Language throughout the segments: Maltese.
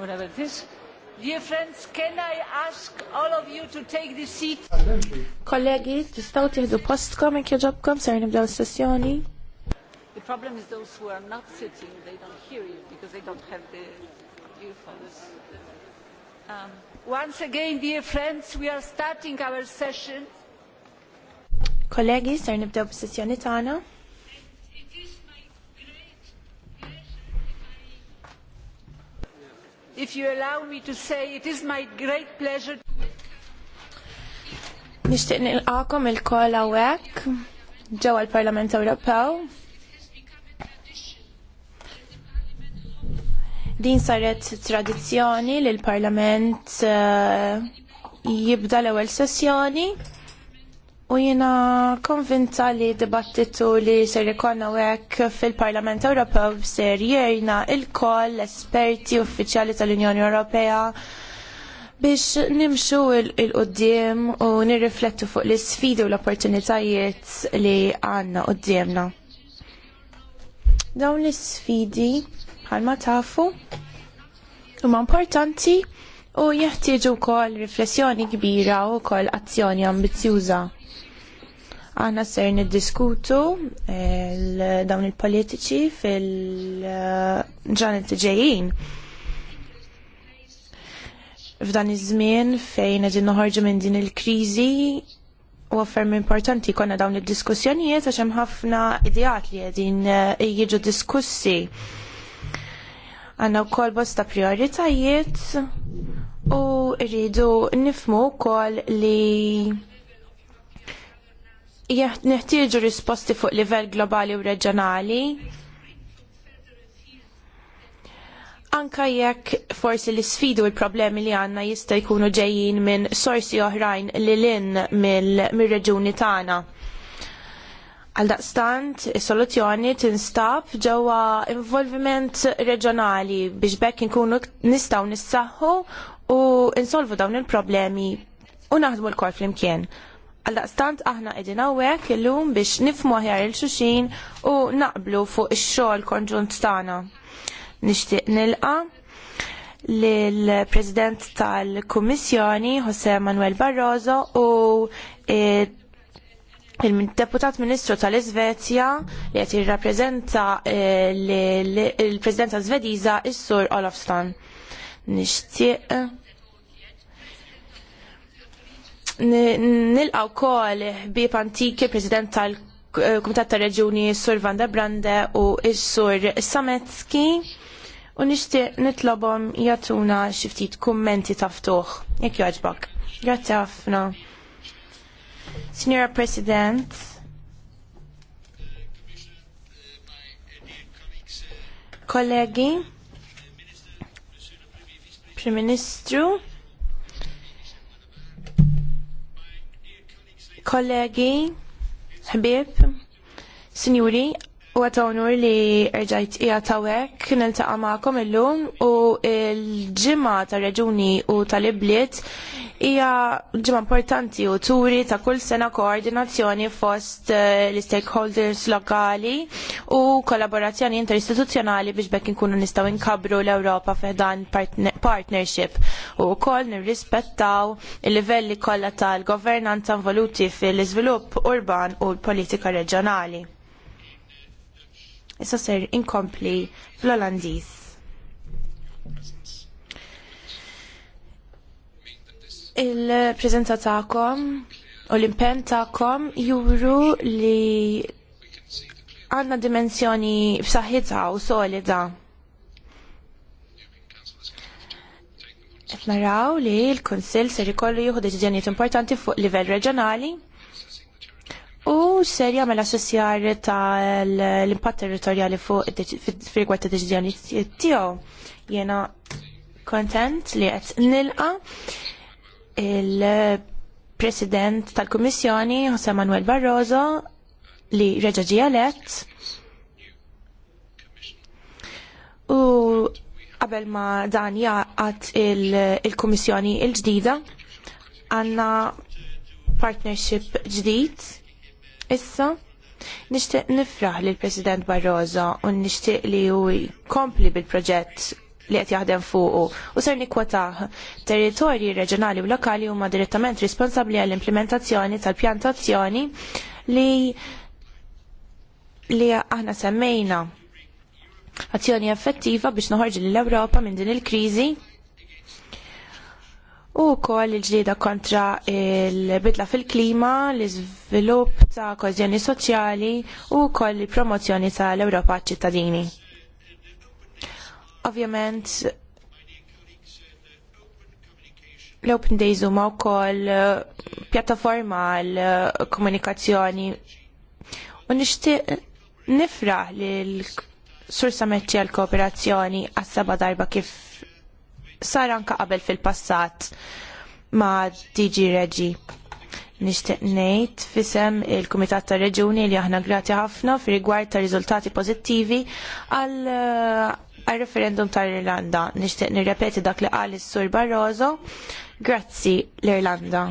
Whatever it is. Dear friends, can I ask all of you to take the seat? Kollegi, tistaw tiħdu postkom jek joġobkom ser nibdew sessjoni. The problem is those who are not sitting, they don't hear you because they don't have the earphones. Um, once again, dear friends, we are starting our session. Kollegi, ser nibdew bis-sessjoni tagħna. if you allow me to say, it is my great pleasure. Nishtiq nilqakom il ġewwa l-Parlament Ewropew. Din saret tradizzjoni li l-Parlament eh, jibda l-ewwel sessjoni. U jina konvinta li dibattitu li ser ikonna wek fil-Parlament Ewropew ser jirna il-koll esperti uffiċjali tal-Unjoni Ewropea biex nimxu il-qoddim u nirriflettu fuq l-sfidi u l-opportunitajiet li għanna qoddimna. Dawn l-sfidi bħalma tafu huma importanti u jeħtieġu wkoll riflessjoni kbira u wkoll azzjoni ambizzjuża. Aħna ser niddiskutu eh, dawn il-politiċi fil eh, il ġejjin. F'dan iż-żmien fejn qegħdin noħorġu minn din il-kriżi u affermi importanti konna dawn id-diskussjonijiet għax hemm ħafna idejat li qegħdin eh, jiġu diskussi. Għandna wkoll bosta prioritajiet U rridu nifmu wkoll li neħtieġu risposti fuq livell globali u reġjonali anka jekk forsi l isfidu u l-problemi li għanna jista' jkunu ġejjin minn sorsi oħrajn li l-in mill-reġuni tagħna. Għaldaqstant, is-soluzzjoni tinstab ġewwa involviment reġjonali biex bekk inkunu nistgħu nissaħħu u insolvu dawn il-problemi u naħdmu l fl-imkien. flimkien. Għaldaqstant aħna edin għawek l-lum biex nifmu ħjar il-xuxin u naqblu fuq il-xol konġunt tana. Nishtiq nilqa l-President tal-Kommissjoni Jose Manuel Barroso u il-deputat ministru tal-Izvezja li għet jirrapprezenta eh, l-Presidenza Svediza, il sur Olofsson nixtieq nilqaw kol bib antiki president tal Kumitat ta' Reġuni Sur Van der Brande u Sur Sametski u nixtieq nitlobhom jagħtuna xi ftit kummenti taftuħ. Jek joġbok. Grazie Grazzi ħafna. Signora President, kollegi, Prim Ministru, kollegi, ħbib, sinjuri, u unur li rġajt i għatawek nil-taqa maħkom il-lum u il-ġimma ta' reġuni u tal-ibliet hija ġimgħa importanti u turi ta' kull sena koordinazzjoni fost eh, l-stakeholders lokali u kollaborazzjoni interistituzzjonali biex bekk inkunu nistgħu nkabru l-Ewropa f'dan partnership u kol nirrispettaw il-livelli kollha tal-governanza involuti fil-iżvilupp urban u l-politika reġjonali. Issa ser inkompli fl-Olandiż. il-prezenza ta'kom u l-impen ta'kom juru li għanna dimensjoni b'saħħitha u solida. Qed naraw li l-Kunsill ser ikollu juhu deċiżjonijiet importanti fuq livell reġjonali U ser jagħmel assessjar tal-impatt territorjali fuq rigward deċiżjonijiet tiegħu. Jiena kontent li qed nilqa il-President tal-Kummissjoni, Jose Manuel Barroso, li reġaġi għalet. U qabel ma dan jaqat il-Kummissjoni il il-ġdida, għanna partnership ġdid. Issa, nishtiq nifraħ li l-President Barroso u nishtiq li u jkompli bil-proġett li qed jaħdem fuqu u ser nikkwetaħ territorji reġjonali u lokali huma direttament responsabbli għall implementazzjoni tal-pjantazzjoni li li aħna semmejna azzjoni effettiva biex noħorġu l-Ewropa minn din il-kriżi u kol il ġdida kontra il-bidla fil-klima, l-izvilup ta' kozjoni soċjali u kol il-promozjoni ta' l-Europa ċittadini. Ovvjament, l-Open Days huma wkoll uh, pjattaforma għal uh, komunikazzjoni u nixtieq nifrah li l-Sur Sametti għal kooperazzjoni għas-seba darba kif sar anka qabel fil-passat ma' DG Reġi. Nixtieq ngħid fisem il-Kumitat tar Reġuni li aħna grati ħafna fi rigward ta' riżultati pożittivi għal uh, għal referendum tal-Irlanda. Nixtieq nirrepeti dak li għal sur Barroso. Grazzi l-Irlanda.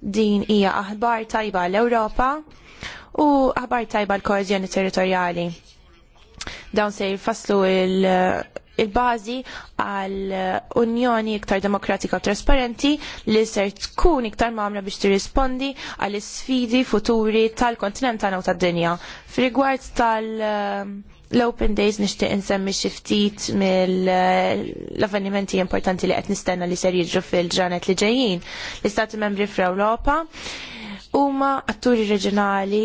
Din hija aħbar tajba l-Ewropa u aħbar tajba l koezjoni territorjali. Dawn se jfasslu il-bażi il għal unjoni iktar demokratika u trasparenti li ser tkun iktar mamra biex tirrispondi għal sfidi futuri tal-kontinent tagħna u tad-dinja. Fi rigward tal-, tal l-Open Days nishtiq insemmi xi ftit mill-avvenimenti importanti li qed nistenna li ser jiġru fil-ġranet li ġejjin. L-Istati Membri fl-Ewropa huma atturi reġjonali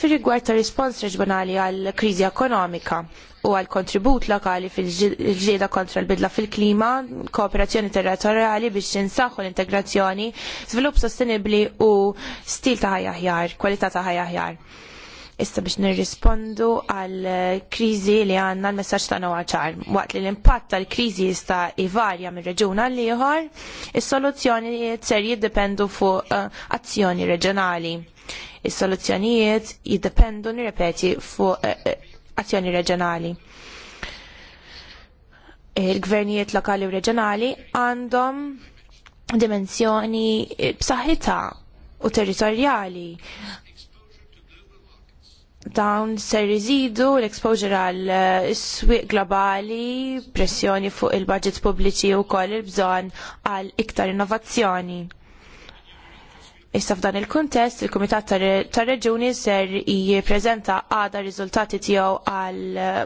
fir-rigward ta' rispons reġjonali għal kriżi ekonomika u għal kontribut lokali fil-ġieda kontra l-bidla fil-klima, kooperazzjoni territoriali biex jinsaħħu l-integrazzjoni, svilupp sostenibli u stil ta' ħajja ħjar, kwalità ta' ħajja ħjar issa biex nirrispondu għal eh, kriżi li għandna l-messaġġ tagħna ċar. Waqt li l-impatt tal-kriżi jista' jvarja minn reġun għal ieħor, is-soluzzjonijiet ser jiddependu fuq uh, azzjoni reġjonali. Is-soluzzjonijiet jiddependu nirrepeti fuq uh, azzjoni reġjonali. Il-gvernijiet lokali u reġjonali għandhom dimensjoni b'saħħitha u territorjali dawn ser iżidu l-exposure għal eh, swieq globali, pressjoni fuq il-budget pubbliċi u koll il-bżon għal iktar innovazzjoni. Issa f'dan il-kuntest, il-Kumitat tar-Reġuni ser jippreżenta għada riżultati tiegħu għal eh,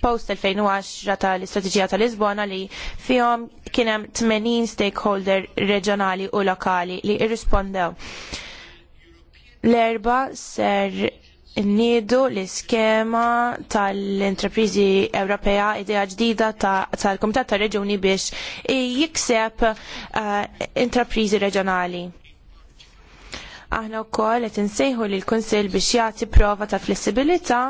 post 2010 tal-Istrateġija tal-Lisbona li fihom kien hemm 80 stakeholder reġjonali u lokali li irrispondew. L-erba ser nidu l-iskema tal intrapriżi Ewropea idea ġdida tal-Komitat ta' Reġuni biex jikseb eh, intrapriżi reġjonali. Aħna wkoll qed insejħu lill kunsill biex jagħti prova ta' flessibilità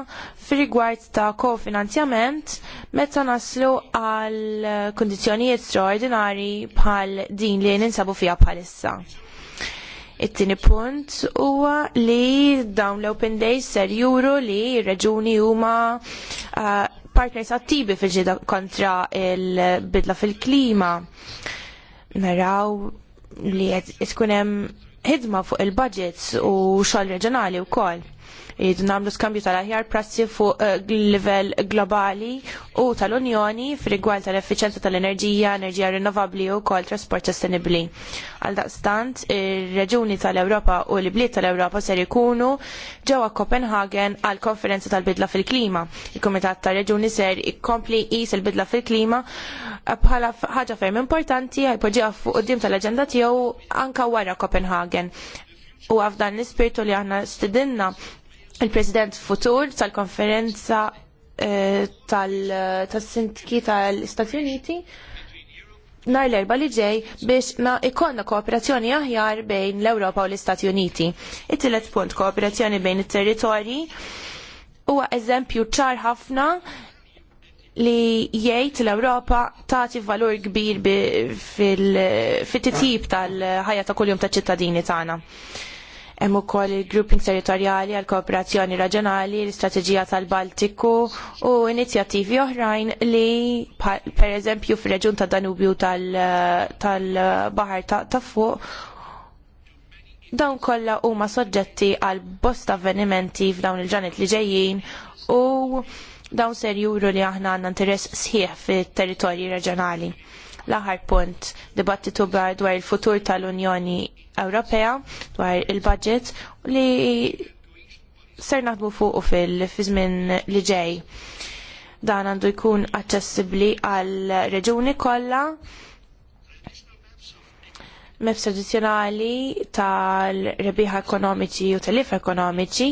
fir-rigward ta' kofinanzjament meta naslu għal kundizzjonijiet straordinari bħal din li ninsabu fiha bħalissa. It-tieni punt huwa li dawn l-Open Days ser juru li r-reġuni huma uh, partners attivi fil-ġida kontra il-bidla fil-klima. Naraw li qed tkun hemm fuq il-budgets u xogħol reġjonali wkoll. Id namlu skambju tal-aħjar prassi fuq eh, livell globali u tal-Unjoni f'rigward tal-effiċenza tal-enerġija, enerġija rinnovabbli u kol trasport sostenibli. Għal daqstant, ir-reġuni tal-Ewropa u l ibliet tal-Ewropa ser ikunu ġewwa Copenhagen għal konferenza tal-bidla fil-klima. Il-Kumitat tal-Reġuni ser ikkompli qis il-bidla fil-klima eh, bħala ħaġa ferm importanti għajpoġiha fuq qudiem tal-aġenda tiegħu anka wara Copenhagen. U għafdan l-ispirtu li aħna stidinna il-President Futur tal-konferenza eh, tal-sintki tal-Istati Uniti nar l-erba li ġej biex na ikonna kooperazzjoni aħjar bejn l-Ewropa u l-Istati Uniti. It-tillet punt kooperazzjoni bejn it-territorji huwa eżempju ċar ħafna li jgħid l-Ewropa tagħti valur kbir fit-titjib tal-ħajja ta' kuljum ta' ċittadini tagħna. Ta Hemm ukoll il-grouping territorjali għal kooperazzjoni raġjonali, l-istrateġija tal-Baltiku u inizjattivi oħrajn li pereżempju fir-reġjun ta' Danubju tal-Baħar ta', ta fuq dawn kollha huma soġġetti għal bosta avvenimenti f'dawn il-ġanet li ġejjin u dawn ser juru li aħna għandna interess sħiħ fit-territorji reġjonali. L-aħar punt, dibattitu dwar il-futur tal-Unjoni Ewropea, dwar il-budget li ser naħdmu fuqu fil-fizmin li ġej. Dan għandu jkun aċċessibbli għal reġuni kollha meps tradizjonali tal-rebiħa ekonomiċi u tal-if ekonomiċi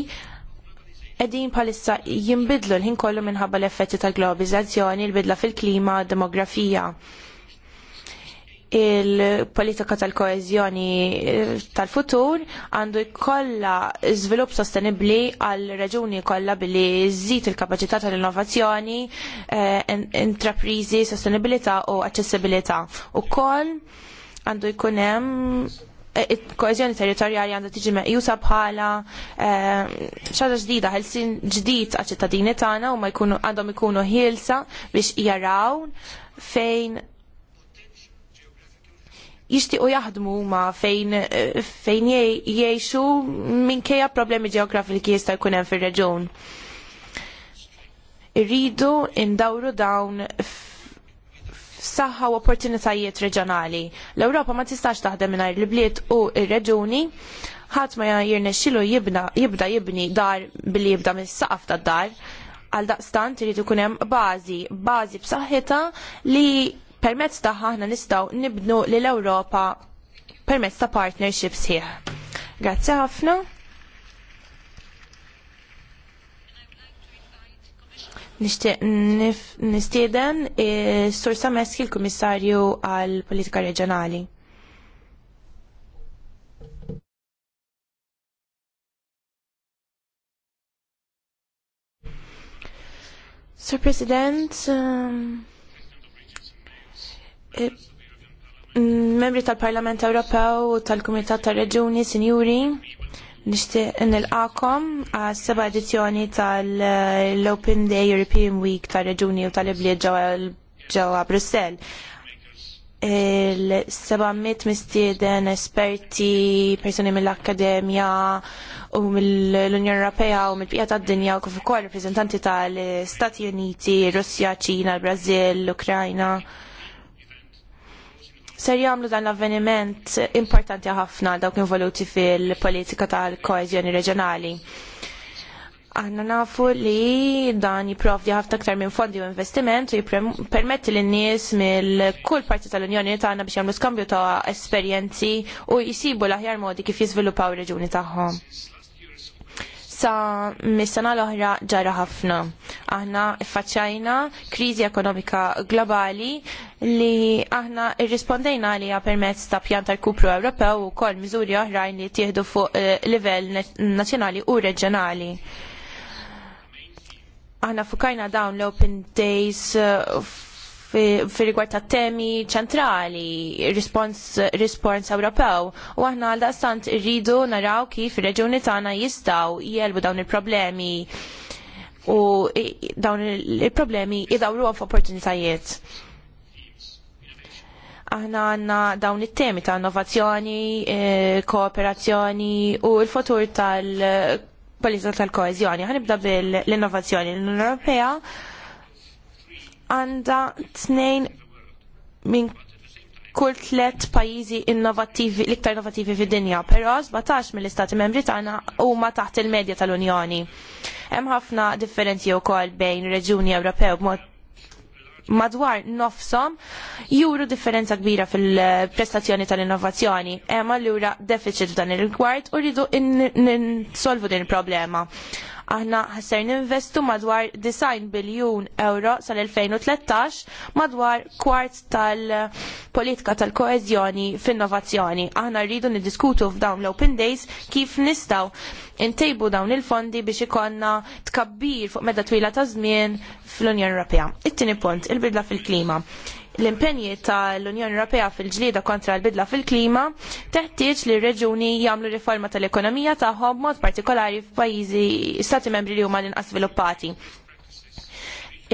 edin palissa jimbidlu l-ħin kollu minħabba l-effetti tal-globalizzazzjoni, l-bidla fil-klima, demografija il-politika tal-koezjoni eh, tal-futur għandu jkollha żvilupp sostenibbli għal reġuni kollha billi żżid il-kapaċità tal-innovazzjoni, eh, intraprizi, sostenibilità u aċċessibilità. Ukoll għandu jkun hemm eh, koezjoni territorjali għandha tiġi meqjusa bħala xaġa ġdida, ħelsin ġdid għal ċittadini tagħna u ma jkunu għandhom ikunu ħielsa biex jaraw fejn jixtiequ jaħdmu ma fejn eh, fejn jgħixu minkejja problemi ġeografiki jista' jkun hemm fir-reġun. Irridu indawru dawn saħħa u opportunitajiet reġjonali. L-Ewropa ma tistax taħdem mingħajr l-bliet u r-reġuni ħadd ma jirnexxilu jibna jibda jibni dar billi jibda mis-saqaf tad-dar għal daqstant irid ikun hemm bażi, bażi b'saħħitha li permezz ta' ħahna nistaw nibnu l ewropa permezz ta' partnerships sħiħ. Grazzi ħafna. Nistieden Sur Sameski l-Kummissarju għal Politika Reġjonali. Sir President, um membri tal-Parlament Ewropew u tal-Kumitat tar-Reġuni, Sinjuri, nixtieq nilqakom għas seba' edizzjoni tal-Open Day European Week tar-Reġuni u tal-Ibliet ġewwa Brussell il mit mistieden esperti, persuni mill-Akkademja u mill-Unjoni Ewropea u mill-Pija tad-Dinja u kif ukoll rappreżentanti tal-Stati Uniti, Russja, Ċina, brażil l-Ukrajna ser jagħmlu dan l-avveniment importanti ħafna dawk involuti fil-politika tal-koeżjoni reġjonali. Aħna nafu li dan jipprovdi ħafna aktar minn fondi u investiment u jippermetti lin nies mill-kull parti tal-Unjoni tagħna biex jagħmlu skambju ta' esperjenzi u jisibu l-aħjar modi kif jiżviluppaw ir-reġuni tagħhom sa mis-sena l-oħra ġara ħafna. Aħna iffaċċajna kriżi ekonomika globali li aħna irrispondejna għaliha permezz ta' pjan tal-kupru Ewropew u kol miżuri oħrajn li tieħdu fuq eh, livell nazzjonali u reġjonali. Aħna fukajna dawn l-Open Days eh, fi rigward ta' temi ċentrali, rispons Ewropew, u aħna għal daqstant irridu naraw kif ir-reġuni tagħna jistgħu jelbu dawn il-problemi u dawn il-problemi idawru f'opportunitajiet. Aħna għanna dawn it-temi ta' innovazzjoni, eh, kooperazzjoni u l-futur tal-politika tal-koezjoni. nibda bil-innovazzjoni. L-Unjoni Ewropea għandha tnejn minn kull tliet pajjiżi innovattivi l-iktar innovattivi fid-dinja, però 17 mill-istati membri tagħna huma taħt il-medja tal-Unjoni. Hemm ħafna differenzi wkoll bejn reġuni Ewropew madwar nofsom juru differenza kbira fil-prestazzjoni tal-innovazzjoni. Hemm allura deficit f'dan ir-rigward u rridu in-solvu din il-problema. Aħna ħasser ninvestu madwar 9 biljun euro sal-2013 madwar kwart tal-politika tal-koezjoni f'innovazzjoni. Aħna rridu niddiskutu f'dawn l-Open Days kif nistaw intejbu dawn il-fondi biex ikonna tkabbir fuq meta twila ta' żmien fl-Unjoni Ewropea. It-tieni punt, il-bidla fil-klima l-impenji tal-Unjoni Ewropea fil-ġlieda kontra l-bidla fil-klima teħtieġ li r-reġuni jagħmlu riforma tal-ekonomija tagħhom mod partikolari f'pajjiżi stati membri li huma l-inqas sviluppati.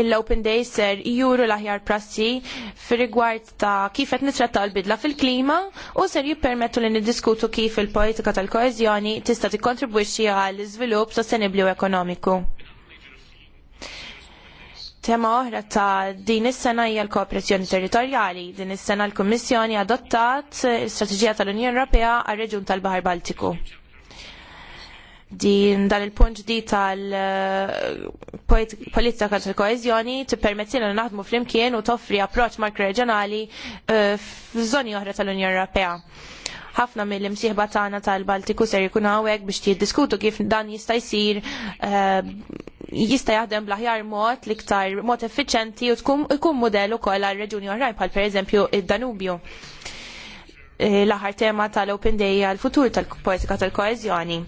Il-Open Days ser juru l-aħjar prassi fir rigward ta' kif qed nitrattaw l-bidla fil-klima u ser jippermettu li niddiskutu kif il-politika tal-koeżjoni tista' tikkontribwixxi għall iżvilupp sostenibbli u ekonomiku. Tema oħra ta' din is-sena hija l-kooperazzjoni territorjali. Din is-sena l-Kummissjoni adottat l-Istrateġija tal-Unjoni Ewropea għar-Reġjun tal-Baħar Baltiku. Din dan il-punt di tal-politika eh, tal-koeżjoni tippermettilna naħdmu flimkien u toffri approċċ makroreġjonali eh, f'żoni oħra tal-Unjoni Ewropea ħafna mill-imsieħba tagħna tal-Baltiku ser jkun hawnhekk biex jiddiskutu kif dan jista' jsir eh, jista' jaħdem bl-aħjar mod l-iktar mod effiċenti u tkun ikun ukoll għal reġuni oħrajn bħal pereżempju id-Danubju. E, l-aħħar tema tal-Open Day għal futur tal-politika tal-koeżjoni.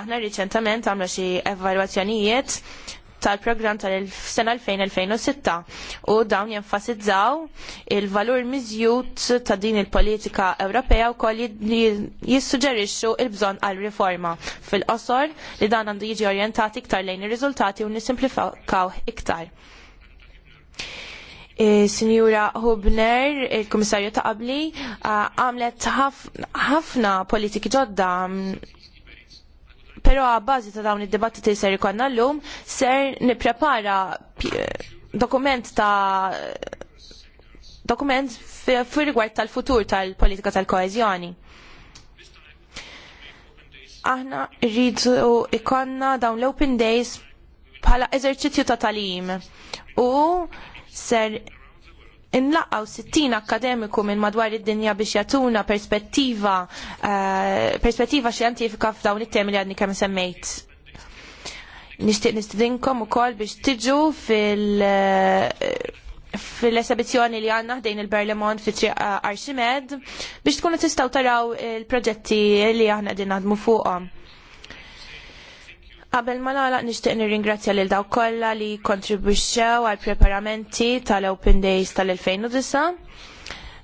Aħna riċentament għamna xi evalwazzjonijiet tal-programm tal-sena 2000-2006 u dawn jenfasizzaw il-valur miżjut ta' din il-politika Ewropea u koll jissuġerixxu il-bżon għal-riforma fil-qosor li dan għandu jiġi orjentati iktar lejn ir-riżultati u nisimplifikaw iktar. E, Sinjura Hubner, il-Komissarju ta' qabli, għamlet ħafna politiki ġodda Però bazi ta' dawn id-dibattiti ser ikonna l-lum, ser niprepara dokument ta' dokument fi rigward tal-futur tal-politika tal-koezjoni aħna rridu ikonna dawn l-open days bħala eżerċizzju ta' talim u ser inlaqgħu 60 akademiku minn madwar id-dinja biex jagħtuna perspettiva uh, perspettiva xjentifika f'dawn it-temi li għadni kemm semmejt. Nixtieq nistidinkom ukoll biex tiġu fil- eh, fil li għanna ħdejn il-Berlemont fi triq eh, Arximed biex tkunu tistaw taraw il-proġetti li aħna qegħdin naħdmu fuqhom. Qabel ma nagħlaq nixtieq nirringrazzja lil dawk kollha li kontribwixxew għall preparamenti tal-Open Days tal-2009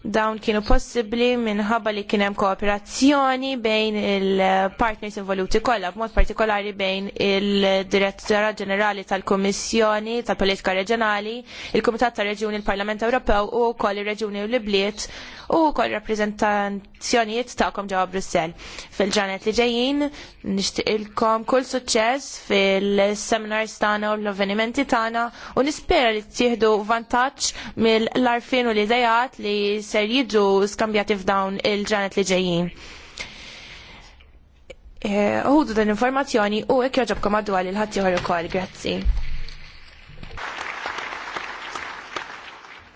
dawn kienu possibbli minħabba li kien hemm kooperazzjoni bejn il-partners involuti kollha, b'mod partikolari bejn il-Direttora Ġenerali tal-Kummissjoni tal-Politika Reġjonali, il-Kumitat tar-Reġjuni il-Parlament Ewropew u wkoll ir-Reġjuni u l-Bliet u wkoll rappreżentazzjonijiet tagħkom ġewwa Brussell. Fil-ġanet li ġejjin nixtieqilkom kull suċċess fil-seminars tagħna u l-avvenimenti tagħna u nispera li tieħdu vantaġġ mill-arfin u l-idejat li ser jiġu skambjati f'dawn il ġanet li ġejjin. Eh, uħudu dan informazzjoni u ek joġobkom għaddu għal il-ħattijħor ukoll, grazzi.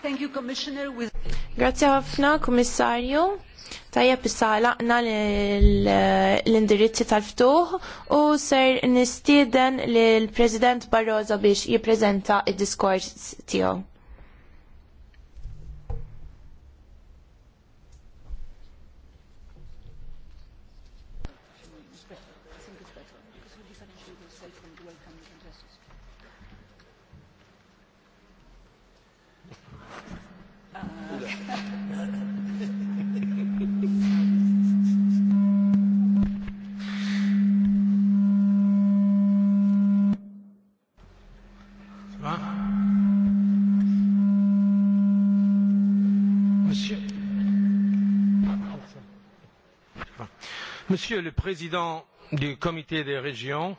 Thank you, Commissioner. With... Grazie ħafna, Kummissarju. Tajjeb issa laqna eh, l-indirizzi tal-ftuħ u ser nistieden lill president Barroso biex jiprezenta id diskors tiegħu. Monsieur le Président du Comité des Régions,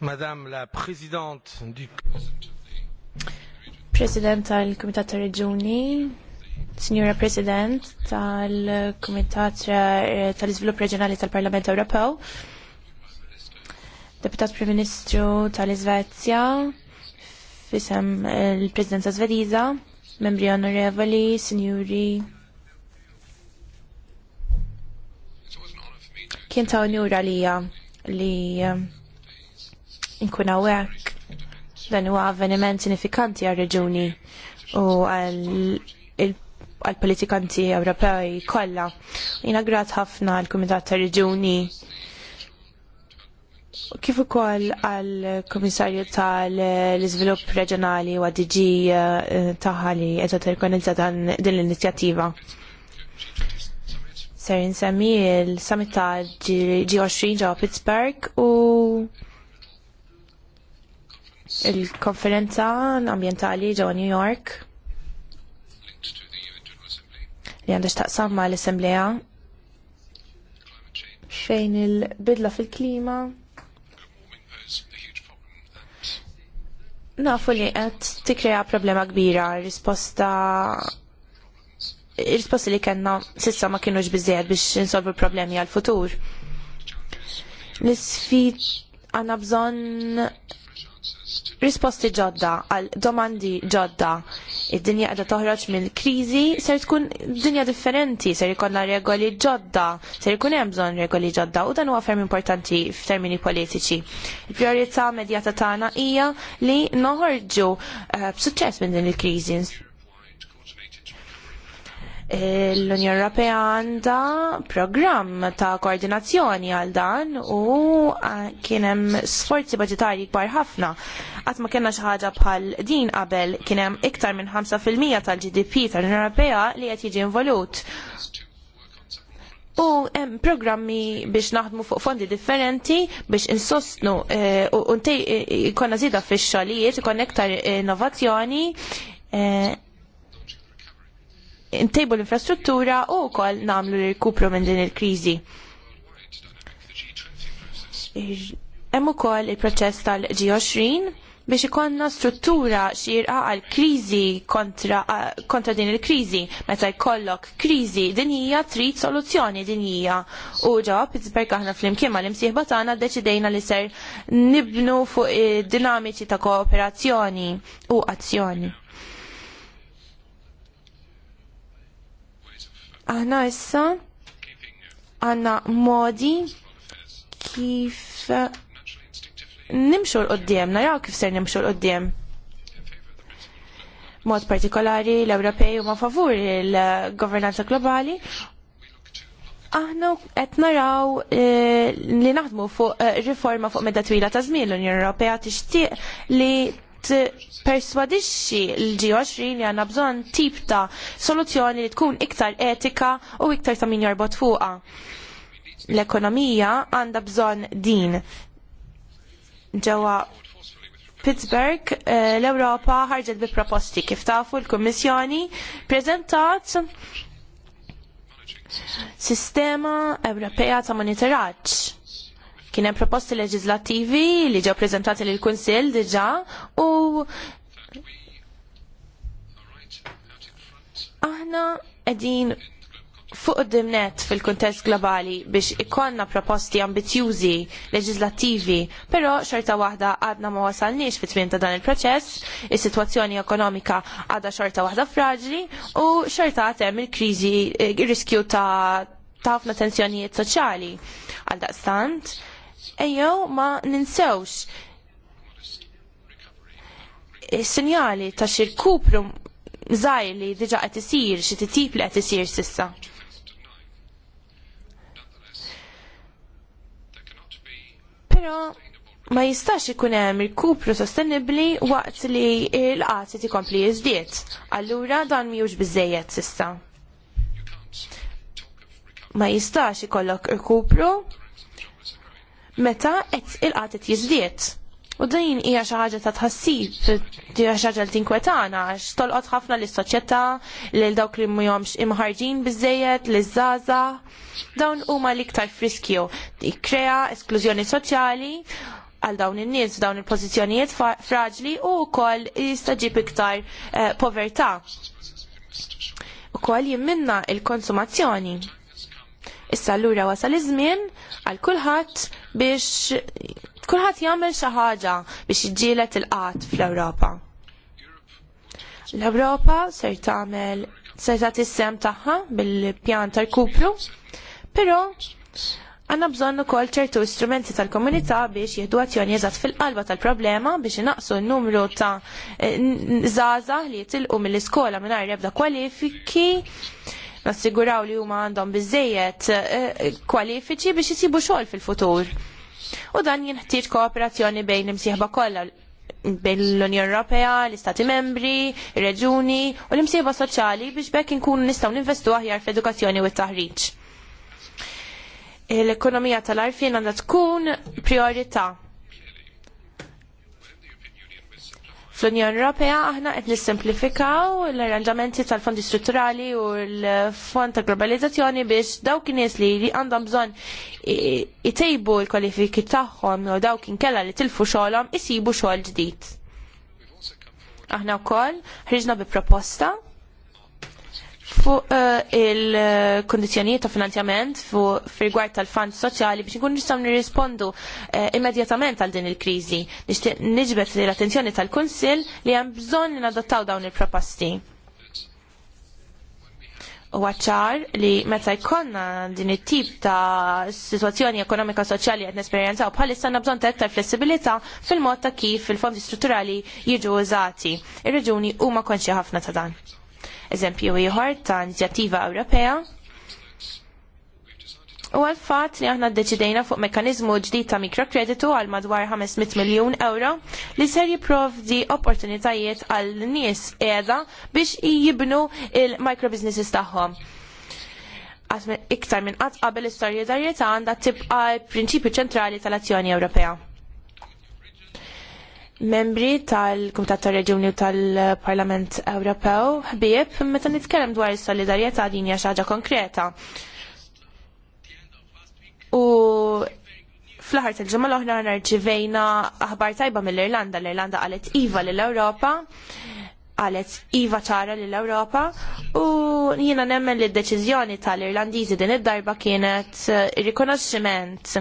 Madame la Présidente du President tal-Kumitat ta' Reġuni, Signora President tal-Kumitat tal izvilupp Reġjonali tal-Parlament Ewropew, Deputat Prim Ministru tal-Iżvezja, fisem il-Presidenza Svediża, membri onorevoli, Signori kien ta' unjura li li eh, nkun hawnhekk dan huwa avveniment sinifikanti għal reġuni u għal politikanti Ewropej kollha. Jina grat ħafna għal kumitat ta' reġuni Kif ukoll għal komissarju tal-iżvilupp reġjonali u għad-DG eh, taħħa li qed organizza din l-inizjattiva ser insemmi il-summit ta' G20 ġewwa Pittsburgh u il-konferenza ambientali ġewwa New York li għandha x'taqsam mal l-Assembleja fejn il-bidla fil-klima nafu li qed tikkrea problema kbira risposta il-risposti li kena sissa ma kienuġ bizzejed biex insolvu problemi għal-futur. L-sfid għanna bżon risposti ġodda għal domandi ġodda. Id-dinja għadha toħroġ mill-kriżi ser tkun dinja differenti, ser ikollha regoli ġodda, ser ikun hemm bżonn regoli ġodda u dan huwa ferm importanti f'termini politiċi. Il-priorità medjata tagħna hija li noħorġu eh, b'suċċess minn din il-kriżi l-Unjoni Europea għandha programm ta' koordinazzjoni għal dan u kien hemm sforzi budgetari kbar ħafna. Qatt ma kellna xaħġa ħaġa bħal din qabel kien hemm iktar minn 5% tal-GDP tal-Unjoni Europea li qed jiġi involut. U hemm programmi biex naħdmu fuq fondi differenti biex insostnu e, u ntej ikonna e, e, zida fix-xogħlijiet, ikonna iktar innovazzjoni ntejbu l-infrastruttura u wkoll nagħmlu l-rikupru minn din il-kriżi. Hemm ukoll il-proċess tal-G20 biex ikonna struttura xirqa għal kriżi kontra, kontra din il-kriżi. Meta jkollok kriżi din hija trid soluzzjoni din hija. U ġewwa Pittsburgh aħna flimkien mal-imsieħba tagħna ddeċidejna li ser nibnu fuq eh, dinamiċi ta' kooperazzjoni u azzjoni Aħna issa għanna modi kif nimxu l-qoddim, naraw kif ser nimxu l-qoddim. Mod partikolari l-Ewropej huma favur il-governanza globali. Aħna qed naraw eh, li naħdmu fuq eh, riforma fuq medda twila ta' żmien l-Unjoni Ewropea tixtieq li perswadixxi l-G20 li għandna bżonn tip ta' soluzzjoni li tkun iktar etika u iktar ta' min jarbot fuqha. L-ekonomija għandha bżonn din. Ġewwa Pittsburgh, eh, l-Ewropa ħarġet bi proposti kif tafu l-Kummissjoni prezentat sistema Ewropea ta' monitoraġġ Kien hemm proposti leġislattivi li ġew preżentati lil kunsill diġà u aħna qegħdin fuq dimnet fil-kuntest globali biex ikonna proposti ambizjużi leġislattivi, però xorta waħda għadna ma wasalniex fit ta' dan il-proċess, is-sitwazzjoni ekonomika għadha xorta waħda fraġli u xorta għatem il-kriżi il riskju ta' ħafna tensjonijiet soċjali. Għal daqstant, ejjew ma ninsewx is eh, sinjali ta' xi rkupru żgħir li diġà qed isir xi titip li qed isir sissa. Però ma jistax ikun hemm il-kupru sostenibbli waqt li l-qat qed ikompli jiżdied. Allura dan mhijiex biżejjed sissa. Ma jistax ikollok il-kupru meta qed il-qatet jiżdied. U din hija xi ħaġa ta' tħassib, hija xi ħaġa li tinkwetana għax tolqot ħafna lis-soċjetà lil dawk li mhomx imħarġin biżejjed liż-żgħażagħ. Dawn huma l-iktar friskju. Ikkrea esklużjoni soċjali għal dawn in-nies f'dawn il-pożizzjonijiet fraġli u wkoll jista' ġib iktar eh, povertà. Ukoll jimminna il-konsumazzjoni. Issa allura wasal iż-żmien għal kulħadd biex kulħadd jagħmel xi ħaġa biex jiġġieled il-qatt fl-Ewropa. L-Ewropa ser tagħmel ser tagħti sem tagħha bil-pjan tal-kupru, però għanna bżonn ukoll ċertu strumenti tal-komunità biex jieħdu azzjoni eżatt fil-qalba tal-problema biex inaqsu n-numru ta' zaza li jitilqu mill-iskola mingħajr ebda kwalifiki nassiguraw li huma għandhom biżejjed eh, eh, kwalifiċi biex isibu xogħol fil-futur. U dan jinħtieġ kooperazzjoni bejn imsieħba kollha bejn l-Unjoni Ewropea, l-Istati Membri, ir-Reġuni u l-imsieba soċjali biex bekk inkunu nistgħu ninvestu aħjar fl-edukazzjoni u t-taħriġ. L-ekonomija tal-arfien għandha tkun priorità Fl-Unjoni Ewropea aħna qed nissimplifikaw l-arranġamenti tal-fondi strutturali u l-fond ta' globalizzazzjoni biex dawk in-nies li għandhom bżonn itejbu l-kwalifiki tagħhom u dawk inkella li tilfu xogħolhom isibu xogħol ġdid. Aħna wkoll ħriġna bi proposta fuq eh, il-kondizjonijiet ta' finanzjament fuq rigward tal fan soċjali biex nkun nistgħu nirrispondu eh, immedjatament għal din il-kriżi. Nixtieq niġbet l-attenzjoni tal-Kunsill li hemm bżonn nadottaw dawn il-proposti. Huwa ċar li meta jkollna din it-tip ta' sitwazzjoni ekonomika soċjali qed nesperjenzaw bħalissa għandna bżonn ta' iktar flessibilità fil-mod ta' kif il-fondi strutturali jiġu użati. Ir-reġuni huma konxi ħafna ta' dan eżempju ieħor ta' inizjattiva Ewropea u għal fatt li aħna ddeċidejna fuq mekanizmu ġdid ta' mikrokreditu għal madwar 500 miljun euro li ser jipprovdi opportunitajiet għal nies qiegħda biex jibnu il-microbusinesses tagħhom. Iktar minn qatt qabel is-solidarjetà għandha tibqa' l-prinċipju ċentrali tal-azzjoni Ewropea membri tal-Kumitat tal-Reġuni u tal-Parlament Ewropew ħbieb meta nitkellem dwar is-solidarjetà din hija xi ħaġa konkreta. U fl-aħħar tal-ġimgħa l-oħra narċivejna aħbar tajba mill-Irlanda. L-Irlanda qalet iva lill-Ewropa, qalet iva ċara lill-Ewropa u jiena nemmen li d-deċiżjoni tal-Irlandiżi din id-darba kienet eh, rikonoxximent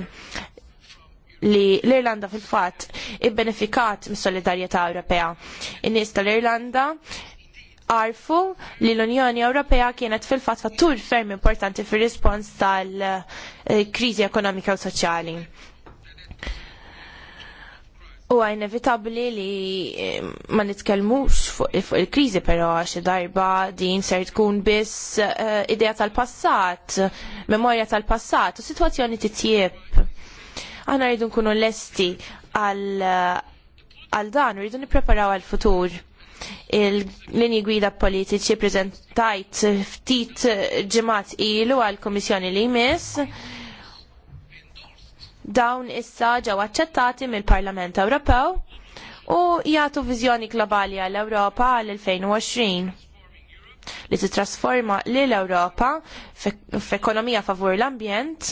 li l-Irlanda fil-fat ibbenefikat mis-solidarjetà Ewropea. In-nies tal-Irlanda għarfu li l-Unjoni Ewropea kienet fil-fat fattur ferm importanti fil-rispons tal-krizi ekonomika u soċjali. U inevitabli li ma nitkellmux fuq il-krizi però għax darba din ser tkun biss uh, idea tal-passat, memorja tal-passat u situazzjoni titjieb Għana rridu nkunu lesti għal dan, rridu nipreparaw għal futur il-linji gwida politiċi prezentajt ftit ġemat ilu għal komissjoni li jmiss dawn issa ġew aċċettati mill-Parlament Ewropew u jagħtu viżjoni globali għall ewropa għal 2020 li titrasforma lil Ewropa f'ekonomija favur l-ambjent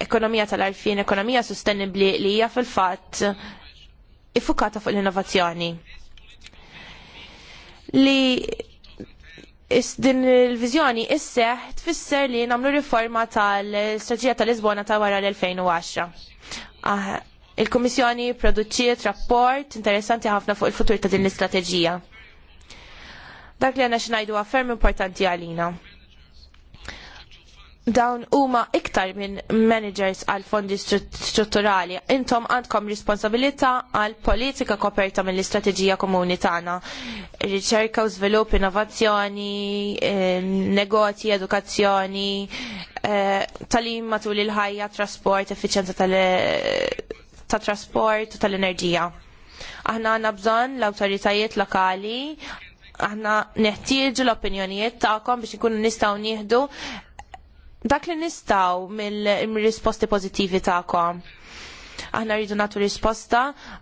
ekonomija tal-arfin, ekonomija sostenibli li hija fil-fatt ifukata fuq l-innovazzjoni. Li din il-vizjoni isseħ tfisser li namlu riforma tal-Strategija tal-Lisbona ta' wara l-2010. Ah, Il-Kommissjoni produċiet rapport interessanti ħafna fuq il-futur ta' din l-istrateġija. Dak li għanna xnajdu għaffermi importanti għalina dawn huma iktar minn managers għal fondi strutturali. Intom għandkom responsabilità għal politika koperta mill-istrateġija komuni tagħna. Riċerka u żvilupp, innovazzjoni, negozji, edukazzjoni, eh, talim matul il-ħajja, trasport, effiċjenza tal trasport u tal-enerġija. Aħna għandna bżonn l-awtoritajiet lokali aħna neħtieġu l-opinjonijiet tagħkom biex ikunu nistgħu nieħdu dak li nistaw mill-risposti pozittivi ta'kom. Aħna rridu natu risposta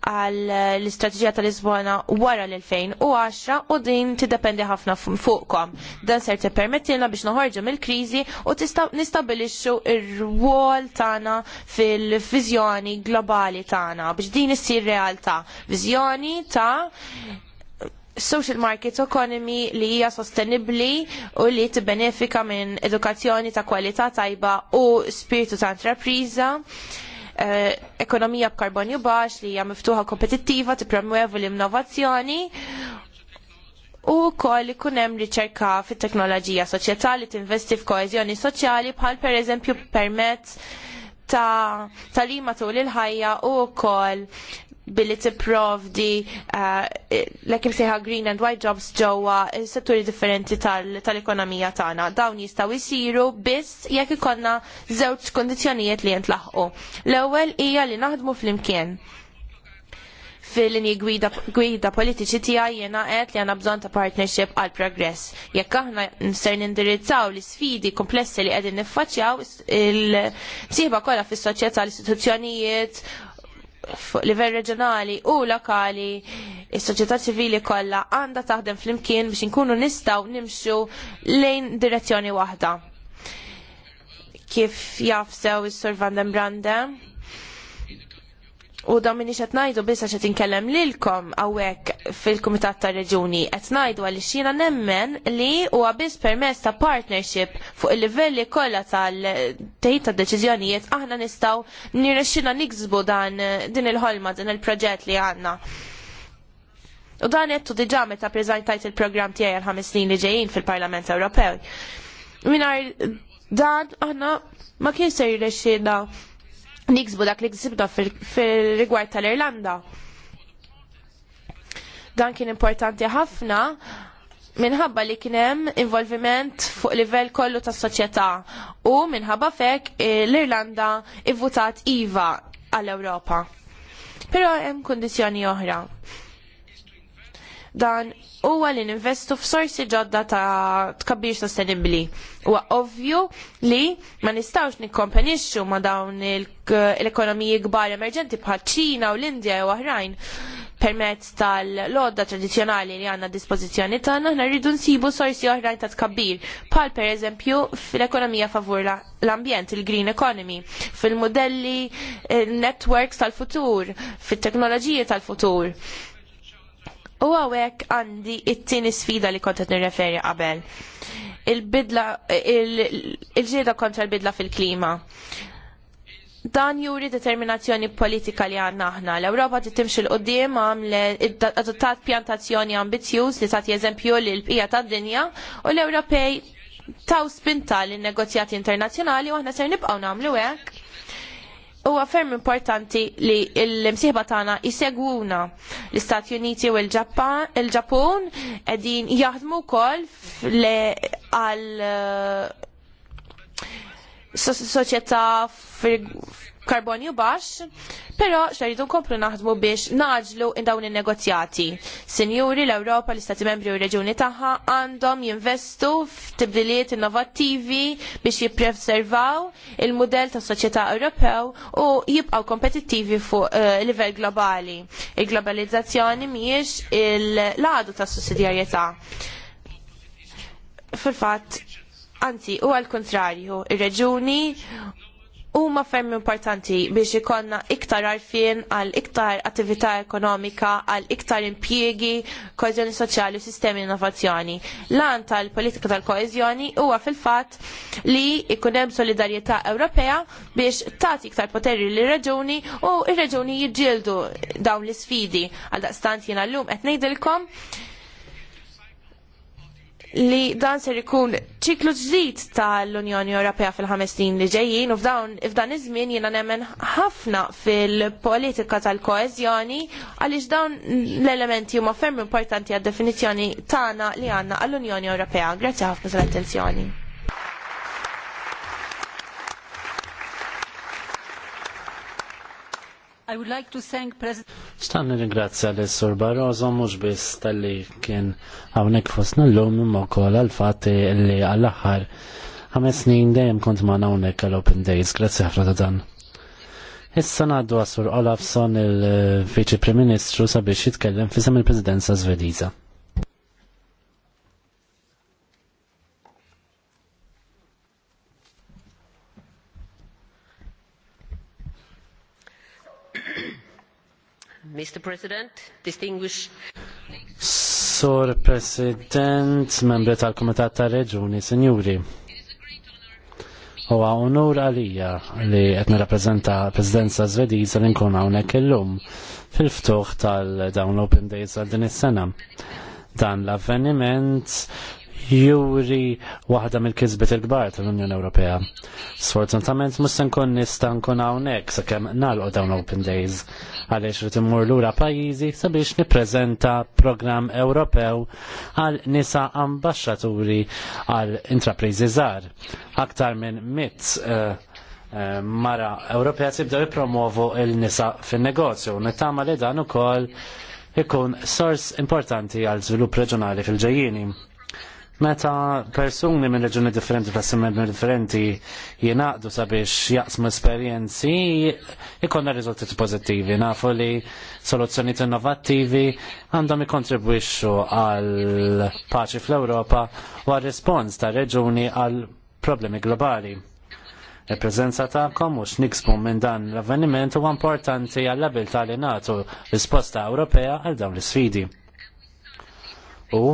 għal l-istrateġija tal-Lisbona wara l-2010 u din tiddependi ħafna fuqkom. Dan ser tippermettilna biex noħorġu mill-kriżi u nistabilixxu ir-rwol tagħna fil-viżjoni globali tagħna biex din issir realtà. Viżjoni ta' social market economy li hija sostenibbli u li tibbenefika minn edukazzjoni ta' kwalità tajba u spiritu ta' intrapriża. Eh, ekonomija b'karbonju baxx li hija miftuħa kompetittiva tippromuevu l-innovazzjoni u wkoll ikun hemm riċerka fit-teknoloġija soċjetali tinvesti f'koeżjoni soċjali bħal pereżempju permezz ta' talima tul il-ħajja u wkoll billi tipprovdi provdi eh, l-ekim seħa green and white jobs ġewwa setturi differenti tal-ekonomija tagħna. Dawn jistgħu jsiru biss jekk ikollna żewġ kondizjonijiet li jintlaħqu. L-ewwel hija li naħdmu flimkien fil-linji gwida, politiċi tiegħi jiena qed li għana bżonn ta' partnership għal progress. Jekk aħna nser nindirizzaw l isfidi komplessi li qegħdin niffaċċjaw il-msieħba kollha fis-soċjetà l-istituzzjonijiet fuq livell reġjonali u lokali is-soċjetà ċivili kollha għandha taħdem flimkien biex inkunu nistgħu nimxu lejn direzzjoni waħda. Kif jaf sew is-Sur Van den Brande, U dan minni xet najdu bisa xet inkellem lilkom għawek fil-Komitat ta' Reġuni. Et najdu għalli xina nemmen li u għabis permess ta' partnership fuq il-livelli kolla tal-tejt ta' deċizjonijiet aħna nistaw nirrexxina nikzbu dan din il-ħolma din il-proġett li għanna. U dan jettu diġa meta prezentajt il-program tiegħi għal ħames snin li ġejjin fil-Parlament Ewropew. Minar dan aħna ma kien se jirrexxina niksbu dak li ksibna fil-rigward tal-Irlanda. Dan kien importanti ħafna minħabba li kien hemm involviment fuq livell kollu tas soċjetà u minħabba fek l-Irlanda ivvutat iva għall-Ewropa. Però hemm kundizzjoni oħra dan huwa li ninvestu f'sorsi ġodda ta' tkabbir sostenibbli. Huwa ovvju li ma nistgħux nikkompenixxu ma' dawn l-ekonomiji kbar emerġenti bħal Ċina u l-Indja u oħrajn permezz tal-lodda tradizjonali li għanna dispozizjoni tagħna aħna rridu nsibu sorsi oħrajn ta' tkabbir, pal per eżempju fil-ekonomija favur l-ambjent, il-green economy, fil-modelli eh, networks tal-futur, fil-teknoloġiji tal-futur. U għawek għandi it-tieni sfida li kontet nirreferi qabel. Il-bidla, il-ġieda kontra l-bidla fil-klima. Dan juri determinazzjoni politika li għanna aħna. L-Ewropa timx il-qoddim għamle adottat pjantazzjoni ambizjuż li tat eżempju li l-bqija tad-dinja u l-Ewropej taw spinta l negozjati internazzjonali u aħna ser nibqgħu nagħmlu hekk huwa ferm importanti li l-imsieħba tagħna jsegwuna l-Istati Uniti u l-Ġappun qegħdin jaħdmu wkoll għal eh, soċjetà karbonju baxx, però x'arridu nkomplu naħdmu biex naġlu dawn in-negozjati. Sinjuri l-Ewropa, l-Istati Membri u r-Reġuni tagħha għandhom jinvestu f'tibdiliet innovattivi biex jippreservaw il-mudell tas soċjetà Ewropew u jibqgħu kompetittivi fuq uh, livell globali. Il-globalizzazzjoni mhijiex il-ladu tas sussidjarjetà. Fil-fatt, anzi, u għal-kontrarju, ir-reġuni huma ferm importanti biex ikonna iktar arfien għal iktar attività ekonomika, għal iktar impjiegi, koezjoni soċjali u sistemi innovazzjoni. Lan tal-politika tal-koezjoni huwa fil-fatt li ikun hemm solidarjetà Ewropea biex tagħti iktar poteri lir reġuni u r reġuni jiġġieldu dawn l-isfidi. Għal daqstant jiena llum qed ngħidilkom li dan ser ikun ċiklu ġdid tal-Unjoni Ewropea fil-ħames snin li ġejjin u f'dan iż-żmien jiena nemmen ħafna fil-politika tal-koeżjoni għaliex dawn l-elementi huma ferm importanti għad-definizzjoni tagħna li għandna għall-Unjoni Ewropea. Grazzi ħafna tal-attenzjoni. I would like to thank President... Stan ringrazzja l sur Barroso mhux biss talli kien hawnhekk fostna llum, imma wkoll għal fatt li għall aħħar ħames snin dejjem kont ma' hawnhekk għall open Days. Grazzi ħafna ta' dan. Issa għaddu għasur Olafson il-Viċi Prim Ministru sabiex jitkellem fisem il-Presidenza Svediza. Mr. President, distinguished... Sur President, membri tal-Komitat ta' Reġuni, Sinjuri. Huwa onur għalija li qed nirrappreżenta l-Presidenza Żvediża li nkun hawnhekk illum fil-ftuħ tal-Down Open Days għal din is-sena. Dan l-avveniment juri waħda mill kizbet il-kbar tal-Unjoni Ewropea. Sfortunatament mhux nkun nista' nkun hawnhekk sakemm nagħlqu dawn Open Days għaliex rid immur lura pajjiżi sabiex nippreżenta programm Ewropew għal nisa ambaxxaturi għal intrapriżi żgħar. Aktar minn mitt eh, eh, mara Ewropea tibdew jippromovu il-nisa fin-negozju. Nittama li dan ukoll ikun sors importanti għal żvilupp reġjonali fil-ġejjieni. Meta persuni minn reġuni differenti ta' semmen differenti jenaqdu sabiex jaqsmu esperjenzi, ikonna riżultati pozittivi. Nafu li soluzzjonijiet innovattivi għandhom ikontribwixxu għal paċi fl-Ewropa u għal rispons ta' reġuni għal problemi globali. Il-prezenza ta' komux x'niksbu minn dan l-avveniment huwa importanti għall abil li nagħtu risposta Ewropea għal dawn l-isfidi. U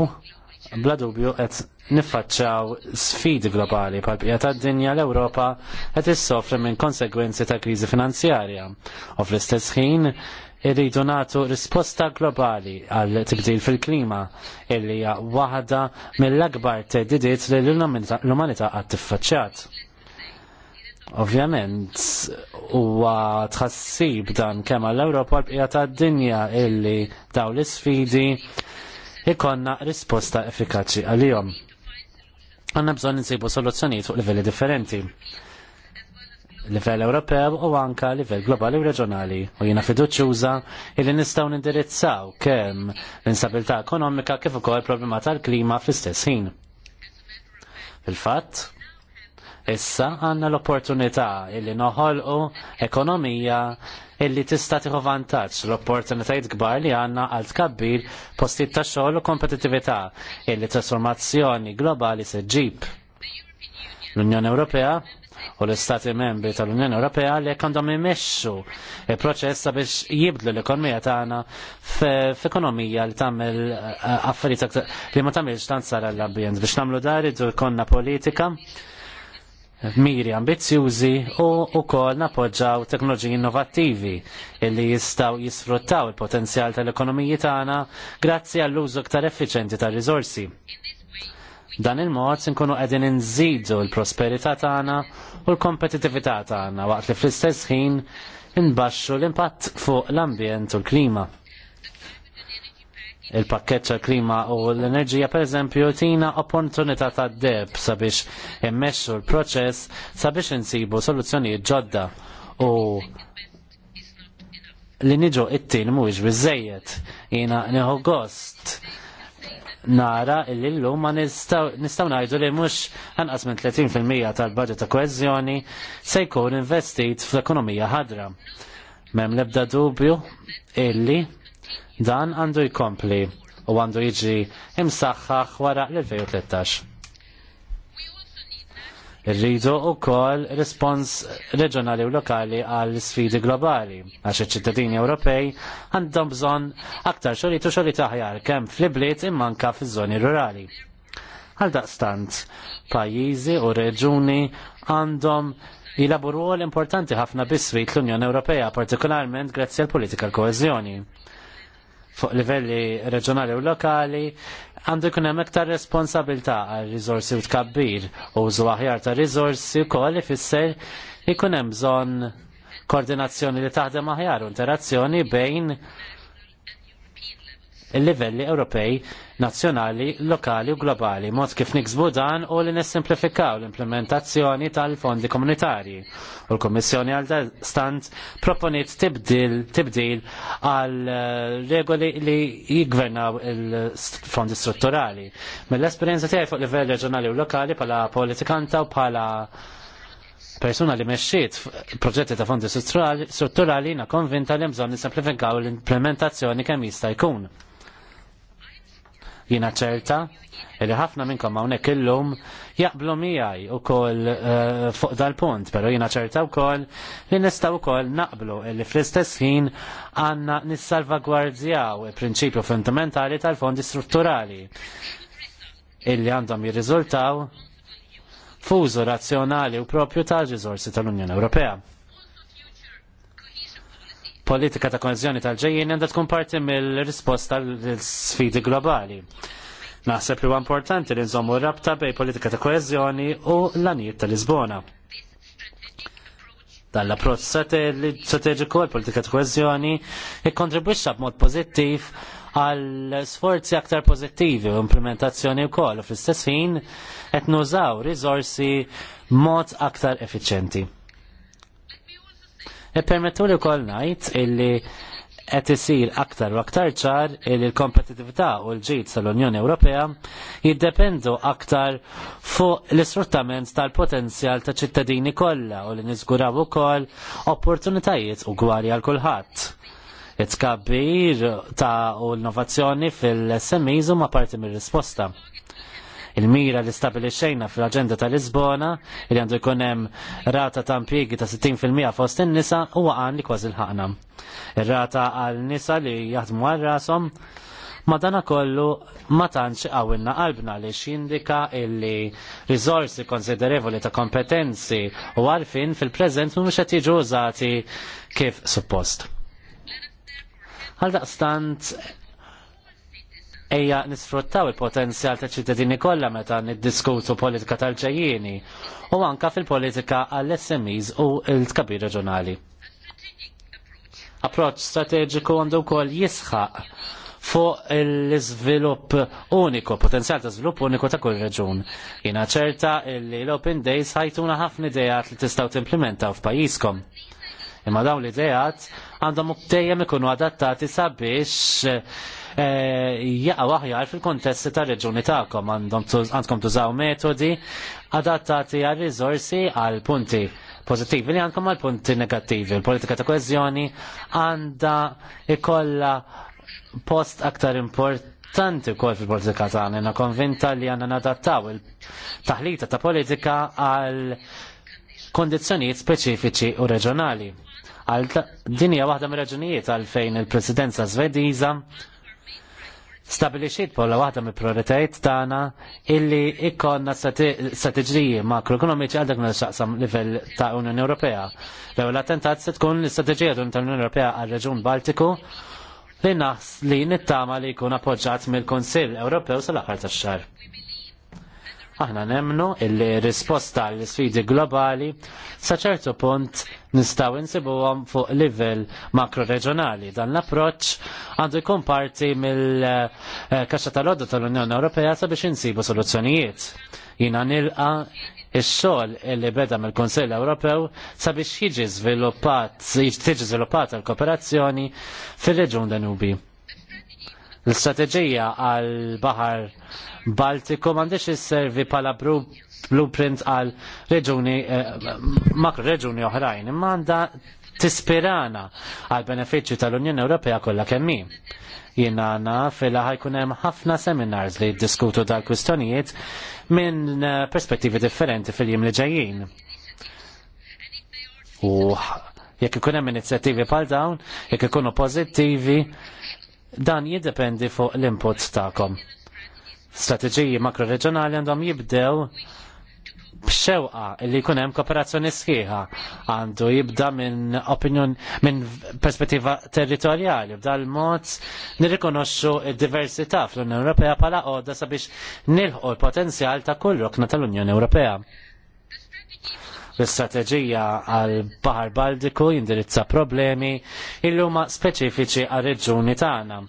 bla dubju qed niffaċċaw sfidi globali bħal bqija tad-dinja l-Ewropa qed issofri minn konsegwenzi ta' kriżi finanzjarja. U fl-istess ħin irridu nagħtu risposta globali għal tibdil fil-klima illi hija waħda mill-akbar teddidiet li l-umanità qatt tiffaċċjat. Ovvjament, huwa tħassib dan kemm għall-Ewropa l bqija tad-dinja illi dawn l-isfidi ikonna risposta effikaċi għalihom. Għanna bżon nsibu soluzzjonijiet fuq livelli differenti. Livell Ewropew u anka livell globali u reġjonali u jiena fiduċjuża li nistgħu nindirizzaw kemm l-instabilità ekonomika kif ukoll problema tal-klima fl-istess ħin. Fil-fatt, issa għandna l-opportunità illi noħolqu ekonomija illi tista' tieħu vantaġġ l-opportunitajiet kbar li għandna għal tkabbir postijiet ta' xogħol u kompetittività illi trasformazzjoni globali se ġib. L-Unjoni Ewropea u l-Istati membri tal-Unjoni Ewropea li għandhom imexxu il-proċess sabiex jibdlu l-ekonomija tagħna f'ekonomija li tagħmel eh, affarijiet li ma tagħmilx tant sara l-ambjent biex nagħmlu dar idu jkollna politika miri ambizjużi u wkoll napoġġaw teknoloġiji innovattivi illi jistgħu jisfruttaw il-potenzjal tal-ekonomiji tagħna grazzi għall-użu iktar effiċenti tar-riżorsi. Dan il-mod nkunu qegħdin inżidu l-prosperità tagħna u l-kompetitività tagħna waqt li fl-istess ħin inbaxxu l-impatt fuq l-ambjent u l-klima il-pakket tal klima u l-enerġija per eżempju tina opportunità ta' deb sabiex immexxu l-proċess sabiex insibu soluzzjonijiet ġodda u li niġu it-tin mhuwiex biżejjed jiena nieħu gost nara illi l ma nistaw najdu li mux anqas minn 30% tal-budget ta' koezjoni se jkun investit fl-ekonomija ħadra. Mem lebda dubju illi Dan għandu jkompli u għandu jiġi imsaxħax wara l-2013. Rridu u kol respons reġjonali u lokali għall sfidi globali, għax iċ-ċittadini Ewropej għandhom bżonn aktar xorit u xorit aħjar kemm fl-ibliet immanka fiż-żoni rurali. Għal daqstant, pajjiżi u reġuni għandhom jilabu rwol importanti ħafna bis-swit l-Unjoni Ewropea, partikolarment grazzi għal politika l-koeżjoni fuq livelli reġjonali u lokali għandu jkun hemm iktar responsabilità għal riżorsi u tkabbir u użu aħjar ta' riżorsi wkoll ifisser jkun hemm bżonn koordinazzjoni li taħdem aħjar u interazzjoni bejn il-livelli Ewropej, nazzjonali, lokali u globali, mod kif niksbu dan u li nissimplifikaw l-implementazzjoni tal-fondi komunitarji. U l-Kommissjoni għal stand proponiet tibdil, tibdil għal eh, regoli li jgvernaw il-fondi strutturali. Mill-esperienza tiegħi fuq livell reġjonali u lokali pala politikanta u pala persuna li meċċiet proġetti ta' fondi strutturali na konvinta li mżon nisimplifikaw l-implementazzjoni kemm jista' jkun. Jina ċerta li ħafna minnkom hawnhekk illum jaqblu u kol uh, fuq dal-punt, però jiena ċerta wkoll li u wkoll naqblu li fl-istess ħin għandna nissalvagwardzjaw il-prinċipju fundamentali tal-fondi strutturali illi għandhom jirriżultaw fużu razzjonali u propju tal ġizorsi tal-Unjoni Ewropea politika ta' konzjoni tal-ġejjien għandha tkun parti mill-risposta l-sfidi globali. Naħseb li huwa importanti li nżommu rabta bej politika ta' koezjoni u l-anijiet tal-Lisbona. Dan l-approċċ strateġiku għal politika ta' koezjoni ikkontribwixxa b'mod pożittiv għal sforzi aktar pożittivi u implementazzjoni wkoll u fl-istess ħin qed nużaw riżorsi mod aktar effiċjenti. Ippermettu li wkoll ngħid illi qed isir aktar u aktar ċar li l-kompetitività u l-ġid sal unjoni Ewropea jiddependu aktar fuq l-isfruttament tal-potenzjal ta' ċittadini kollha u li niżguraw ukoll opportunitajiet ugwali għal kulħadd. It-tkabbir ta' u l-innovazzjoni fil-SMEs huma parti mir-risposta il-mira li stabili xejna fl-aġenda tal-Lisbona li għandu jkun hemm rata ta' impiegi ta' 60% fost in-nisa huwa għan li kważi l-ħaqna. Ir-rata għal nisa li jaħdmu għal rashom ma dana kollu ma tantx għawinna qalbna li xindika illi rizorsi konsiderevoli ta' kompetenzi u għarfin fil-preżent mhumiex qed jiġu użati kif suppost. Għal daqstant Ejja nisfruttaw il-potenzjal ta' ċittadini kollha meta niddiskutu politika tal-ġejjieni u anka fil-politika għall-SMEs u l-tkabir reġjonali. Approċċ strateġiku għandu wkoll jisħaq fuq l-iżvilupp uniku, potenzjal ta' żvilupp uniku ta' kull reġun. Jiena ċerta li l-Open Days ħajtuna ħafna idejat li tistgħu timplementaw f'pajjiżkom. Imma dawn l-idejat għandhom dejjem ikunu adattati sabiex Eh, jaqgħu aħjar fil-kontesti tar-reġuni tagħkom għandkom tużaw metodi adattati għal riżorsi għal punti pozittivi li għandkom għal punti negattivi. Il-politika ta' koezjoni għandha ikolla post aktar importanti importanti kol fil-politika tagħna, na konvinta li għandna nadattaw il-taħlita ta' politika għal kondizzjonijiet speċifiċi u reġjonali. Għal din hija waħda mir-raġunijiet għalfejn il-Presidenza Svediża stabilixiet polla waħda mill prioritajiet tagħna illi ikkonna strateġiji makroekonomiċi għal nil xaqsam livell ta' Unjoni Ewropea. L-ewwel attentat se tkun l-istrateġija tal-Unjoni Ewropea għal reġun Baltiku li naħs li nittama li jkun appoġġat mill-Kunsill Ewropew sal-aħħar tax-xahar. Aħna nemnu illi risposta għall sfidi globali sa ċertu punt nistaw insibuhom fuq livell makroregjonali. Dan l-approċċ għandu jkun parti mill eh, kaxa tal-għodda tal-Unjoni Ewropea sabiex insibu soluzzjonijiet. Jina nilqa Ix-xogħol illi beda mill konsell Ewropew sabiex jiġi żviluppat tiġi żviluppat l kooperazzjoni fir-Reġjun Danubi. L-istrateġija għal baħar Baltiku m'għandix isservi bħala blueprint għal reġuni eh, makro reġuni oħrajn, imma għandha tispirana għal benefiċċju tal-Unjoni Ewropea kollha kemm hi. Jien għandna fil jkun hemm ħafna seminars li jiddiskutu dal kwistjonijiet minn eh, perspettivi differenti fil-jiem li ġejjin. U jekk ikun hemm inizjattivi bħal dawn, jekk ikunu pożittivi, dan jiddependi fuq l-input tagħkom strateġiji makroreġjonali għandhom jibdew b'xewqa li jkun hemm kooperazzjoni sħiħa għandu jibda minn opinjon minn perspettiva territorjali b'dal mod nirrikonoxxu d-diversità fl-Unjoni Ewropea bħala qodda sabiex nilħu l-potenzjal ta' kull rokna tal-Unjoni Ewropea. L-istrateġija għal Baħar Baltiku jindirizza problemi illuma speċifiċi għal reġjuni tagħna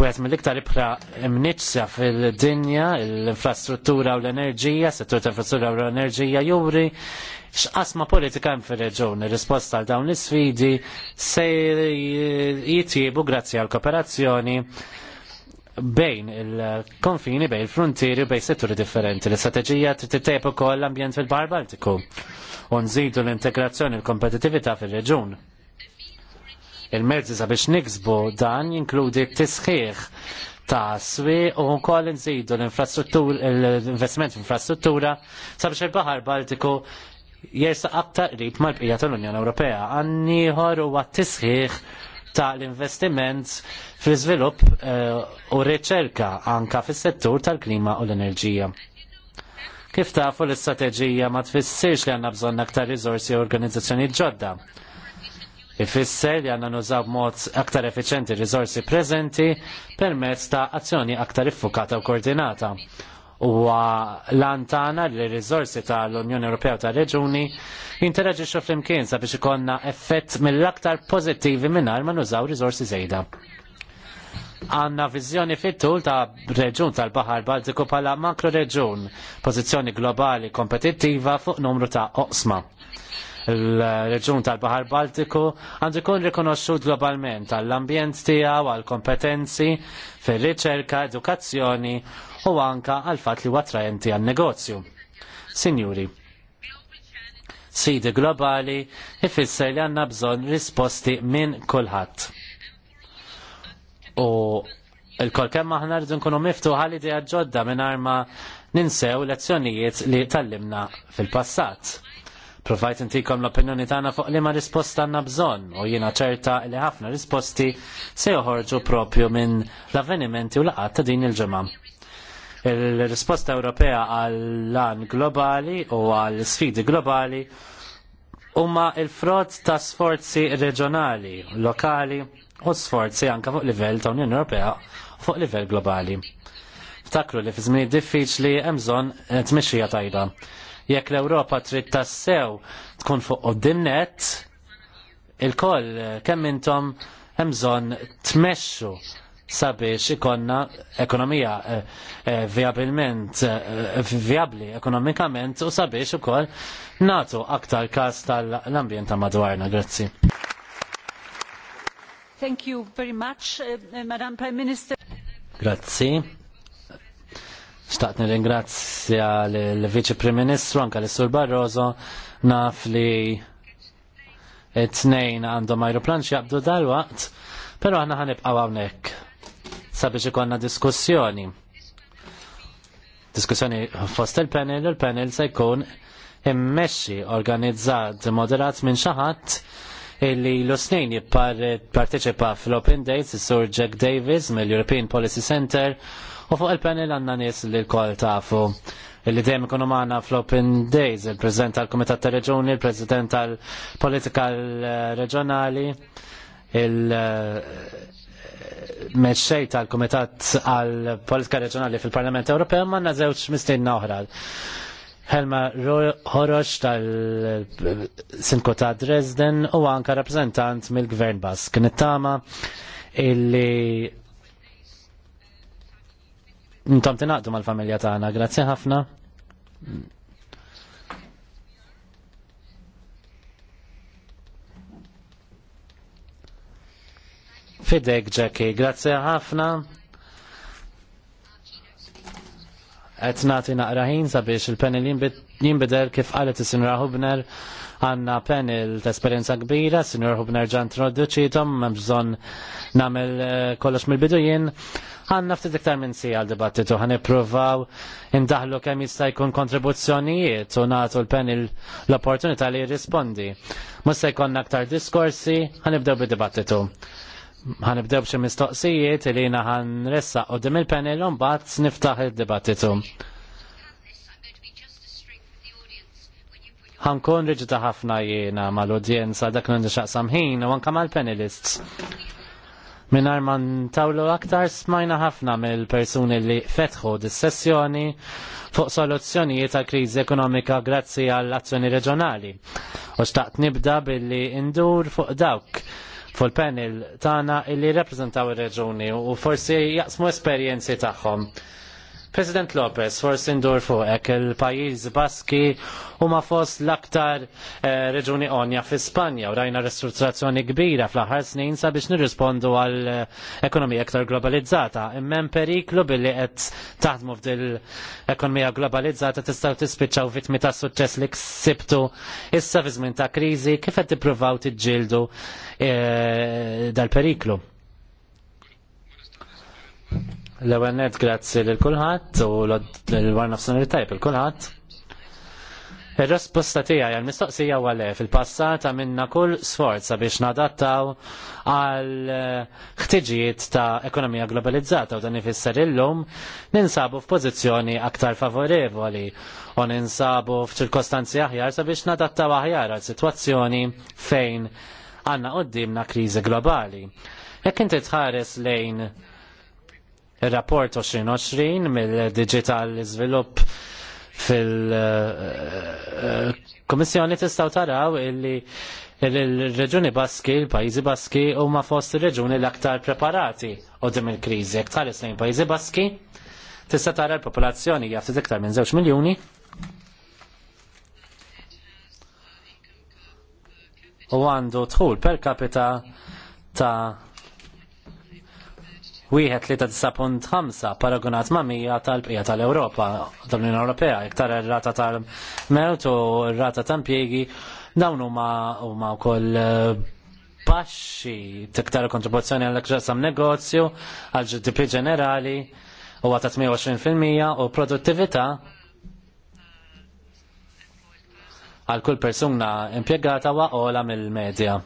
għet mill-iktar ibħra imnitsa fil-dinja, l-infrastruttura u l-enerġija, settur ta' infrastruttura u l-enerġija juri x'qasma politika hemm fir-reġun. Ir-risposta għal dawn l-isfidi se jitjiebu grazzi għal kooperazzjoni bejn il-konfini, bejn il-frontieri, bejn setturi differenti. L-istrateġija titejb ukoll l-ambjent fil-Bar Baltiku u nżidu l-integrazzjoni l kompetitività fir-reġun Il-mezzi sabiex niksbu dan jinkludi t-tisħiħ ta' swi u nkoll nżidu l-infrastruttura, l-investiment f'infrastruttura sabiex il-Bahar Baltiku jersa aktar qrib mal-bqija tal-Unjoni Ewropea. Għanni ħorru għat ta' l-investiment fl iżvilupp eh, u riċerka anka fis-settur tal-klima u l-enerġija. Kif tafu l-istrateġija ma tfissirx li għandna bżonn aktar riżorsi u organizzazzjoni ġodda. Ifisser li għanna nużaw mod aktar effiċenti risorsi preżenti permezz ta' azzjoni aktar iffukata u koordinata. U lantana li risorsi tal-Unjoni Ewropea ta' Reġuni jinteraġixxu flimkien sabiex ikonna effett mill-aktar pożittivi mingħajr ma nużaw risorsi zejda. għanna vizjoni fit-tul ta' reġun tal-Bahar Baltiku pala makro reġun, pozizjoni globali kompetittiva fuq numru ta' oqsma l-reġun tal-Bahar Baltiku għandu jkun rikonosċu globalment għall-ambjent tiegħu, għall-kompetenzi fir-riċerka, edukazzjoni u anka għal fatt li huwa għal għan-negozju. Sinjuri, sidi globali ifisser li għandna bżonn risposti minn kulħadd. U il-kol kemm aħna rridu nkunu miftuħa l idea ġodda minn arma ninsew lezzjonijiet li tallimna fil-passat. Provajt intikom l-opinjoni tagħna fuq li ma risposta għandna bżonn u jiena ċerta li ħafna risposti se joħorġu propju minn l-avvenimenti u laqgħat ta' din il-ġimgħa. Il-risposta Ewropea għall-lan globali u għall-sfidi globali huma il-frott ta' sforzi reġjonali, lokali u sforzi anke fuq livell ta' Unjoni Ewropea u fuq livell globali. Ftakru li fi żmien diffiċli hemm bżonn tmixxija tajba. Jekk l-Ewropa trid tassew tkun fuq qudimnet, il-koll kemm intom hemm bżonn tmexxu sabiex ikonna ekonomija eh, eh, viabilment, eh, viabli ekonomikament u sabiex ukoll natu aktar każ tal-ambjent ta' madwarna. Grazzi. Thank you very much, Madam Prime Minister. Grazzi. Xtaqt nir-ingrazzja l-Viċi Prim Ministru, anka l-Sur Barroso, naf li it-tnejn għandhom aeroplan xjaqbdu dal-waqt, pero għanna għanib għawnek sabiex ikonna diskussjoni. Diskussjoni fost il-panel, il-panel se jkun immexxi organizzat moderat minn xi ħadd illi l-osnejn jipparteċipa fl-Open Days, is-Sur Jack Davis mill-European Policy Center U fuq il-panel għanna nies li l-kol tafu illi dejjem ikunu maħna fl-Open Days, il-President tal-Kumitat tal-Reġuni, il-President tal-Politika Reġjonali, il-Meċċej tal-Kumitat għal-Politika Reġjonali fil-Parlament Ewropew manna żewġ mistinna oħra. Helma Horoċ tal-Sinko ta' Dresden u anka rappresentant mill-Gvern Bask. Nittama illi Intom tinaqdu mal-familja tagħna, grazzi ħafna. Fidek, Jackie, grazzi ħafna. Qed nagħti naqra ħin sabiex il-panel jinbidel kif qalet is sinraħu bner għanna panel ta' esperienza kbira, Sinjor Hubner ġan tom, bżon namel eh, kollox mill bidujien Għanna ftit iktar minn si għal dibattitu għan ipruvaw indaħlu kemm jista' jkun kontribuzzjonijiet u nagħtu l-panel l-opportunità li jirrispondi. Musta jkollna aktar diskorsi, għan nibdew bid-dibattitu ibdew bċi mistoqsijiet li jiena ħanressaq qudiem il-panel un-bat niftaħ id-dibattitu. ħankun riġita ħafna jiena mal-udjenza dak li nixaqsam ħin u anka mal-panelists. Min arman tawlu aktar smajna ħafna mill-persuni li fetħu dis-sessjoni fuq soluzzjonijiet ta' kriżi ekonomika grazzi għall-azzjoni reġjonali. U xtaqt nibda billi indur fuq dawk fuq il-panel tagħna illi reprezentaw ir-reġuni u forsi jaqsmu esperjenzi tagħhom. President Lopez, forsi ndur fuqek il-pajjiż Baski huma fost l-aktar eh, reġuni onja fi Spanja u rajna ristrutturazzjoni kbira fl-aħħar snin sabiex nirrispondu għal eh, ekonomija aktar globalizzata. Immen periklu billi qed taħdmu f'dil ekonomija globalizzata tistgħu tispiċċaw vitmi ta' suċċess li ksibtu issa fi żmien ta' kriżi kif qed tippruvaw tiġġieldu eh, dal-periklu. L-ewwel net grazzi lil kulħadd u l-warna f'sunar tajb il kulħadd. Ir-risposta tiegħi għal mistoqsija u għalef fil-passat għamilna kull sforza biex nadattaw għal eh, ħtiġijiet ta' ekonomija globalizzata u dan ifisser illum ninsabu f'pożizzjoni aktar favorevoli u ninsabu f-ċirkostanzi aħjar sabiex nadattaw aħjar għal sitwazzjoni fejn għandna għoddimna kriżi globali. Jekk inti tħares lejn il-rapport 2020 mill-Digital Svilup fil-Komissjoni tistaw taraw illi il-reġuni Baski, il-Pajizi Baski, u ma fost il-reġuni l-aktar preparati u dim il-krizi. Aktar lejn Pajizi Baski, tista tara l-popolazzjoni jaftit iktar minn 2 miljoni. U għandu tħul per capita ta' wieħed li ta' paragonat ma' mija tal-bqija tal-Ewropa, tal-Unjoni Ewropea, iktar ir-rata tal-mewt u r-rata tal-impjiegi dawn huma huma wkoll eh, baxxi tiktar kontribuzzjoni għal sam negozju għal GDP ġenerali u ta' 28% u produttività għal kull persuna impjegata waqola mill-medja.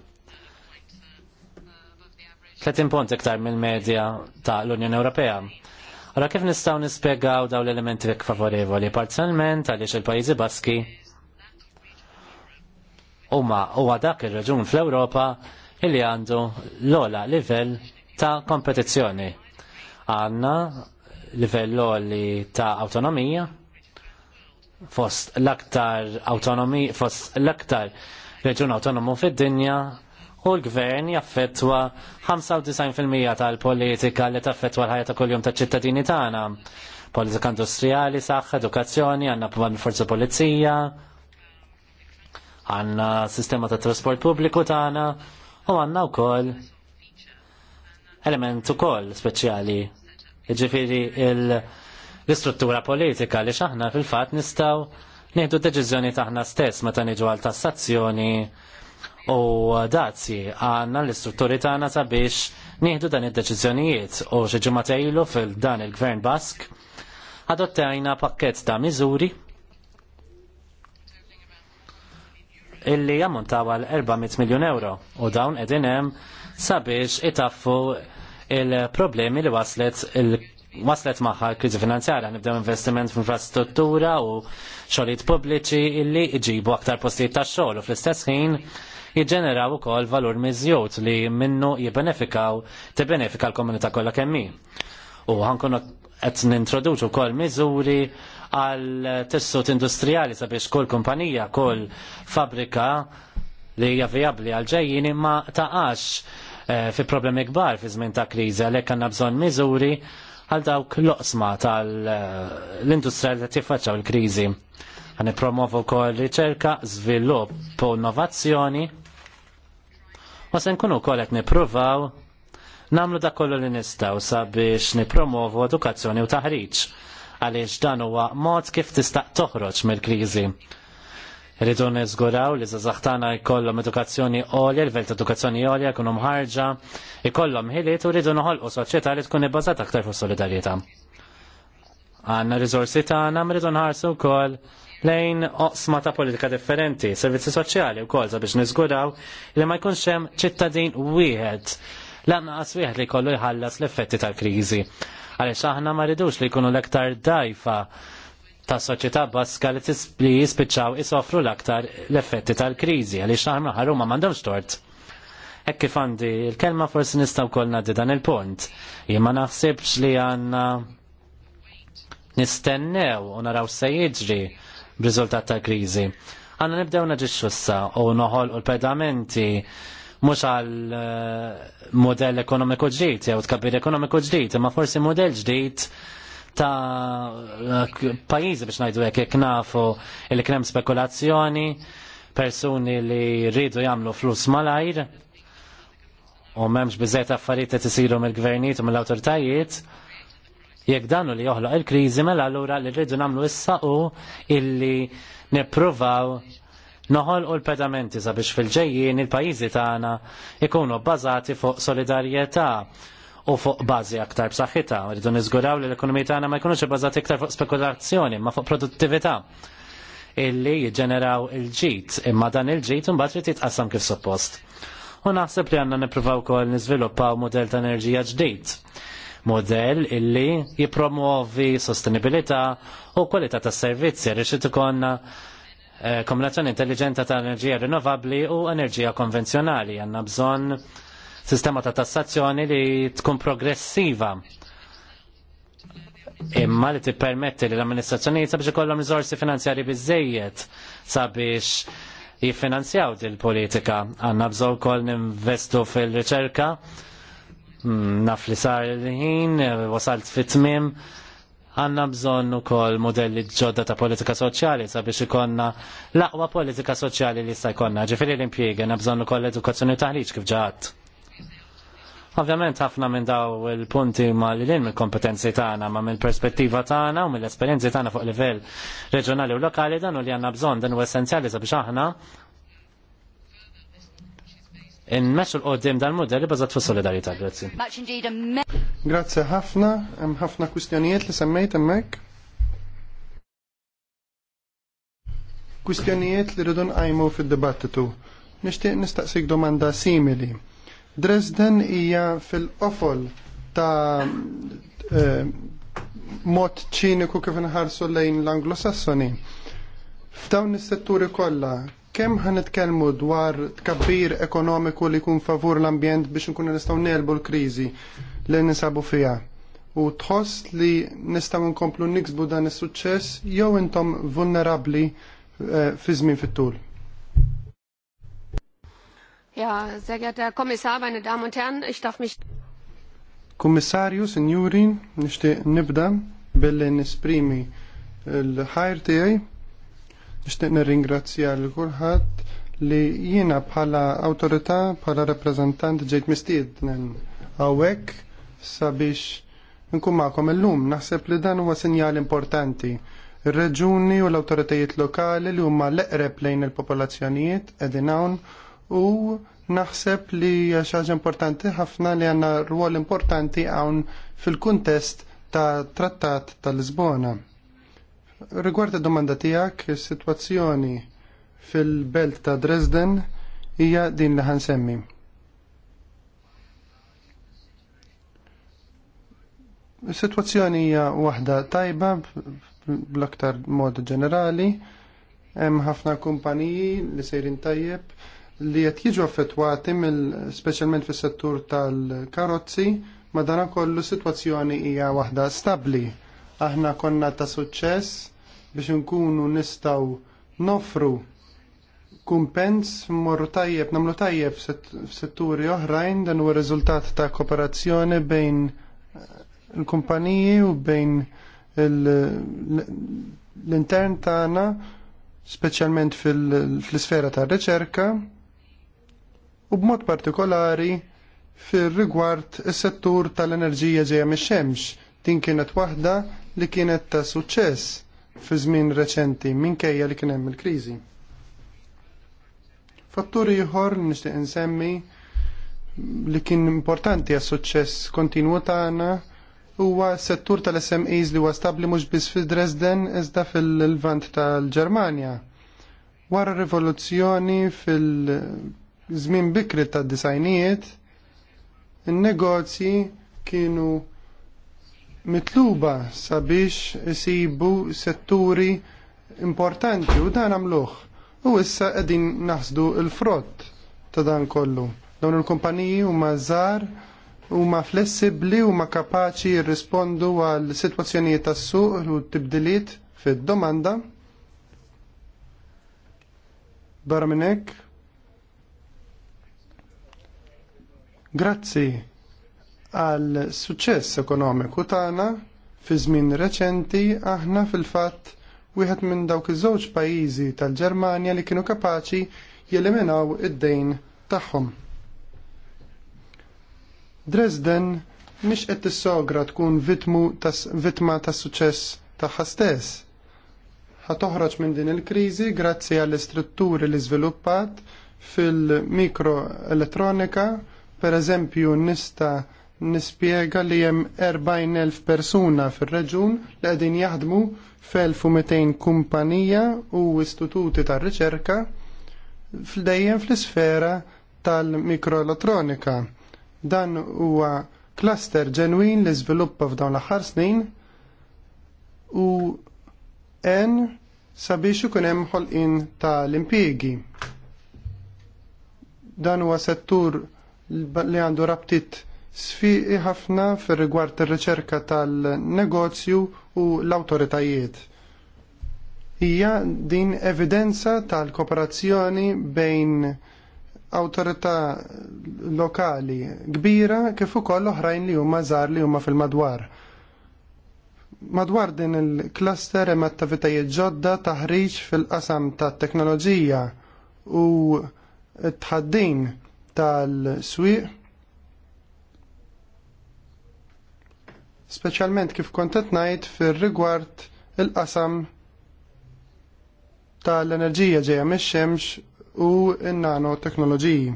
30 punt iktar mill-medja ta' l-Unjoni Ewropea. Ora kif nistgħu nispjegaw daw l-elementi vek favorevoli parzialment għaliex il-pajjiżi Baski huma huwa dak ir-raġun fl-Ewropa illi għandu l-ola livell ta' kompetizzjoni. Għanna livell oli ta' autonomija fost l-aktar autonomi fost l-aktar reġun autonomu fid-dinja u l-gvern jaffettwa 95% tal-politika li taffettwa l-ħajja ta' kuljum taċ ċittadini tagħna. Politika industrijali, saħħa, edukazzjoni, għandna forza polizija, għandna sistema ta' trasport pubbliku tagħna u għandna wkoll element ukoll speċjali. Jiġifieri l-istruttura politika li xaħna fil-fatt nistgħu nieħdu deċiżjoni taħna stess meta niġu għal tassazzjoni u dazzi għanna l-istrutturi tagħna sabiex nieħdu dan id-deċiżjonijiet u xi ġimgħa fil-dan il-Gvern Bask adottajna pakkett ta' miżuri illi jammontaw għal 400 miljon euro u dawn qegħdin hemm sabiex itaffu il-problemi li waslet il waslet maħħa kriżi finanzjarja nibdew investiment f'infrastruttura u xogħlijiet pubbliċi illi jġibu aktar postijiet tax xogħol u fl-istess ħin jiġġeneraw ukoll valur miżjut li minnu jibbenefikaw tibbenefika l-komunità kollha kemm U ħankun qed nintroduċu wkoll miżuri għal tessut industrijali sabiex kull kumpanija, kull fabrika li hija vijabbli għal ġejjin imma taqax eh, fi problemi kbar fi żmien ta' kriżi għalhekk għandna bżonn miżuri għal dawk l-oqsma tal-industrija eh, li tiffaċċaw il-kriżi. Għan promovu kol riċerka, svilupp u innovazzjoni Ma se nkunu wkoll qed nippruvaw nagħmlu dak kollu li nistgħu sabiex nippromovu edukazzjoni u taħriġ għaliex dan huwa mod kif tista' toħroġ mill-kriżi. Rridu niżguraw li zazaħtana jkollhom edukazzjoni għolja, l-velt edukazzjoni għolja jkunu mħarġa, jkollhom ħiliet u rridu noħolqu soċjetà li tkun ibbażata aktar fuq solidarjetà. Għanna riżorsi tagħna mridu nħarsu wkoll lejn oqsma ta' politika differenti, servizzi soċjali u kolza biex nizguraw li ma jkunx hemm ċittadin wieħed lanqas wieħed li kollu jħallas l-effetti tal-kriżi. Għaliex aħna ma ridux li jkunu l-aktar dajfa ta' soċjetà baska li li jispiċċaw isofru l-aktar l-effetti tal-kriżi għaliex aħna ħaruma m'għandhomx tort. Hekk kif għandi il-kelma forsi nistgħu wkoll ngħaddi dan il-punt. Jien ma naħsibx li għandna nistennew u naraw se jiġri b'riżultat ta' kriżi. Għanna nibdew naġiċu issa u noħol u l-pedamenti mux għal eh, modell ekonomiku ġdijt, jew tkabbir ekonomiku ġdijt, ma forsi modell ġdijt ta' pajizi biex najdu jek nafu il-krem spekulazzjoni, persuni li rridu jamlu flus malajr, u memx bizzet affarijiet t isiru mill-gvernijiet u mill-autoritajiet, Jekk danu li joħloq il-kriżi mela allura li rridu nagħmlu issa u illi nippruvaw u l-pedamenti sabiex fil-ġejjin il-pajjiżi tagħna ikunu bbażati fuq solidarjetà u fuq bażi aktar b'saħħitha. Rridu niżguraw li l-ekonomija tagħna ma jkunux bbażati aktar fuq spekulazzjoni, ma fuq produttività illi jiġġeneraw il-ġit, imma dan il-ġit imbagħad trid jitqassam kif suppost. U naħseb li għandna nippruvaw ukoll niżviluppaw mudell ta' enerġija ġdid modell illi jipromuovi sostenibilità u kwalità tas servizzi rixit ikonna eh, kombinazzjoni intelligenta ta' enerġija rinnovabli u enerġija konvenzjonali. Għanna bżon sistema ta' tassazzjoni li tkun progressiva imma li tippermetti li l-amministrazzjoni sabiex ikollhom riżorsi finanzjari biżejjed sabiex jiffinanzjaw dil-politika. Għanna bżon kol ninvestu fil-riċerka Mm, naf li sar il-ħin, wasalt fit-tmim, għanna bżonn ukoll modelli ġodda ta' politika soċjali sabiex ikonna l-aqwa politika soċjali li jista' jkollna. Ġifieri l-impjiegi għandna bżonn ukoll edukazzjoni taħriġ kif ġaħat. Ovvjament ħafna minn daw il-punti ma li l mill-kompetenzi tagħna, ma mill-perspettiva tagħna u mill-esperjenzi tagħna fuq livell reġjonali u lokali dan u li għandna bżonn dan u essenzjali sabiex aħna In l-qoddim dal-modelli bażat fuq solidarità, grazzi. Grazzi ħafna, hemm ħafna kwistjonijiet li semmejt hemmhekk. Kwistjonijiet li rridu nqajmu fid-dibattitu. Nixtieq nistaqsik domanda simili. Dresden hija fil-qofol ta' eh, mod ċiniku kif inħarsu lejn l-Anglosassoni. F'dawn is-setturi kollha Kemm ħanitkellmu dwar tkabbir ekonomiku li kun favur l-ambjent biex nkunu nistaw nelbu l krizi li ninsabu fija? U tħoss li nistaw nkomplu niksbu dan is-suċċess jew intom vulnerabbli eh, fi żmien fit-tul. Ja, sehr geehrter Kommissar, meine Damen und Herren, ich darf mich. Kommissarju, Sinjuri, nishti nibda billi nisprimi l-ħajr tijaj, Nixtieq nirringrazzja l kulħadd li jiena bħala awtorità, bħala reprezentant ġejt mistiednen għawek sabiex nkun l illum. Naħseb li dan huwa sinjal importanti. il reġuni u l-awtoritajiet lokali li huma l-eqreb lejn il-popolazzjonijiet qegħdin hawn u naħseb li xaġa importanti ħafna li għanna rwol importanti għawn fil-kuntest ta' trattat tal-Lisbona. Rigward id-domanda tiegħek, is-sitwazzjoni fil-belt ta' Dresden hija din li ħansemmi. Is-sitwazzjoni hija waħda tajba bl-aktar mod ġenerali. Hemm ħafna kumpaniji li sejrin tajjeb li qed jiġu affettwati mill speċjalment fis-settur tal-karozzi, ma dan kollu sitwazzjoni hija waħda stabbli aħna konna ta' suċċess biex nkunu nistaw nofru kumpens morru tajjeb, namlu tajjeb f'setturi oħrajn dan huwa riżultat ta' kooperazzjoni bejn il-kumpaniji eh, u bejn l-intern tagħna speċjalment fl-isfera ta' riċerka u b'mod partikolari fir rigward is-settur tal-enerġija ġejja mix-xemx. Din kienet waħda li kienet ta' suċċess fi żmien reċenti minkejja li kien hemm il-kriżi. Fatturi ieħor li nixtieq insemmi li kien importanti għas suċċess kontinwu tagħna huwa settur tal-SMEs li huwa stabbli mhux biss fi Dresden iżda fil-Lvant tal-Ġermanja. Wara rivoluzzjoni fil-żmien bikri tad-disajnijiet, in-negozji kienu mitluba sabiex isibu setturi importanti u dan għamluh. U issa qegħdin naħsdu l-frott ta' dan kollu. Dawn il-kumpaniji huma żgħar huma flessibbli huma kapaċi jirrispondu għal sitwazzjonijiet tas-suq u t-tibdiliet fid-domanda. Barra minn hekk. Grazzi għal suċċess ekonomiku tagħna fi żmien reċenti aħna fil-fatt wieħed minn dawk iż-żewġ pajjiżi tal-Ġermanja li kienu kapaċi jeliminaw id-dejn tagħhom. Dresden mhix qed tissogra tkun vittma tas-suċċess tagħha stess. Ħa toħroġ minn din il-kriżi grazzi għall-istrutturi li żviluppat fil-mikroelettronika, per eżempju nista' nispjega li hemm 40,000 persuna fir-reġun li qegħdin jaħdmu f'1200 kumpanija u istituti tar-riċerka f'dejjem fl-isfera tal-mikroelettronika. Dan huwa cluster ġenwin li żviluppa f'dawn l-aħħar snin u en sabiex ikun hemm ħolqien tal-impjiegi. Dan huwa settur li għandu rabtit sfiqi ħafna fir rigward ir-riċerka tal-negozju u l-awtoritajiet. Hija din evidenza tal-kooperazzjoni bejn awtorità lokali kbira kif ukoll oħrajn li huma żgħar li huma fil-madwar. Madwar din il-cluster hemm attivitajiet ġodda taħriġ fil-qasam tat-teknoloġija u t tħaddin tal-swieq speċjalment kif kont najt ngħid fir-rigward il-qasam tal-enerġija ġejja mix-xemx u n nanoteknoloġiji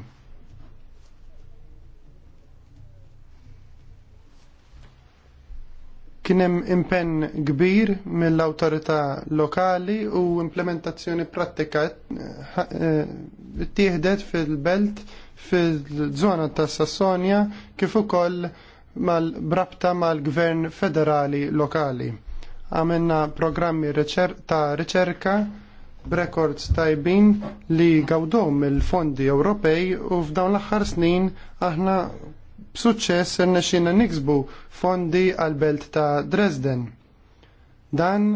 Kienem Kien hemm impenn kbir mill-awtorità lokali u implementazzjoni prattika eh, ttieħdet fil-belt fil-żona tas Sassonia kif ukoll mal-brabta mal-gvern federali lokali. Għamilna programmi ta' riċerka b'rekords tajbin li gawdow il fondi Ewropej u f'dawn l-aħħar snin aħna b'suċċess n-nexina niksbu fondi għal-belt ta' Dresden. Dan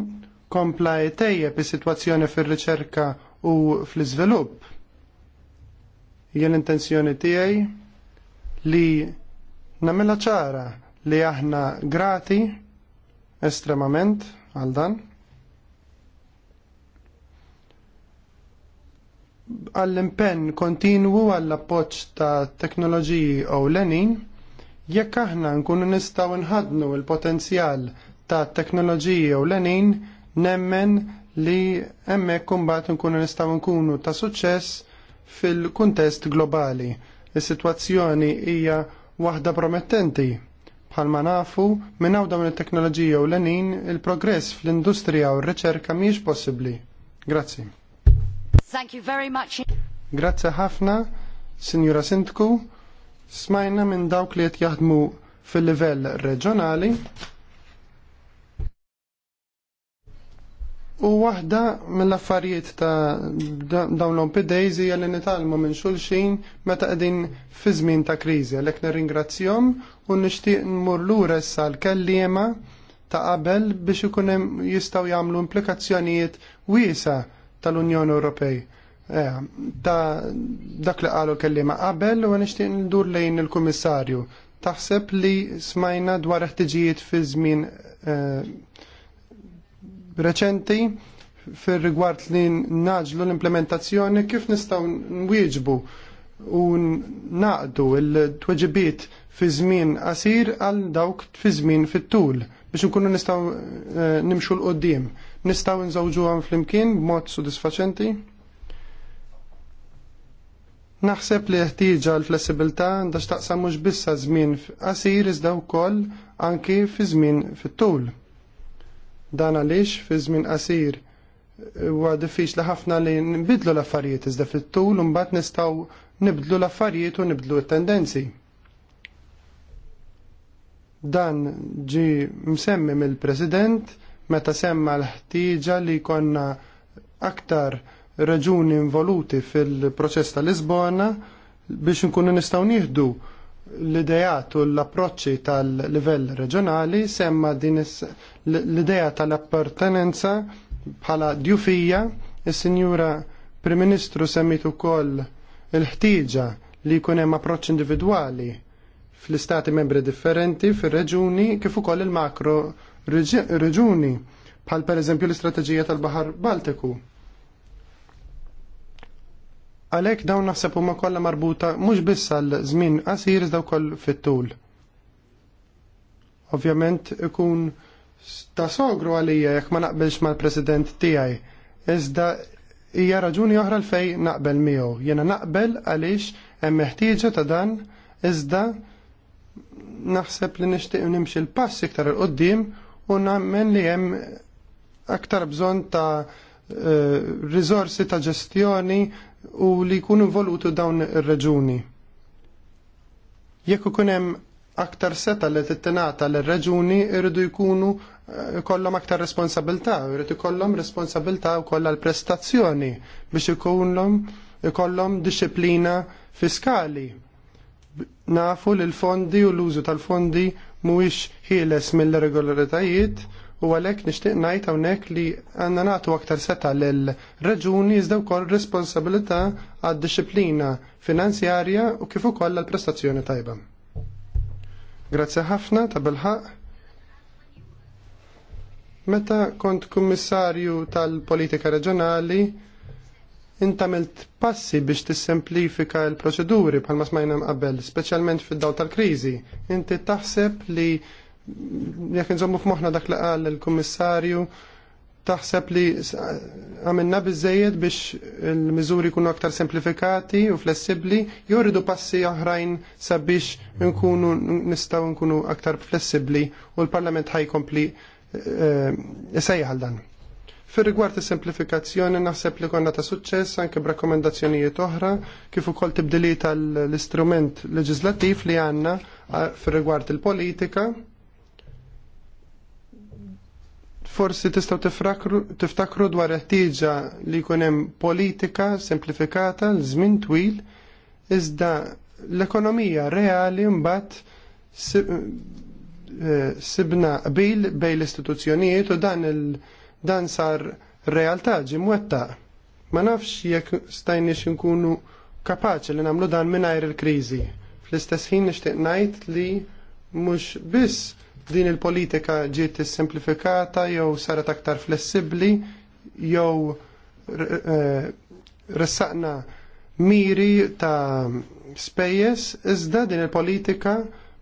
kompla jtejjeb is-sitwazzjoni fir-riċerka u fl-iżvilupp. Jien l-intenzjoni tiegħi li Namela ċara li aħna grati estremament għal dan. Għall-impenn kontinwu għall-appoċ ta' teknoloġiji u lenin, jekk aħna nkunu nistgħu nħadnu l-potenzjal ta' teknoloġiji u lenin, nemmen li hemmhekk kumbat nkunu nistgħu nkunu ta' suċċess fil-kuntest globali. Is-sitwazzjoni hija waħda promettenti. Bħalma nafu, minnaw dawn il teknoloġija u l-enin, il-progress fl-industrija u r-riċerka miex possibbli. Grazzi. Thank you very much. Grazzi ħafna, Sinjura Sintku. Smajna minn dawk li qed jaħdmu fil-livell reġjonali U waħda mill-affarijiet ta' dawn l-ompi dejzi għalli nitalmu minn xulxin meta qegħdin fi żmien ta' kriżi. Għalhekk nirringrazzjom u nixtieq nmur l issa l-kellima ta' qabel biex ikun hemm jistgħu jagħmlu implikazzjonijiet wiesa tal-Unjoni Ewropej. Ta' dak li qalu l-kellima qabel u nixtieq ndur lejn il-Kummissarju. Taħseb li smajna dwar ħtiġijiet fi żmien eh, reċenti fir rigward li naġlu l-implementazzjoni kif nistgħu nwieġbu u naqdu l-tweġibiet fi żmien qasir għal dawk fi żmien fit-tul biex nkunu nistgħu eh, nimxu l-qoddim. Nistgħu nżawġuhom flimkien b'mod sodisfaċenti? Naħseb li jeħtieġa l-flessibilità għandha x'taqsam mhux bissa żmien qasir iżda wkoll anki fi żmien fit-tul. Dan għaliex fi żmien qasir huwa diffiċli ħafna li nbidlu l-affarijiet iżda fit-tul imbagħad nistgħu nibdlu l-affarijiet u nibdlu t-tendenzi. Dan ġi msemmi mill-President meta semma l-ħtieġa li konna aktar raġuni involuti fil-proċess ta' lisbona biex nkunu nistgħu nieħdu l-idejat u l-approċċi tal-livell reġjonali semma din l idea tal-appartenenza bħala djufija is-Sinjura Prim Ministru semmit ukoll il-ħtieġa li jkun hemm approċċ individwali fl-istati membri differenti, fir-reġuni kif ukoll il-makro reġuni bħal pereżempju l-istrateġija tal-Baħar Baltiku Għalhekk dawn naħseb huma kollha marbuta mhux biss għal żmien qasir iżda wkoll fit-tul. Ovvjament ikun ta' sogru għalija jekk ma naqbilx mal-president tiegħi. Iżda hija raġuni oħra l fej naqbel miegħu. Jiena naqbel għaliex hemm meħtieġa ta' dan iżda naħseb li nixtieq nimxi l-pass iktar il qoddim u nammen li hemm aktar bżonn ta' eh, risorsi ta' ġestjoni u li jkunu involuti dawn ir-reġuni. Jekk ikun hemm aktar seta li tittenata l reġuni irridu jkunu eh, kollom aktar responsabilta, irridu kollom responsabilta u kolla l-prestazzjoni biex ikunlom kollom disciplina fiskali. Nafu l-fondi u l-użu tal-fondi mhuwiex ħieles mill-regolaritajiet u għalhekk nixtieq ngħid hawnhekk li għandna nagħtu aktar seta' lill reġuni iżda wkoll responsabilità għad-disciplina finanzjarja u kif ukoll għall-prestazzjoni tajba. Grazzi ħafna ta' bilħaq. Meta kont kummissarju tal-politika reġjonali, intamilt passi biex tissemplifika l-proċeduri ma smajna qabel, speċjalment fid-daw tal-kriżi. Inti taħseb li jekk nżommu f'moħħna dak li qal il-Kummissarju taħseb li għamilna biżejjed biex il-miżuri jkunu aktar semplifikati u flessibbli, jew rridu passi oħrajn sabiex nkunu nistgħu nkunu aktar flessibbli u l-Parlament ħajkompli eh, isejjaħ għal dan. Fir rigward is-semplifikazzjoni naħseb li konna ta' suċċess anke b'rakkomandazzjonijiet oħra kif ukoll tibdilita l istrument leġislattiv li għandna eh, fir rigward il-politika Forsi tistaw tiftakru dwar ħtieġa li jkun hemm politika semplifikata l żmien twil iżda l-ekonomija reali mbagħad eh, sibna qbil bejn l-istituzzjonijiet u dan il dan sar realtà ġimwetta. Ma nafx jekk stajniex nkunu kapaċi li nagħmlu dan mingħajr il-kriżi. Fl-istess ħin nixtieq ngħid li mhux biss din il-politika ġiet simplifikata jew saret aktar flessibbli jew eh, ressaqna miri ta' spejjeż iżda din il-politika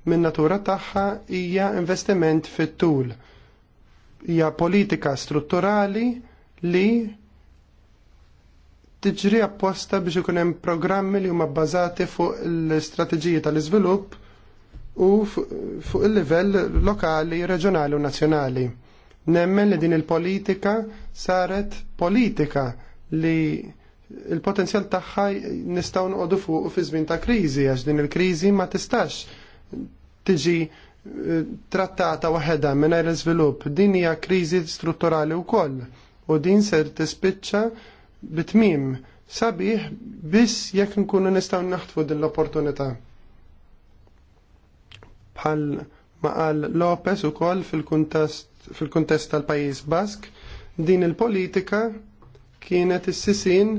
min natura tagħha hija investiment fit-tul. Hija politika strutturali li tiġri apposta biex ikun hemm programmi li huma bbażati fuq l-istrateġiji tal-iżvilupp u fuq il-livell lokali, reġjonali u nazzjonali. Nemmen li din il-politika saret politika li il-potenzjal tagħha nistgħu nqogħdu fuq fi żmien ta' kriżi għax din il-kriżi ma tistax tiġi eh, trattata waħedha mingħajr iżvilupp. Din hija kriżi strutturali wkoll u din ser tispiċċa bitmim sabiħ biss jekk nkunu nistgħu naħtfu din l-opportunità bħal maqal Lopez u ukoll fil-kuntest fil tal-Pajjiż Bask din il-politika kienet issisin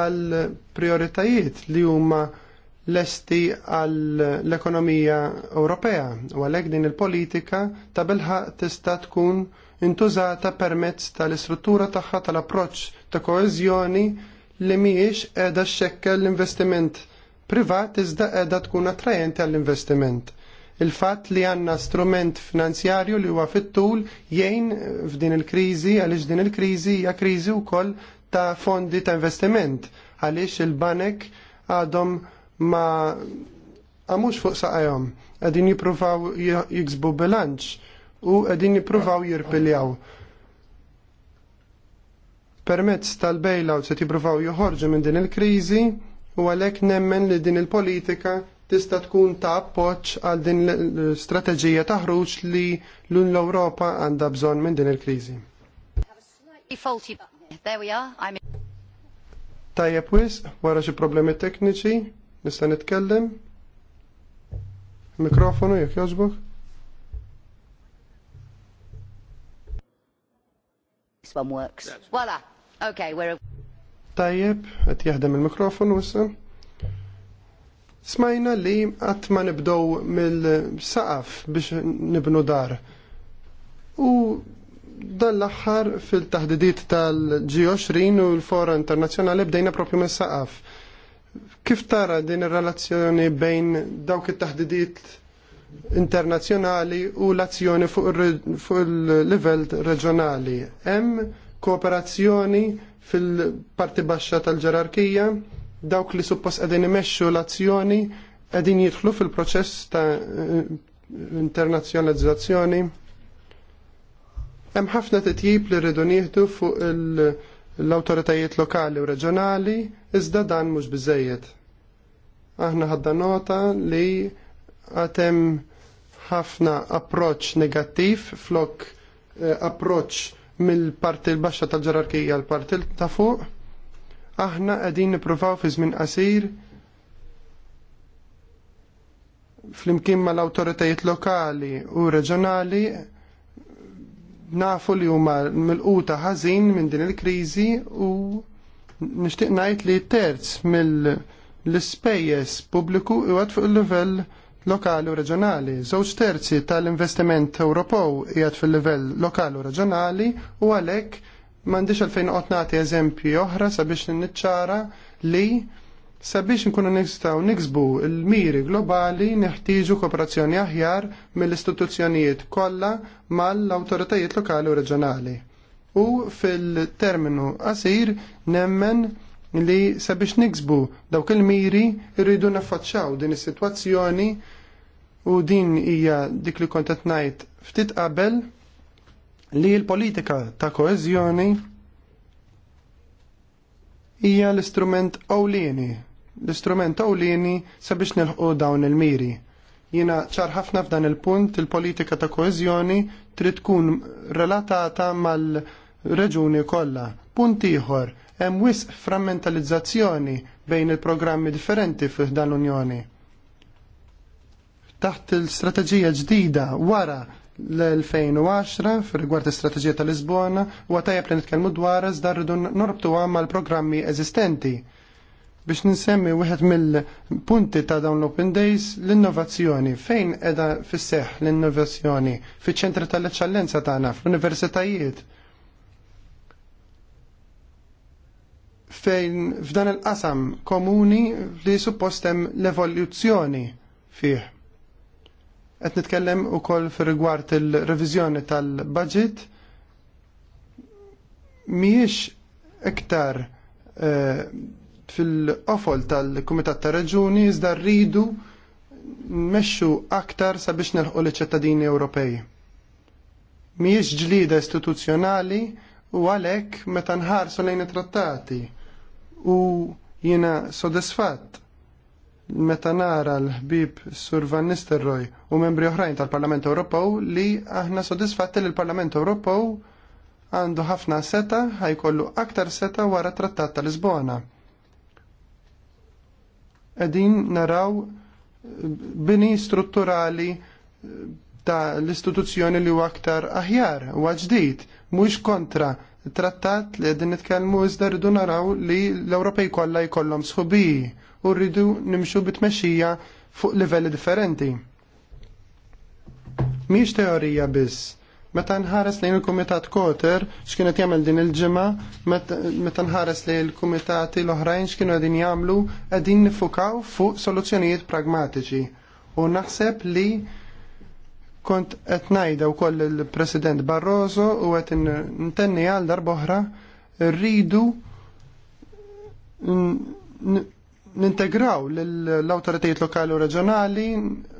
għal prioritajiet li huma lesti għall ekonomija Ewropea u għalhekk din il-politika ta' belħa tista' tkun intużata permezz tal-istruttura tagħha tal-approċċ ta' koeżjoni li mhijiex qiegħda xekkel l-investiment privat iżda qiegħda tkun attrajenti għall-investiment il-fatt li għanna strument finanzjarju li huwa fit-tul jgħin f'din il-kriżi għaliex din il-kriżi hija kriżi wkoll ta' fondi ta' investiment għaliex il-banek għadhom ma għamux fuq saqajhom għadin jipruvaw jiksbu bilanċ u għadin jipruvaw jirpiljaw permezz tal-bailout se tippruvaw joħorġu minn din il-kriżi u għalhekk nemmen li din il-politika tista' tkun ta' appoġġ għal din l-strateġija ta' ħruġ li l Ewropa għandha bżonn minn din il-kriżi. Tajjeb wis, wara xi problemi tekniċi, nista' nitkellem. Mikrofonu jekk jogħġbok. This one works. Tajjeb, qed jaħdem il-mikrofonu issa. Smajna li qatt ma nibdow mill-saqaf biex nibnu dar. U dan l-aħħar fil-taħdidiet tal-G20 u l-Fora Internazzjonali bdejna propju mill saqaf Kif tara din ir-relazzjoni bejn dawk it-taħdidiet internazzjonali u l-azzjoni fuq il-livell reġjonali? Hemm kooperazzjoni fil-parti baxxa tal-ġerarkija? dawk li suppost qegħdin imexxu l-azzjoni qegħdin jidħlu fil-proċess ta' internazzjonalizzazzjoni. Hemm ħafna titjib li rridu nieħdu fuq l-awtoritajiet lokali u reġjonali iżda dan mhux biżejjed. Aħna ħadda nota li għatem ħafna approċ negattiv flok eh, approċċ approċ mill-parti l-baxxa tal-ġerarkija l-parti ta' fuq Aħna qegħdin nippruvaw fi żmien qasir flimkien mal awtoritajiet lokali u reġjonali nafu li huma mill-quta ħażin minn din il-kriżi u nixtieq ngħid li terz mill-ispejjeż pubbliku iwad fuq il-livell lokali u reġjonali. Żewġ terzi tal-investiment Ewropew qiegħed fil-livell lokali u reġjonali u għalhekk M'għandix għalfejn qod nagħti eżempji oħra sabiex niċċara li sabiex nkunu nistgħu niksbu l-miri globali neħtieġu kooperazzjoni aħjar mill-istituzzjonijiet kollha mal-awtoritajiet lokali u reġjonali. U fil-terminu qasir nemmen li sabiex niksbu dawk il-miri rridu naffaċċaw din is-sitwazzjoni u din hija dik li kontet ngħid ftit qabel li l-politika ta' koeżjoni hija l-istrument ewlieni, l-istrument ewlieni sabiex nilħqu dawn il-miri. Jiena ċar ħafna f'dan il-punt il-politika ta' koeżjoni trid tkun relatata mal-reġuni kollha. Punt ieħor, hemm wisq frammentalizzazzjoni bejn il-programmi differenti fih dan l-Unjoni. Taħt il-strateġija ġdida wara l-2010 fil-rigward istrateġija tal-Lisbona u għatajab li nitkellmu dwar iżda ridu norbtu mal programmi eżistenti biex ninsemmi wieħed mill-punti ta' dawn l-Open Days l-innovazzjoni. Fejn edha fisseħ l-innovazzjoni? Fiċ-ċentri tal-eċċellenza tagħna, fl-universitajiet. Fejn f'dan il-qasam komuni li suppost hemm l-evoluzzjoni fih Qed nitkellem ukoll fir-rigward il-reviżjoni tal-budget mhijiex iktar eh, fil-qofol tal-Kumitat ta' reġuni iżda rridu nmexxu aktar sabiex nelħqu l-ċittadini Ewropej. Mhijiex ġlida istituzzjonali u għalhekk meta nħarsu lejn it-trattati u jiena sodisfatt meta nara l-ħbib Sur Van Nistelrooy u membri oħrajn tal-Parlament Ewropew li aħna sodisfatti li l-Parlament Ewropew għandu ħafna seta ħajkollu aktar seta wara trattat ta' Lisbona. Edin naraw bini strutturali ta' l-istituzzjoni li huwa aktar aħjar, u ġdid, mhux kontra trattat li qegħdin nitkellmu iżda rridu naraw li l-Ewropej kollha jkollhom sħubiji u rridu nimxu bitmexxija fuq livelli differenti. Miex teorija biss. Meta nħares lejn il-Kumitat Koter, x'kienet jagħmel din il-ġimgħa, meta nħares lejn il-kumitati l-oħrajn x'kienu qegħdin jagħmlu, qegħdin nifukaw fuq soluzzjonijiet pragmatiċi. U naħseb li kont qed ngħidha wkoll il-President Barroso u qed intenni għal oħra rridu nintegraw l-autoritajiet lokali u reġjonali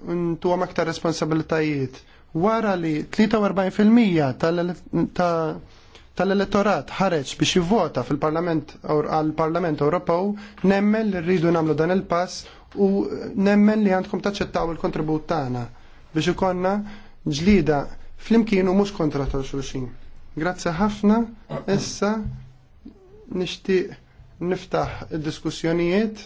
għam aktar responsabilitajiet wara li 43% tal-elettorat ħareġ biex jivvota fil-Parlament għal-Parlament Ewropew nemmen li rridu nagħmlu dan il-pass u nemmen li għandkom taċċettaw il-kontribut tagħna biex ikonna ġlida flimkien u mhux kontra tal xulxin. Grazzi ħafna, issa nixtieq niftaħ id-diskussjonijiet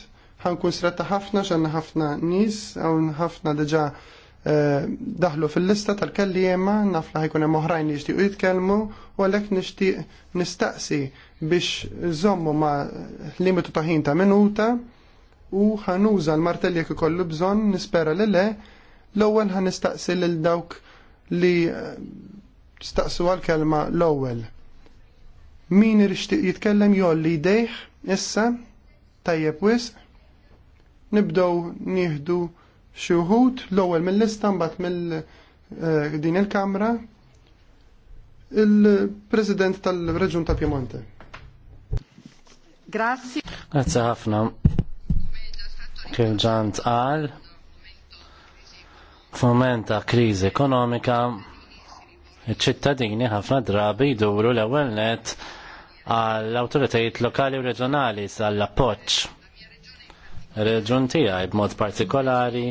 ħankun sretta ħafna xan ħafna nis, għaw ħafna deġa eh, daħlu fil-lista tal-kellima, nafla ħajkun hemm oħrajn li jixtiequ jitkellmu, u għalhekk nixtieq nistaqsi biex żommu ma' limitu ta' ħin ta' minuta u ħanuża l-martell jekk ikollu bżonn nispera li le, l-ewwel nistaqsi lil dawk li eh, staqsu għal-kelma l-ewwel. Min irixtieq jitkellem jolli jdejh issa tajjeb wisq nibdow nieħdu xi wħud l-ewwel mill-lista mbagħad mill eh, din il-Kamra il-President tal-Reġun ta' Piemonte. Grazzi. Grazzi ħafna. Kilġant għal f'moment ta' kriżi ekonomika iċ-ċittadini ħafna drabi jduru l-ewwel net għall awtoritajiet lokali u reġjonali sal-appoġġ reġun tiegħi b'mod partikolari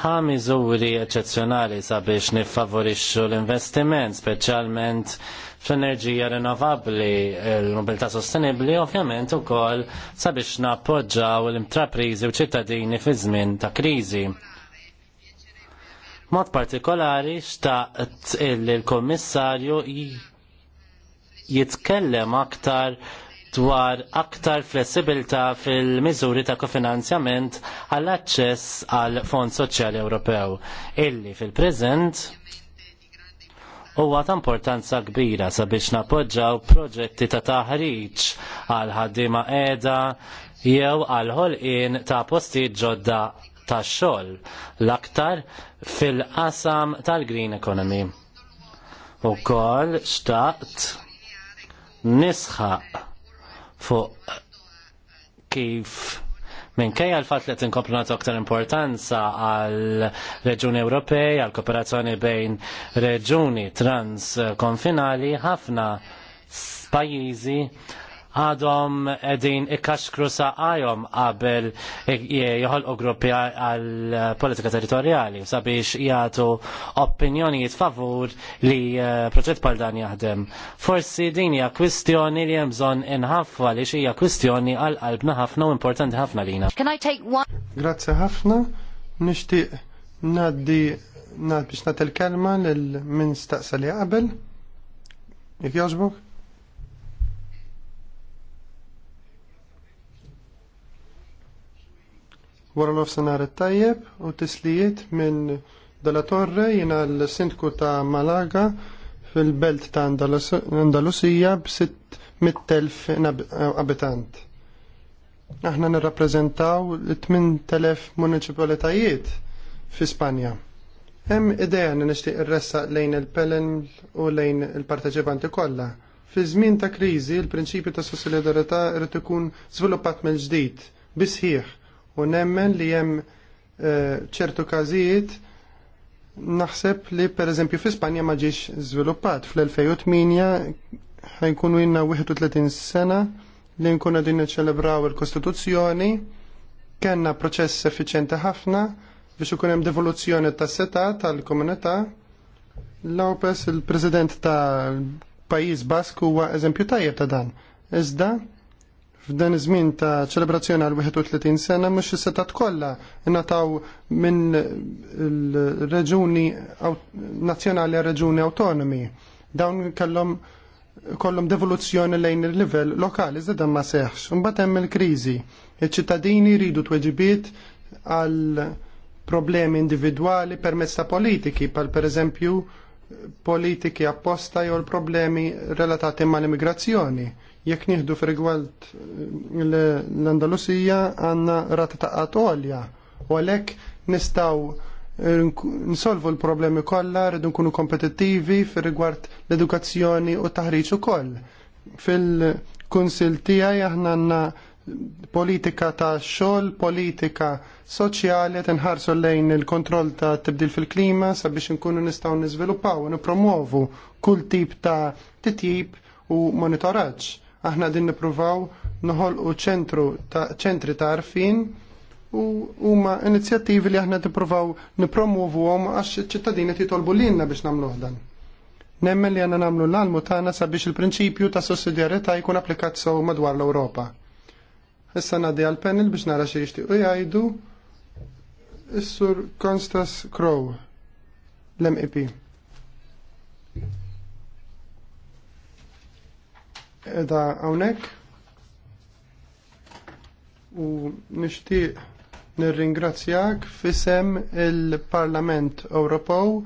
ħa miżuri eċċezzjonali sabiex niffavorixxu l-investiment, speċjalment fl-enerġija rinnovabbli, l-mobilità sostenibbli, ovvjament ukoll sabiex nappoġġaw l-intrapriżi u ċittadini fi żmien ta' kriżi. Mod partikolari xtaqt il-Kommissarju jitkellem aktar dwar aktar flessibilta fil-miżuri ta' kofinanzjament għall aċċess għal Fond Soċjali Ewropew, illi fil-preżent huwa ta' importanza kbira sabiex napoġġaw proġetti ta' taħriġ għal ħaddiema qiegħda jew għal ħolqien ta' postijiet ġodda tax xogħol l-aktar fil-qasam tal-green economy. Ukoll xtaqt nisħaq fuq kif Minkejja l-fat li tinkomplu nagħtu aktar importanza għal reġuni Ewropej, għal kooperazzjoni bejn reġuni transkonfinali, ħafna pajjiżi għadhom edin ikkaxkru għabel qabel joħolqu gruppi għal politika territorjali sabiex jagħtu opinjonijiet favur li eh, proġett bħal dan jaħdem. Forsi din hija kwistjoni li hemm bżonn inħaffa li hija kwistjoni għal qalbna ħafna u importanti ħafna lina. Can I take one? Grazzi ħafna. Nixtieq ngħaddi biex nagħti l-kelma lil min staqsa li qabel. Jek jogħġbok? Wara l-ofsenar tajjeb u tislijiet minn Dalla Torre jina l-sindku ta' Malaga fil-belt ta' Andalusija b-600.000 abitant. Aħna nirrappreżentaw 8.000 municipalitajiet fi Spanja. Hemm n li nixtieq irressaq lejn il-pelen u lejn il-parteċipanti kollha. Fi żmien ta' kriżi, il-prinċipju ta' sussidjarjetà irid ikun żviluppat mill-ġdid bisħieħ u nemmen li hemm eh, ċertu każijiet naħseb li pereżempju fi Spanja ma ġiex żviluppat fl-2008 ħajkunu jinna 31 sena li nkunu din niċċelebraw il-Kostituzzjoni kena proċess effiċjenti ħafna biex ikun hemm devoluzzjoni ta' seta tal-komunità. Lopez, il-President tal-Pajjiż Basku huwa eżempju tajjeb ta' dan. Iżda f'dan iż-żmien ta' ċelebrazzjoni għal 31 sena mhux is-setat kollha ingħataw minn il-reġuni nazzjonali għal reġuni awtonomi. Dawn kellhom kollhom devoluzzjoni lejn il-livell lokali iżda dan ma seħħx. Imbagħad hemm il-kriżi. Iċ-ċittadini jridu tweġibiet għal problemi individwali permezz ta' politiki, pal pereżempju politiki apposta jew l-problemi relatati mal immigrazzjoni Jekk nieħdu f'rigward eh, l-Andalusija għandna rata ta' għatolja u għalhekk nistgħu eh, nsolvu l-problemi kollha, rridu nkunu kompetittivi fir l-edukazzjoni u t-taħriġ ukoll. Fil-kunsil tiegħi aħna għandna politika ta' xogħol, politika soċjali qed inħarsu lejn il-kontroll ta' tibdil fil-klima sabiex inkunu nistgħu niżviluppaw u nippromuovu kull tip ta' titjib u monitoraġġ Aħna din nippruvaw noħolqu ċentru ta' ċentri ta' arfin u huma inizjattivi li aħna tippruvaw għom għax ċittadini titolbu l-inna biex namlu dan. Nemmen li għanna namlu l-almu tagħna sabiex il-prinċipju ta' sussidjarieta jkun applikat sew madwar l-Ewropa. Issa ngħaddi għall panel biex nara xi jixtiequ jgħidu is-sur Konstas Crow l-MEP. edha għawnek u nishtiq nirringrazzjak fisem il-Parlament Ewropew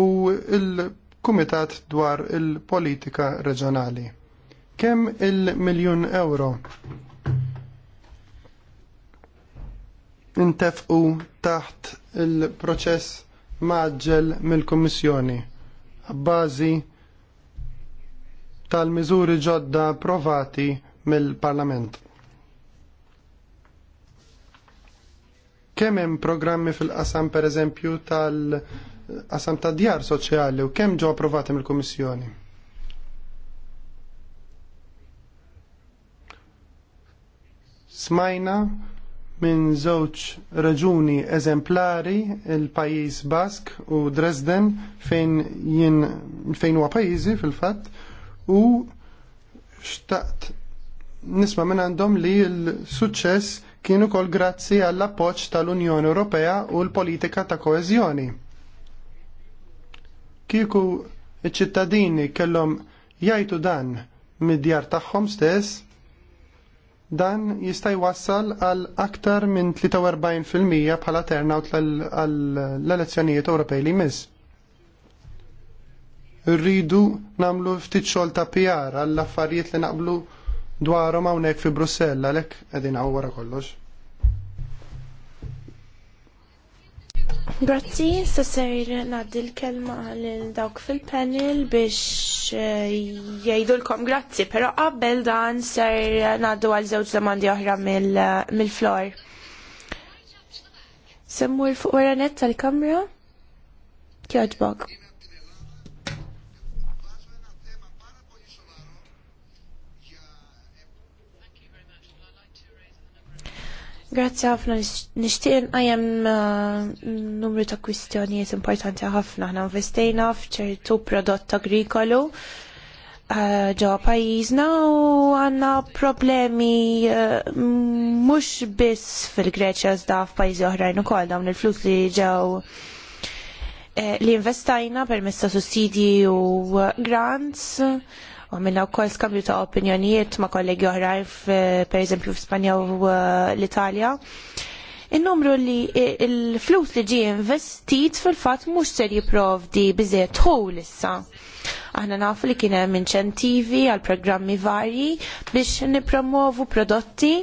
u il-Kumitat dwar il-Politika Reġjonali. Kemm il-miljun euro intefqu taħt il-proċess maġġel mill-Kummissjoni Bazi tal-miżuri ġodda provati mill-Parlament. Kemm hemm programmi fil-qasam pereżempju tal-qasam ta' djar soċjali u kemm ġew approvati mill-Kummissjoni? Smajna minn żewġ raġuni eżemplari il-pajjiż Bask u Dresden fejn jien fejn huwa pajjiżi fil-fatt u xtaqt nisma minn għandhom li l-suċċess kienu kol grazzi għall appoġġ tal-Unjoni Ewropea u l-politika ta' koeżjoni. Kieku iċ-ċittadini kellhom jajtu dan mid-djar tagħhom stess, dan jista' jwassal għal aktar minn 43% bħala ternaut l-elezzjonijiet Ewropej li jmiss rridu namlu ftit xogħol ta' PR għall-affarijiet li naqblu dwarhom hawnhekk fi Brussell għalhekk qegħdin hawn wara kollox. Grazzi, sasser naddi l-kelma l-dawk fil-panel biex eh, jajdulkom grazzi, pero qabel dan ser naddu għal żewġ domandi oħra mill-flor. Semmur fuq waranet tal-kamra? Kjoġbog. Grazzi ħafna nixtieq għajem uh, numru ta' kwistjonijiet importanti ħafna ħna investejna f'ċertu prodott agrikolu uh, ġewwa pajjiżna u għandna problemi uh, mhux biss fil-Greċja iżda f'pajjiżi oħrajn ukoll dawn il-flus li ġew eh, li investajna permezz ta' sussidji u grants U minna u kol skambju ta' opinjonijiet ma' kollegi oħrajn per eżempju f'Spanja u uh, l-Italja. Il-numru li il-flus li ġi investit fil-fat mux ser jiprovdi bizet hu issa. Aħna nafu li kienem inċentivi għal programmi varji biex nipromovu prodotti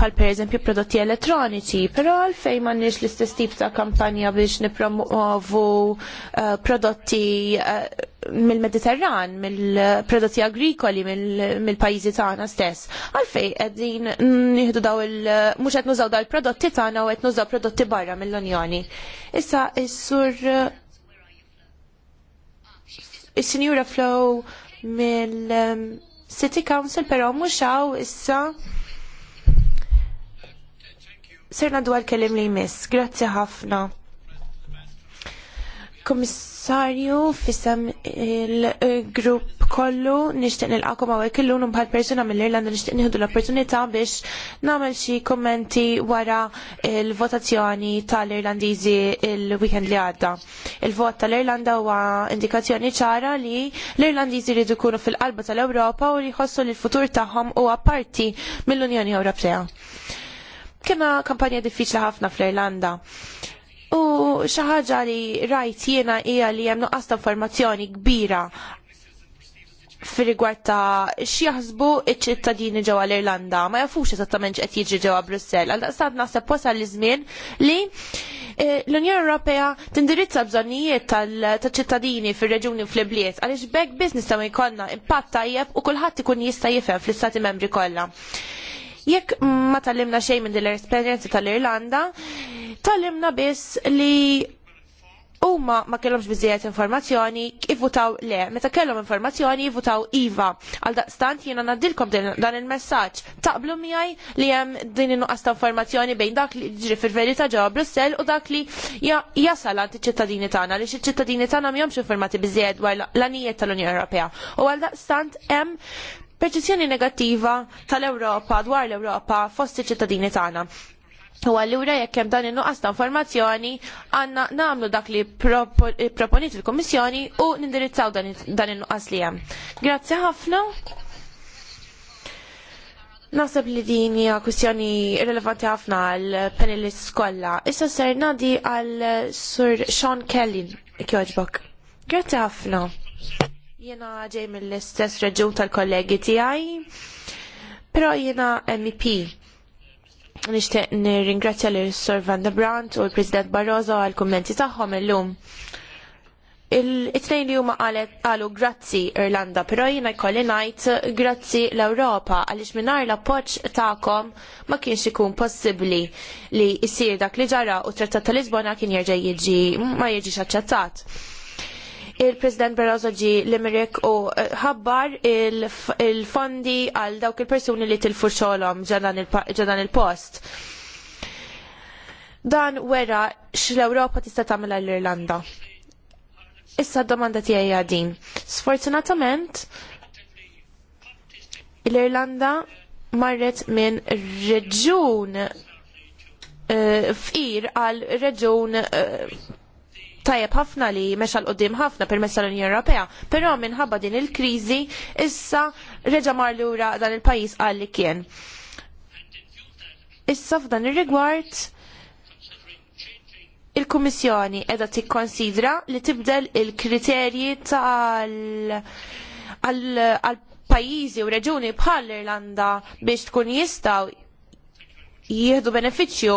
bħal pereżempju prodotti elettroniċi, però għalfejn m'għandniex l-istess tip ta' kampanja biex nippromovu eh, prodotti eh, mill-Mediterran, mill-prodotti agrikoli, mill-pajjiżi tagħna stess. Għalfejn qegħdin nieħdu daw il- mhux qed nużaw dal prodotti tagħna u qed nużaw prodotti barra mill-Unjoni. Issa is-sur is-Sinjura Flow mill-City Council, però mhux hawn issa Serna dwar kellim li jmiss. Grazzi ħafna. Komissarju, fissam il-grupp kollu, nishtiq nil-għakom għawek il-lun bħal persona mill-Irlanda nishtiq nħidu l-opportunità biex namel xi kommenti wara il-votazzjoni tal-Irlandizi il-weekend li għadda. Il-vot tal-Irlanda huwa indikazzjoni ċara li l-Irlandizi ridu kunu fil-qalba tal-Ewropa u li jħossu li l-futur tagħhom huwa parti mill-Unjoni Ewropea kena kampanja diffiċli ħafna fl-Irlanda. U xi ħaġa li rajt jiena hija li hemm nuqqas ta' informazzjoni kbira fir rigward ta' x'jaħsbu iċ-ċittadini ġewwa l-Irlanda, ma jafux eżattament x'qed jiġri ġewwa Brussell. Għal naħseb wasal li żmien eh, li l-Unjoni Ewropea tindirizza bżonnijiet tal-ċittadini fir-reġuni fl-ibliet għaliex back business ta' jkollna impatt tajjeb u kulħadd ikun jista' jifhem fl-istati membri kollha. Jekk ma tallimna xejn minn din l-esperjenza tal-Irlanda, tallimna biss li Uma ma kellhomx biżejjed informazzjoni, ivvutaw le, meta kellhom informazzjoni ivutaw iva. Għal daqstant jiena nadilkom dan il-messaġġ. Taqblu miegħi li hemm din inuqqas ta' informazzjoni bejn dak li jiġri fil-verità ġewwa Brussell u dak li jasal għand iċ-ċittadini tagħna li iċ-ċittadini tagħna m'jomx informati biżejjed dwar l-anijiet tal-Unjoni Ewropea. U għal daqstant hemm perċezzjoni negattiva tal-Ewropa dwar l-Ewropa fost iċ-ċittadini tagħna. U għallura jekk hemm dan in-nuqqas ta' informazzjoni, għandna nagħmlu dak li proponit il-Kummissjoni u nindirizzaw dan in-nuqqas li hemm. Grazzi ħafna. Naħseb li din hija kwistjoni rilevanti ħafna għal panelist kollha. Issa ser nadi għal Sur Sean Kelly kjoġbok. Grazzi ħafna. Jena ġej mill-istess reġun tal-kollegi tiegħi, però jena MEP. Nixtieq nirringrazzja l sor Van der Brandt u l-President Barroso għal kummenti tagħhom illum. Il-tnejn li huma qalu grazzi Irlanda, però jiena jkolli ngħid grazzi l-Ewropa għaliex mingħajr l-appoġġ tagħkom ma kienx ikun possibbli li jisir dak li ġara u trattat tal Lisbona kien jirġa jieġi ma jiġix aċċettat il-President Barroso ġi l-Imerik u eh, ħabbar il-fondi għal dawk il-persuni li tilfu xolom ġadan il-post. Dan wera xl-Europa tista' tagħmel l-Irlanda. Issa d-domanda tiegħi din. Sfortunatament, l-Irlanda marret minn reġun eh, fqir għal reġun eh, tajjeb ħafna li meċa l-qoddim ħafna permezz tal-Unjoni Ewropea, però minħabba din il-kriżi issa reġa' mar lura dan il-pajjiż għalli li kien. Issa f'dan ir-rigward il-Kummissjoni qiegħda tikkonsidra li tibdel il-kriterji tal-pajjiżi u reġuni bħal l-Irlanda biex tkun jistgħu jieħdu benefiċċju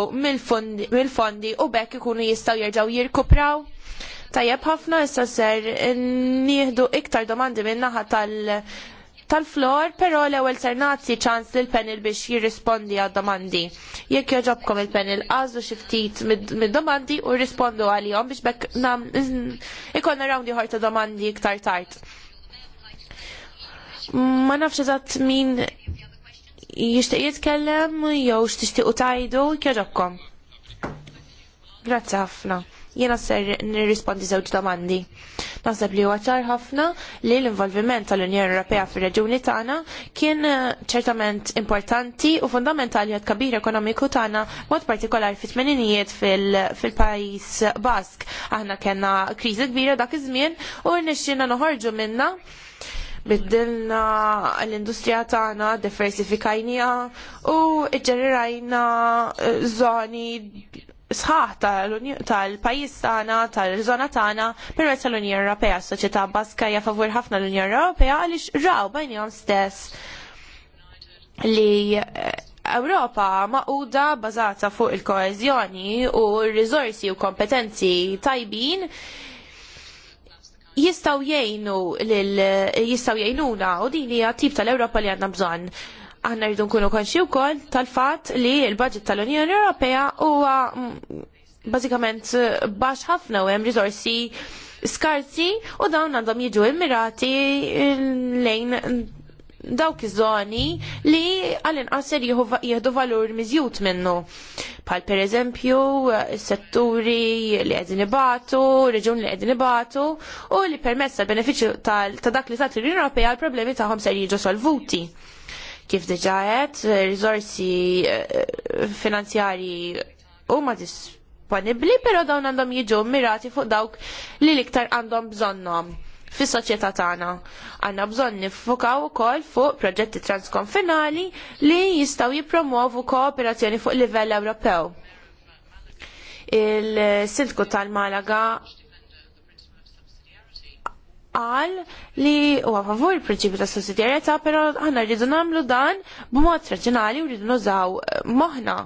mill-fondi u bekk ikunu jistgħu jerġgħu jirkupraw. Tajjeb ħafna issa ser nieħdu iktar domandi min-naħa tal- tal-flor, però l-ewwel ser nazi ċans l panel biex jirrispondi għad domandi. Jekk joġobkom il-panel għażlu xi ftit mid-domandi u rrispondu għalihom biex bekk nam ikonna rawndi ieħor domandi iktar tard. Ma nafx eżatt min jixtieq jitkellem jew x'tixtiequ tajdu jkjerokkom. Grazzi ħafna. Jiena ser nirrispondi żewġ domandi. Naħseb li huwa ċar ħafna li l-involviment tal-Unjoni Ewropea fir-reġuni tagħna kien eh, ċertament importanti u fundamentali għad kabir ekonomiku tagħna mod partikolari fit-tmeninijiet fil-pajjiż Bask. Aħna kellna kriżi kbira dak iż-żmien u rnexxina noħorġu minna biddilna l-industrija tagħna, diversifikajnija u ġġenerajna żoni eh, sħaħ tal-pajis tagħna, tal-żona tagħna permezz tal-Unjoni Ewropea. Soċjetà Baska hija favur ħafna l-Unjoni Ewropea għaliex raw bejnhom stess li eh, Ewropa maquda bażata fuq il-koeżjoni u r-riżorsi u kompetenzi tajbin jistaw lil jistaw jgħinuna u din hija tip tal-Ewropa li għandna bżonn. Aħna rridu nkunu konxi wkoll tal-fatt li l-budget tal-Unjoni Ewropea huwa mm, bażikament baxx ħafna u hemm riżorsi skarsi u dawn għandhom jiġu immirati lejn dawk iż-żoni li għalin qasir jihdu jieħdu valur miżjut minnu. Pal per eżempju, eh, setturi li qegħdin ibatu, reġun li qegħdin ibatu u li permezz tal-benefiċċju ta' dak li tagħti l-Unjoni Ewropea l-problemi tagħhom ser jiġu solvuti kif diġa rizorsi eh, finanzjari u huma disponibbli, però dawn għandhom jiġu mirati fuq dawk li l-iktar għandhom bżonnhom fi soċjetà tagħna. Għandna bżonn niffokaw ukoll fuq proġetti transkonfinali li jistgħu jippromovu kooperazzjoni fuq livell Ewropew. Il-Sindku tal-Malaga qal li huwa favur il-prinċipju ta' sussidjarjetà, però aħna rridu nagħmlu dan b'mod raġunali u rridu nużaw moħħna.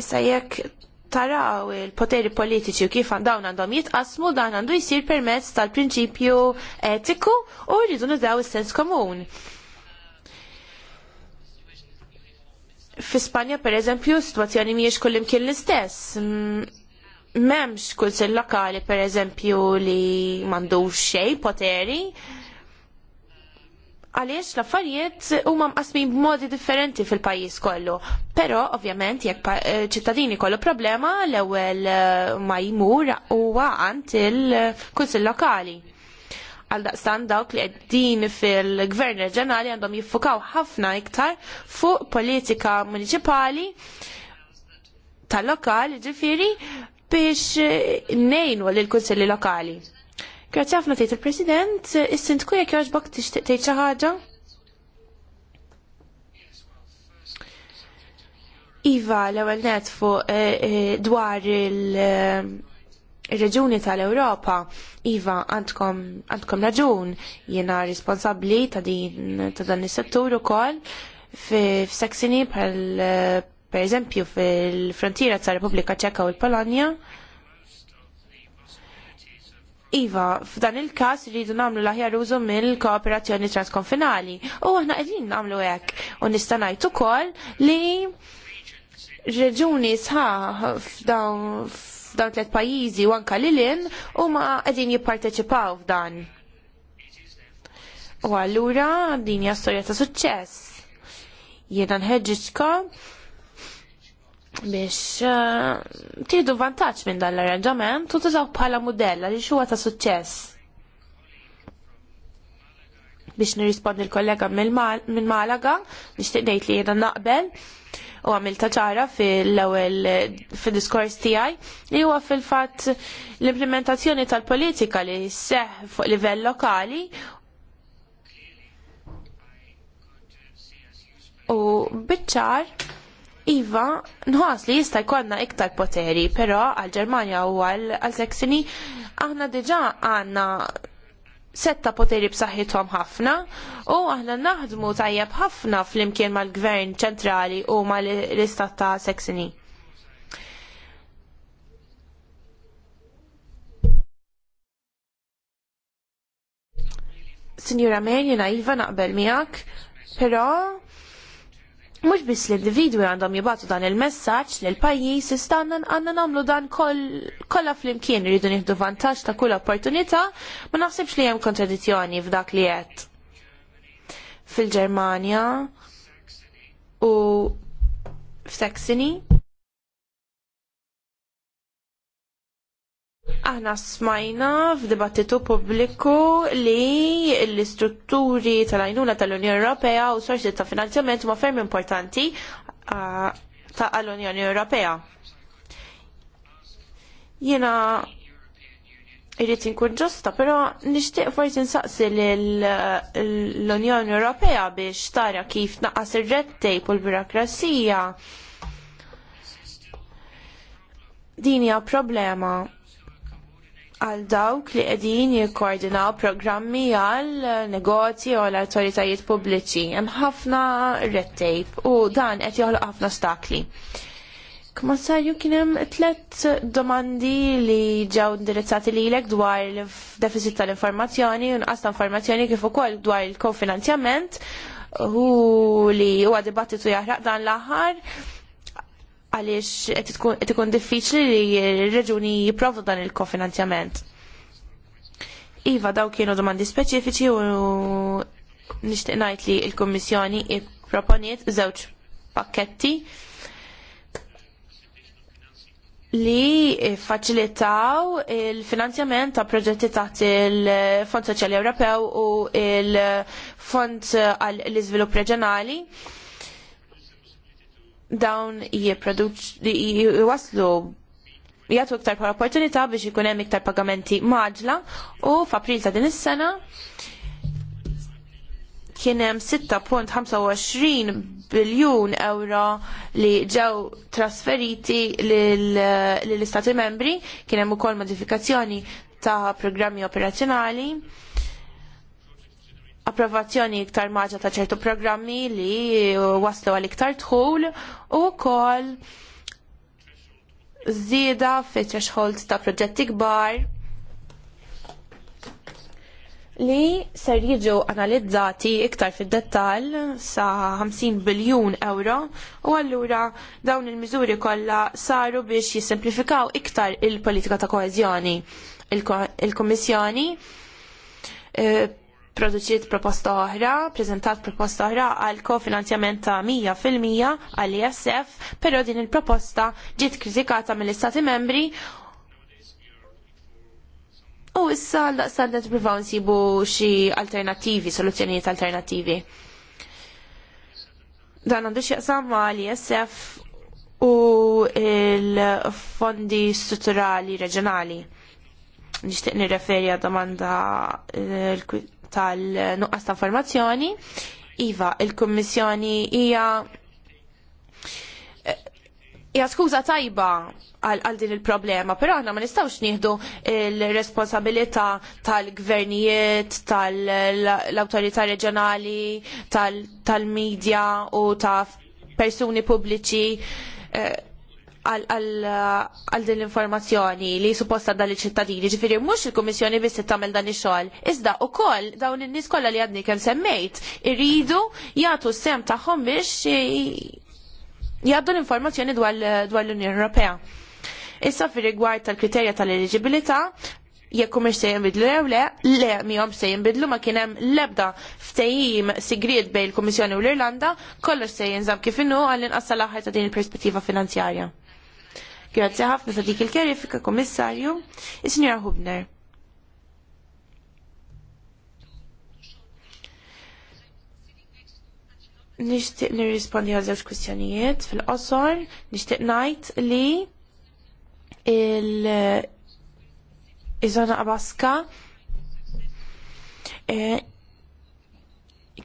Issa jekk taraw il-poteri politiċi u kif dawn għandhom jitqasmu dan għandu jisir permezz tal-prinċipju etiku u rridu nużaw is-sens komun. Fi Spanja per eżempju, situazzjoni miex kullim kien l-istess. Memx kull lokali per eżempju li mandu xej poteri, għaliex l-affarijiet huma mqasmin b'modi differenti fil-pajjiż kollu. Però ovvjament jekk eh, ċittadini kollu problema l-ewwel eh, ma jmur huwa għand il-kunsill lokali. Għal daqstan dawk li għeddin fil-gvern reġjonali għandhom jiffukaw ħafna iktar fuq politika municipali tal-lokal ġifiri biex nejnu l-kunsilli lokali. Grazzi ħafna tejt il-President, is-sint kujek jogħġbok tixtieq tgħid xi ħaġa? Iva, l-ewwel net fuq eh, eh, dwar il- eh, ir-reġuni tal-Ewropa, Iva, għandkom, raġun, jena responsabli ta' din ta' dan is-settur ukoll f'Saxony bħal per eżempju fil-frontiera ta' Repubblika Ċeka u l-Polonja. Iva, f'dan il-kas rridu namlu laħjar użu mill-kooperazzjoni transkonfinali. U aħna qegħdin namlu hekk. U nista' ngħid ukoll li reġuni f'dan f'dawn tliet pajjiżi u anka lilin huma qegħdin jipparteċipaw f'dan. U allura din hija storja ta' suċċess. Jiena nħedġiċka biex eh, tieħdu vantaċ minn dan l-arranġament u tużaw bħala mudella li huwa ta' suċċess. Biex nirrispondi l-kollega minn Malaga, nixtieq ngħid li jena naqbel u għamilta ċara fil ewel fid-diskors tiegħi li huwa fil-fatt l-implementazzjoni tal-politika li seħ fuq livell lokali u bitċar Iva, nħas li jista' jkollna iktar poteri, però għal Ġermanja u għal Saxony aħna diġà għandna setta poteri b'saħħithom ħafna u aħna naħdmu tajjeb ħafna flimkien mal-Gvern ċentrali u mal-Istat ta' Saxony. Signora Mejn, Iva naqbel miegħek, però Mux biss l-individwi għandhom jibatu dan il-messaċ l pajjiż istanna għanna namlu dan kolla fl-imkien rridu nieħdu vantaġġ ta' kull opportunità, ma naħsibx li hemm kontradizzjoni f'dak li qed. Fil-Ġermanja u f'Saxony Aħna smajna f'dibattitu pubbliku li l-istrutturi tal-għajnuna tal-Unjoni Ewropea u sorsi ta' finanzjament ma' ferm importanti ta' l-Unjoni Ewropea. Jena irrit inkun ġosta, pero nishtiq forsi nsaqsi l-Unjoni Ewropea biex tara kif naqas ir rettej u l-birokrasija. Din hija problema għal dawk li qegħdin jikkoordinaw programmi għal negozji u għal awtoritajiet pubbliċi. Hemm ħafna red tape u dan qed joħloq ħafna stakli. sarju kien hemm tliet domandi li ġew indirizzati lilek dwar deficit tal-informazzjoni u nqas ta' informazzjoni kif ukoll dwar il-kofinanzjament u li huwa dibattitu jaħraq dan l-aħħar għaliex qed ikun diffiċli li r-reġuni jipprovdu dan il-kofinanzjament. Iva, daw kienu domandi speċifiċi u nixtieq ngħid li l-Kummissjoni proponiet żewġ pakketti li faċilitaw il-finanzjament ta' proġetti taħt il-Fond Soċjali Ewropew u il-Fond għall-Iżvilupp Reġjonali dawn jwaslu jgħatu iktar par opportunità biex ikun hemm iktar pagamenti maġla u f'April ta' din is-sena kien hemm 6.25 biljun euro li ġew trasferiti lill-Istati membri kien hemm ukoll modifikazzjoni ta' programmi operazzjonali approvazzjoni iktar maġa ta' ċertu programmi li waslu għal iktar tħul u kol zida fitrex threshold ta' proġetti kbar li ser jiġu analizzati iktar fid dettall sa 50 biljun euro u allura dawn il-miżuri kollha saru biex jisimplifikaw iktar il-politika ta' koezjoni il-Komissjoni il eh, komissjoni il produċiet proposta oħra, prezentat proposta oħra għal kofinanzjament ta' 100% għal ISF, e però din il-proposta ġiet kritikata mill-Istati membri u issa l għandet netprivaw nsibu xi alternativi, soluzzjonijiet alternativi. Dan għandu xie ma' l-ISF e u il-fondi strutturali reġjonali. Nixtieq nirreferi għad domanda eh, l-kw tal-nuqqas ta' informazzjoni. Iva, il-Kummissjoni hija eh, hija skuża tajba għal din il-problema, però aħna ma nistgħux nieħdu l-responsabilità tal-gvernijiet, tal-awtorità reġjonali, tal-medja u ta' persuni pubbliċi. Eh, għal din l-informazzjoni li supposta dal ċittadini ġifiri mux il-Komissjoni biss tagħmel dan ix-xogħol. Iżda wkoll dawn in-nies kollha li għadni kemm semmejt irridu jagħtu sem tagħhom biex jgħaddu l-informazzjoni dwar l-Unjoni Ewropea. Issa fi rigward tal-kriterja tal eliġibilità jekk mhux se jinbidlu jew le, le mihom se jinbidlu ma kien hemm l-ebda ftehim sigriet bejn il-Kummissjoni u l-Irlanda, kollox se jinżamm kif innu għall inqas l aħħar ta' din il-perspettiva finanzjarja. Grazie ħafna sa dik il-kjarifika, Komissarju. Is-Sinjora Hubner. Nishtiq nirrispondi għal żewġ kwistjonijiet fil-qosor, nixtieq ngħid li il- iżona qabaska eh,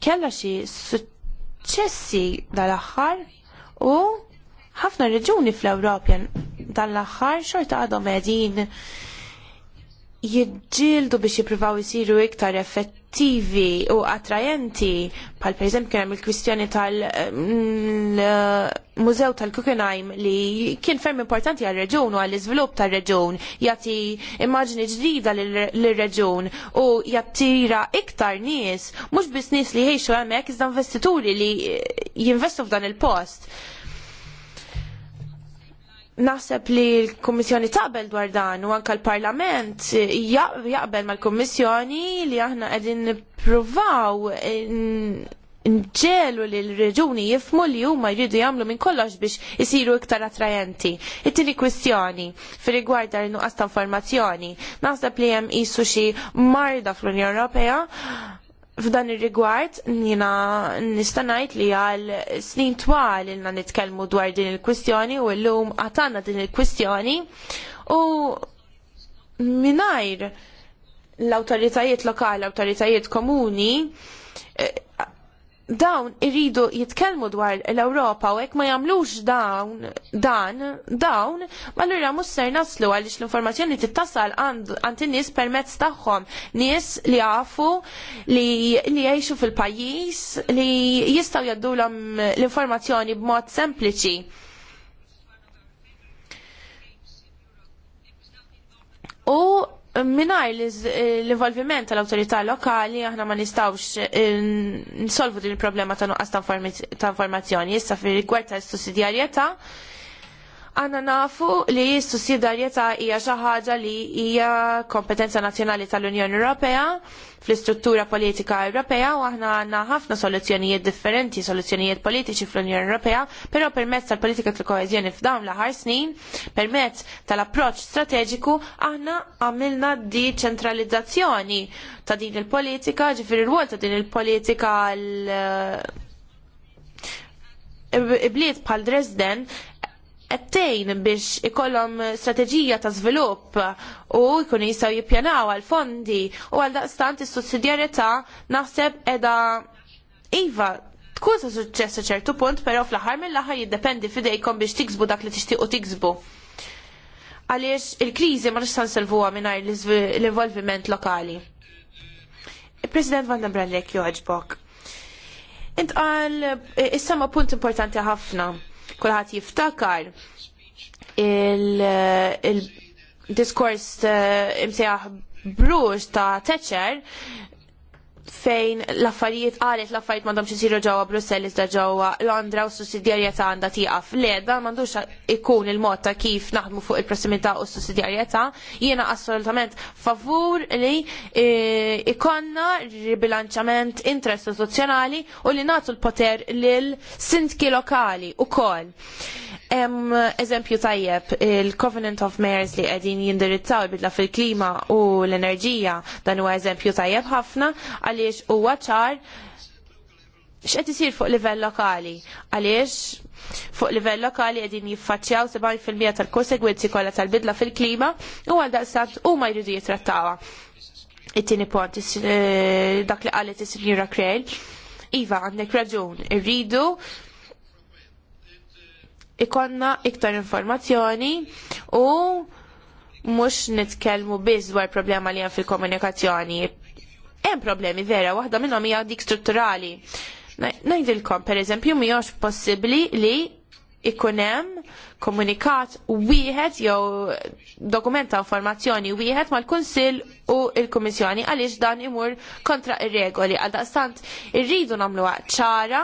kella xi suċċessi dal-aħħar u ħafna reġuni fl ewropjan tal-aħħar xorta għadhom qegħdin jidġildu biex jippruvaw isiru iktar effettivi u attrajenti, pal per eżempju kien hemm il-kwistjoni tal-Mużew mm, tal-Kukenheim li kien ferm importanti għal reġun u għall iżvilupp tal-reġun, jagħti immaġni ġdida lir-reġun u jattira iktar nies, mhux bis nies li jgħixu hemmhekk iżda investituri li jinvestu f'dan il-post naħseb li l-Kummissjoni taqbel dwar dan u anke l-Parlament jaqbel mal-Kummissjoni li aħna qegħdin nippruvaw nġelu li l-reġuni jifmu li huma jridu jagħmlu minn kollox biex isiru iktar attrajenti. It-tieni kwistjoni fi rigward dar nuqqas ta' informazzjoni. Naħseb li hemm qisu xi marda fl-Unjoni Ewropea f'dan ir-rigward nina nista' ngħid li għal snin twal ilna nitkellmu dwar din il-kwistjoni u llum għatana din il-kwistjoni u mingħajr l-awtoritajiet lokali, l-awtoritajiet komuni eh, dawn iridu jitkellmu dwar l-Ewropa u jekk ma jagħmlux dawn dan dawn, allura mhux ser naslu għaliex l-informazzjoni tittasal għand in-nies permezz tagħhom, nies li jafu li li jgħixu fil-pajjiż li jistgħu jaddulhom l-informazzjoni b'mod sempliċi. U Minaj l-involviment tal-autorità lokali aħna ma nistawx eh, nsolvu din il-problema ta' nuqqas ta' informazzjoni. Issa fil rigward ta' sussidjarjetà Għanna nafu li s-sussidarieta hija xi ħaġa li hija kompetenza nazzjonali tal-Unjoni Ewropea fl-istruttura politika Ewropea u aħna għandna ħafna soluzzjonijiet differenti, soluzzjonijiet politiċi fl-Unjoni Ewropea, però permezz tal-politika tal-koeżjoni f'dawn l-aħħar snin, permezz tal-approċċ strateġiku aħna għamilna ċentralizzazzjoni ta' din il-politika, ġifir il wol ta' din il-politika l- bliet bħal Dresden għattejn biex ikollhom strateġija ta' żvilupp u jkunu jistgħu jippjanaw għal fondi u għal daqstant is-sussidjarjetà naħseb edha iva tkun sa' suċċess ċertu punt, però fl-aħħar mill-aħħar jiddependi fidejkom biex tiksbu dak li tixtiequ tiksbu. Għaliex il-kriżi ma nistgħu nselvuha mingħajr l-involviment lokali. Il-President Van Brandlek joħġbok. Intqal, eh, ma' punt importanti ħafna Kulħadd jiftakar il-diskors il, eh, il, ta' Teċer fejn l-affarijiet għalet l-affarijiet m'għandhomx isiru ġewwa Brussell iżda ġewwa Londra u s-sussidjarjetà għandha tieqaf. Le, dan m'għandux ikun il-mod ta' kif naħdmu fuq il-prossimità u s-sussidjarjetà. Jiena assolutament favur li e, ikonna ribilanċament interistituzzjonali u li nagħtu l-poter lil sindki lokali ukoll. Em, eżempju tajjeb, il-Covenant of Mayors li qegħdin jindirizzaw il-bidla fil-klima u l-enerġija dan huwa eżempju tajjeb ħafna għal għaliex huwa ċar x'qed isir fuq livell lokali għaliex fuq livell lokali qegħdin jiffaċċjaw 70% tal-konsegwenzi kollha tal-bidla fil-klima u għal daqstant huma jridu jitrattawha. It-tieni punt eh, dak li qalet is-Sinjura Krejl. Iva, għandek raġun, irridu ikonna iktar informazzjoni u mux nitkelmu biz dwar problema li għan fil-komunikazzjoni hemm problemi vera, waħda minnhom hija dik strutturali. Ngħidilkom pereżempju mhijiex possibbli li ikun hemm komunikat wieħed jew dokument ta' informazzjoni wieħed mal-Kunsill u l-Kummissjoni għaliex dan imur kontra ir-regoli għal daqstant irridu nagħmluha ċara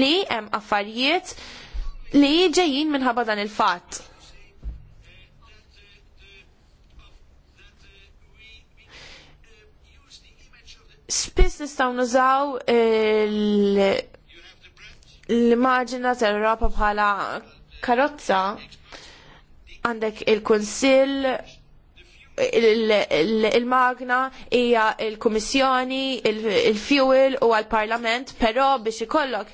li hemm affarijiet li ġejjin minħabba dan il-fatt Spiss nistgħu nużaw l-immaġina tal-Europa bħala karozza għandek il-Kunsill il-magna hija il-Kummissjoni, il-Fuel u għal-Parlament, però biex ikollok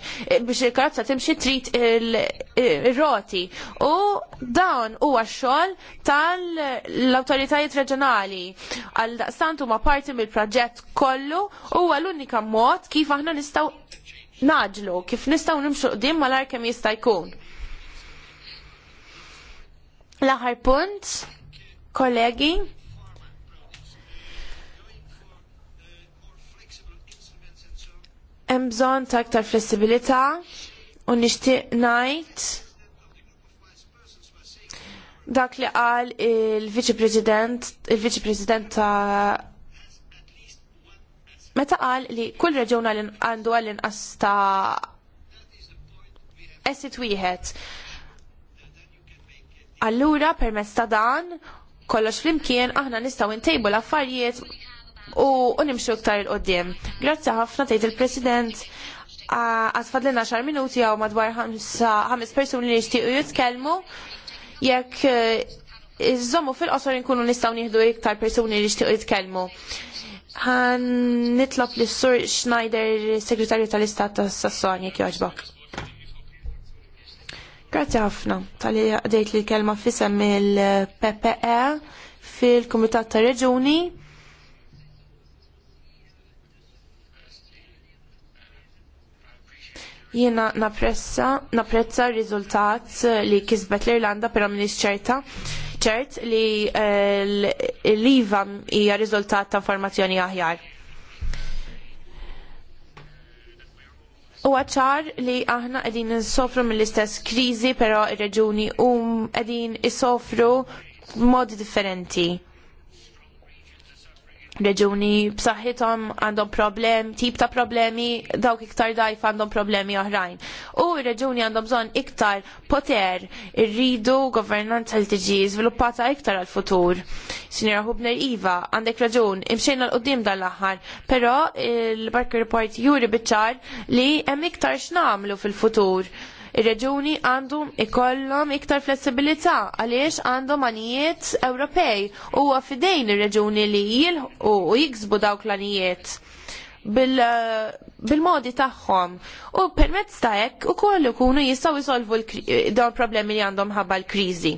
biex il-karozza timxi trid il-roti. U dawn huwa xogħol tal-awtoritajiet reġjonali. Għal daqstant huma parti mill-proġett kollu huwa l-unika mod kif aħna nistgħu naġlu, kif nistgħu nimxu qdim mal arkem kemm jista' jkun. L-aħħar punt kollegi. Hemm bżonn ta' aktar flessibilità u nixtieq ngħid dak li qal il-Viċi President, il-Viċi President ta' meta qal li kull reġuna għandu għall inqas ta' esit wieħed. Allura permezz ta' dan kollox flimkien aħna nistaw intejbu l-affarijiet u nimxu iktar il-qoddim. Grazzi ħafna tgħid il-President għasfadlina xar minuti għaw madwar ħames persuni li jishtiqu jitkelmu jekk eh, iżommu fil-qosor nkunu nistaw nieħdu iktar persuni li jishtiqu jitkelmu. Għan nitlob s sur Schneider, segretarju tal-Istat tas Sassonja, kjoġbok. Grazie ħafna Tali li għadejt li kelma fissem il-PPE fil-Komitat ta' Reġuni. Jiena napprezza r-riżultat li kisbet l-Irlanda per minix ċerta ċert li eh, l-IVA hija riżultat ta' informazzjoni aħjar Huwa ċar li aħna qegħdin insofru mill-istess kriżi, però ir-reġuni hum qegħdin isofru mod differenti reġuni b'saħħithom għandhom problem, tip ta' problemi, dawk iktar dajf għandhom problemi oħrajn. U reġuni għandhom bżonn iktar poter, irridu governanza li tiġi żviluppata iktar għal futur. Sinjora Hubner Iva, għandek raġun, imxejn l-qoddim dan l-aħħar, però il-Barker Report juri biċċar li hemm iktar x'namlu fil-futur Ir-reġuni għandhom ikollhom iktar flessibilità għaliex għandhom għanijiet Ewropej u fidejn ir-reġuni li jilħu u jiksbu dawk l-għanijiet bil-modi bil tagħhom. U permezz ta' hekk ukoll ikunu jistgħu jsolvu dawn problemi li għandhom ħabba l-kriżi.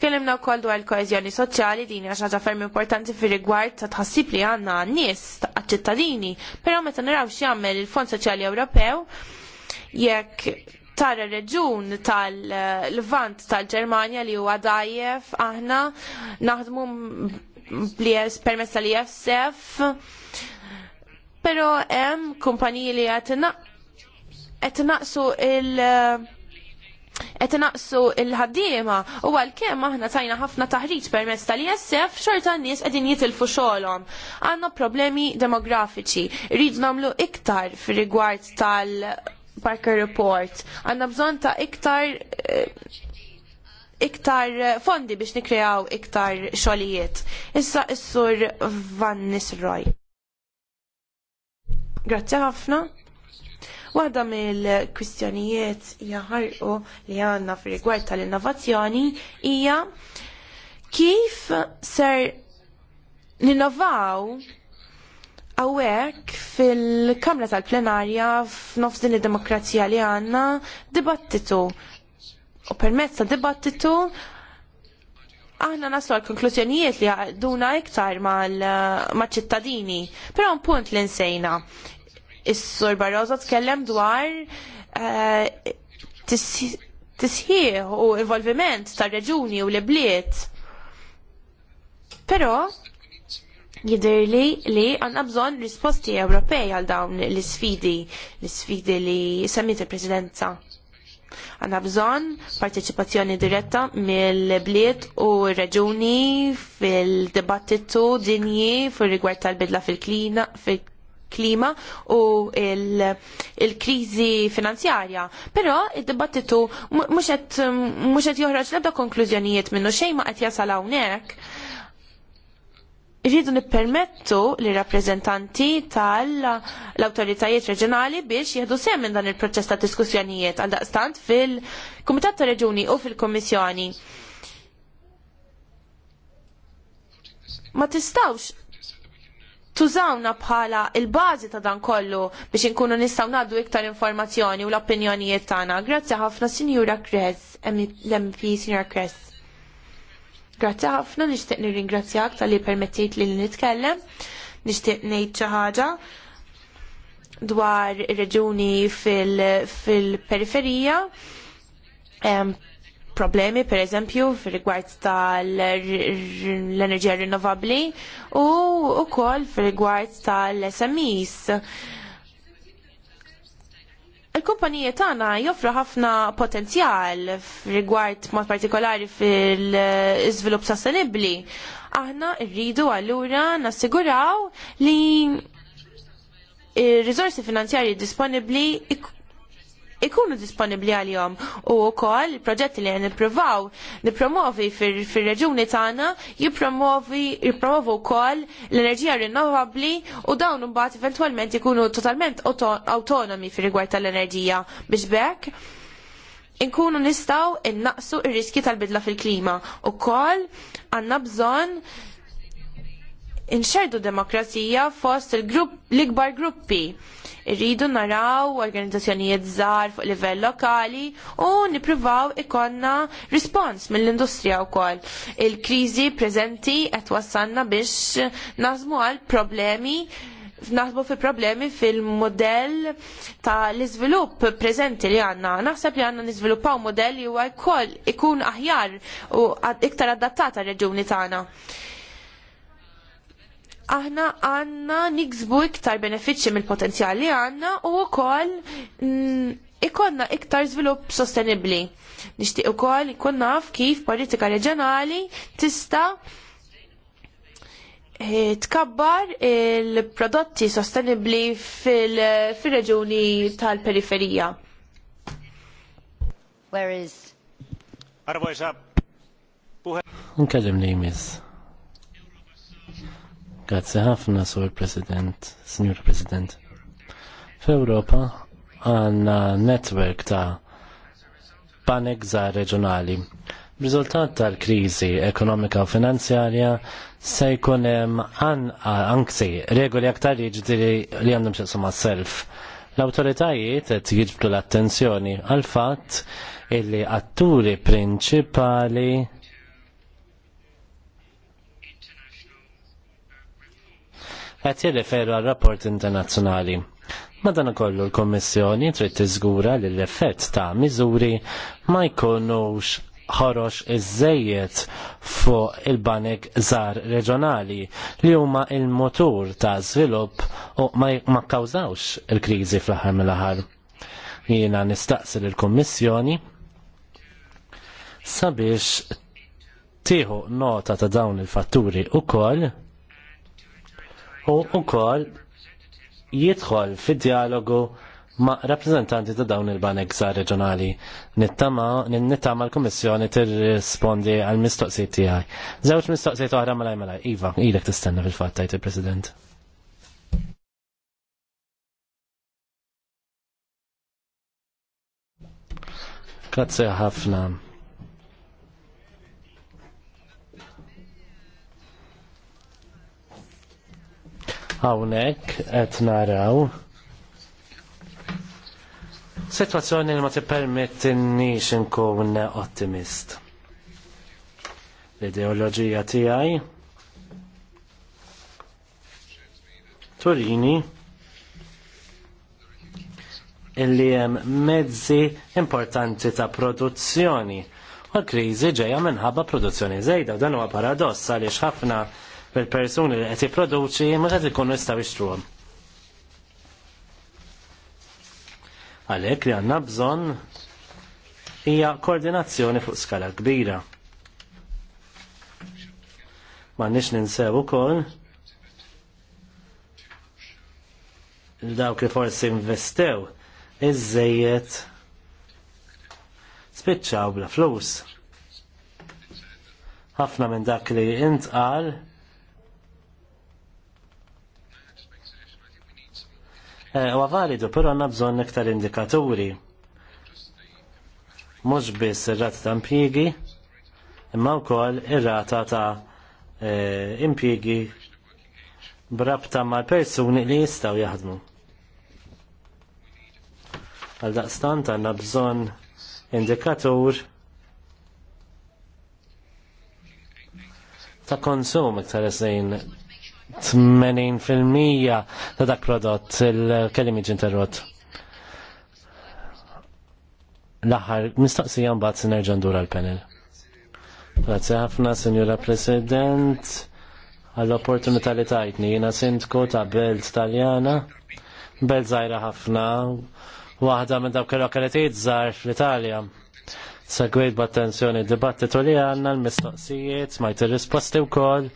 Tkellimna wkoll dwar il-koeżjoni soċjali din xi ħaġa ferm importanti fir rigward ta' tħassib li għandna għan-nies għaċ-ċittadini, però meta naraw x'jagħmel il-Fond Soċjali Ewropew jekk tara reġun tal-Lvant tal-Ġermanja li huwa dajjef aħna naħdmu permessa li jessef pero hemm kumpaniji li qed naqsu il- qed naqsu il-ħaddiema u għalkemm aħna tajna ħafna taħriġ permezz tal-ISF xorta n-nies qegħdin jitilfu xogħolhom. Għandna problemi demografiċi, rridu nagħmlu iktar fil rigward tal- Parker Report. Għanna bżon ta' iktar eh, iktar eh, fondi biex nikreaw iktar xolijiet. Issa issur sur Van Nisroy. Grazzi ħafna. Waħda mill-kwistjonijiet jaħarqu li għanna fi rigward tal-innovazzjoni hija kif ser ninnovaw Awek fil-Kamra tal-Plenarja f'nofs din id-demokrazija li għanna dibattitu u permezz ta' dibattitu aħna naslu għal konklużjonijiet li għaduna iktar ma' ċittadini. Però un punt li nsejna. Is-Sur Barroso tkellem dwar eh, tisħiħ u involviment tar reġuni u l-bliet. Però Jidir li li għanna bżon risposti Ewropej għal dawn l-sfidi, l-sfidi li semmit il-presidenza. Għanna bżon parteċipazzjoni diretta mill-bliet u reġuni fil-dibattitu dinji fil-rigward tal-bidla fil-klima fil klima u il-krizi il finanzjarja. Pero il dibattitu muxet qed joħroġ l-ebda konklużjonijiet minnu xejn ma qed jasal hawnhekk Irridu nippermettu li rappreżentanti tal-autoritajiet reġjonali biex jieħdu sehem minn dan il-proċess ta' diskussjonijiet għal daqstant fil-Kumitat ta' Reġuni u fil-Kommissjoni. Ma tistawx tużawna bħala il-bażi ta' dan kollu biex inkunu nistgħu ngħaddu iktar informazzjoni u l-opinjonijiet tagħna. Grazzi ħafna Sinjura Kress, l-MP Sinjura Kress. Grazzi ħafna, nixtieq nirringrazzjak tal-li permettit li nitkellem, nixtieq ngħid xi ħaġa dwar reġuni fil-periferija. problemi per eżempju fil-rigward tal-enerġija rinnovabli u u koll fil-rigward tal-SMEs Il-kumpanija tagħna joffra ħafna potenzjal rigward mod partikolari fil-iżvilupp sostenibbli. Aħna rridu allura nassiguraw li ir-riżorsi finanzjarji disponibbli ikunu disponibli għalihom u kol il-proġetti li nippruvaw nippromovi fir-reġuni tagħna jippromovi jippromovu wkoll l-enerġija rinnovabbli u dawn imbagħad eventwalment ikunu totalment autonomi fil rigward tal-enerġija biex bekk inkunu nistaw innaqsu ir-riski tal-bidla fil-klima. U kol għanna bżon inxerdu demokrazija fost il-grupp, l-ikbar gruppi. Irridu naraw organizzazzjonijiet żgħar fuq livell lokali u nippruvaw ikonna rispons mill-industrija wkoll. Il-kriżi preżenti qed wassalna biex nażmu għal problemi naħsbu fi problemi fil-modell ta' l-izvilupp prezenti li għanna. Naħseb li għanna nizviluppaw modell li huwa wkoll ikun aħjar u iktar adattat għal reġuni tagħna aħna għanna niksbu iktar benefiċċji mill-potenzjal li għanna u wkoll mm, ikonna iktar żvilupp sostenibbli. Nixtieq ukoll ikun naf kif politika reġjonali tista' eh, tkabbar il-prodotti sostenibbli fil-reġuni fil reġuni tal periferija Where is? Arvoisa puhe. Unkellim li Grazzi ħafna, Sur President, Signor President. F'Ewropa għanna netwerk ta' panegza reġjonali. Riżultat tal-kriżi ekonomika u finanzjarja se jkun hemm anksi regoli aktar jiġri li għandhom xi ma' self. L-awtoritajiet qed jiġbdu l-attenzjoni għal fatt illi atturi prinċipali qed jirreferu għal rapport internazzjonali. Madan kollu l-Kommissjoni trid tiżgura li l-effett ta' miżuri ma jkunux ħorox iż fuq il-banek żar reġjonali li huma il-motur ta' żvilupp u ma kkawżawx il-kriżi fl-aħħar mill-aħħar. Jiena nistaqsi lill kummissjoni sabiex tieħu nota ta' dawn il-fatturi wkoll u ukoll jidħol fid-dialogu ma' rappresentanti ta' dawn il-banek sa' reġjonali. Nittama l-Kummissjoni tirrispondi għal mistoqsijiet tiegħi. Żewġ mistoqsijiet oħra malaj malaj. Iva, ilek tistenna fil-fatt tajt il-President. Grazie ħafna. Hawnhekk qed naraw Situazzjoni li ma tippermettinniex inkun ottimist. L-ideoloġija tiegħi Turini illi hemm mezzi importanti ta' produzzjoni. U l-kriżi ġejja minħabba produzzjoni żejda u dan huwa paradoss għaliex ħafna per persuni li qed jipproduċi ma qed ikunu jistgħu jixtruhom. Għalhekk li għandna bżonn hija koordinazzjoni fuq skala kbira. Ma nix ninsew ukoll dawk li forsi investew iż-żejjed spiċċaw bla flus. Ħafna minn dak li intqal Eh, huwa validu, però għandna bżonn iktar indikaturi. Mhux biss ir-rata ta' impjiegi, imma wkoll ir-rata ta' eh, impjiegi brabta mal-persuni li jistgħu jaħdmu. Għal daqstant għandna bżonn indikatur ta' konsum iktar esnejn 80% ta' dak prodott il-kelim ġinterrot. interrot. L-aħħar, mistaqsija mbagħad nerġa' ndur l panel Grazie ħafna, Signora President, għall-opportunità li tajtni. Jena sindku ta' Belt Taljana, Belt zajra ħafna, waħda minn dawk il-lokalitajiet żgħar fl-Italja. Segwejt b'attenzjoni d-dibattitu li għandna l-mistoqsijiet, majt ir risposti wkoll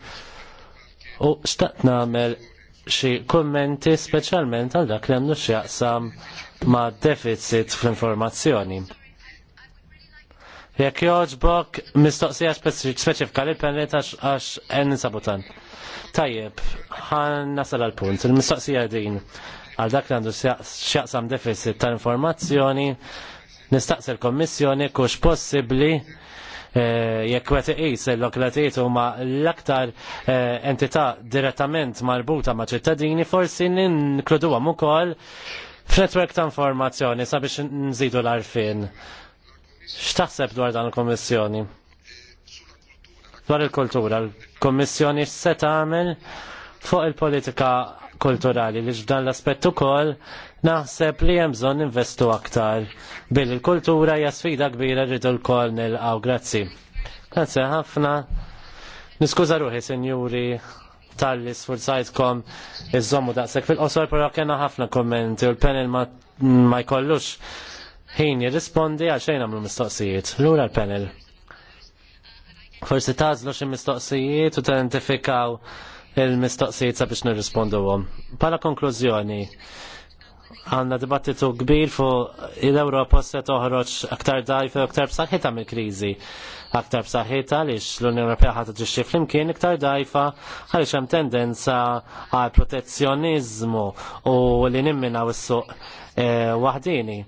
u xtaqt namel xi kummenti speċjalment għal dak li għandu x'jaqsam ma' deficit fl-informazzjoni. Jekk joġbok mistoqsija speċifika li pennet għax enni sabutan. Tajjeb, ħan nasal għal punt. Il-mistoqsija din għal dak li għandu xjaqsam deficit tal-informazzjoni nistaqsi l-Kommissjoni kux possibli Eh, jekk wet iqis l-oklatiet huma l-aktar eh, entità direttament marbuta ma' ċittadini forsi ninkluduhom ukoll f'netwerk ta' informazzjoni sabiex nżidu l-arfin. X'taħseb dwar dan il-Kommissjoni? Dwar il-kultura, l-Kommissjoni x'se tagħmel fuq il-politika kulturali li ġdan l-aspett ukoll Naħseb li hemm bżonn investu aktar bil kultura hija sfida kbira rridu l nil-għaw grazzi. Grazzi ħafna. Niskuża ruħi, sinjuri, tal-li sfurzajtkom iż-żommu daqshekk fil-qosor, però kena ħafna kommenti u l-panel ma jkollux ħin jirrispondi għal xejn għamlu mistoqsijiet. Lura l-panel. Forsi tażlu xi mistoqsijiet u tentifikaw il-mistoqsijiet sabiex nirrispondu għom. Pala konklużjoni, għanna dibattitu kbir fu l-Europa se toħroġ aktar dajfa u aktar b'saħħita mill-kriżi. Aktar bsaħħita għaliex l-Unjoni Ewropea ħadd tixxi flimkien iktar dajfa għaliex hemm tendenza għal protezzjoniżmu u li nimminaw is-suq e, waħdini.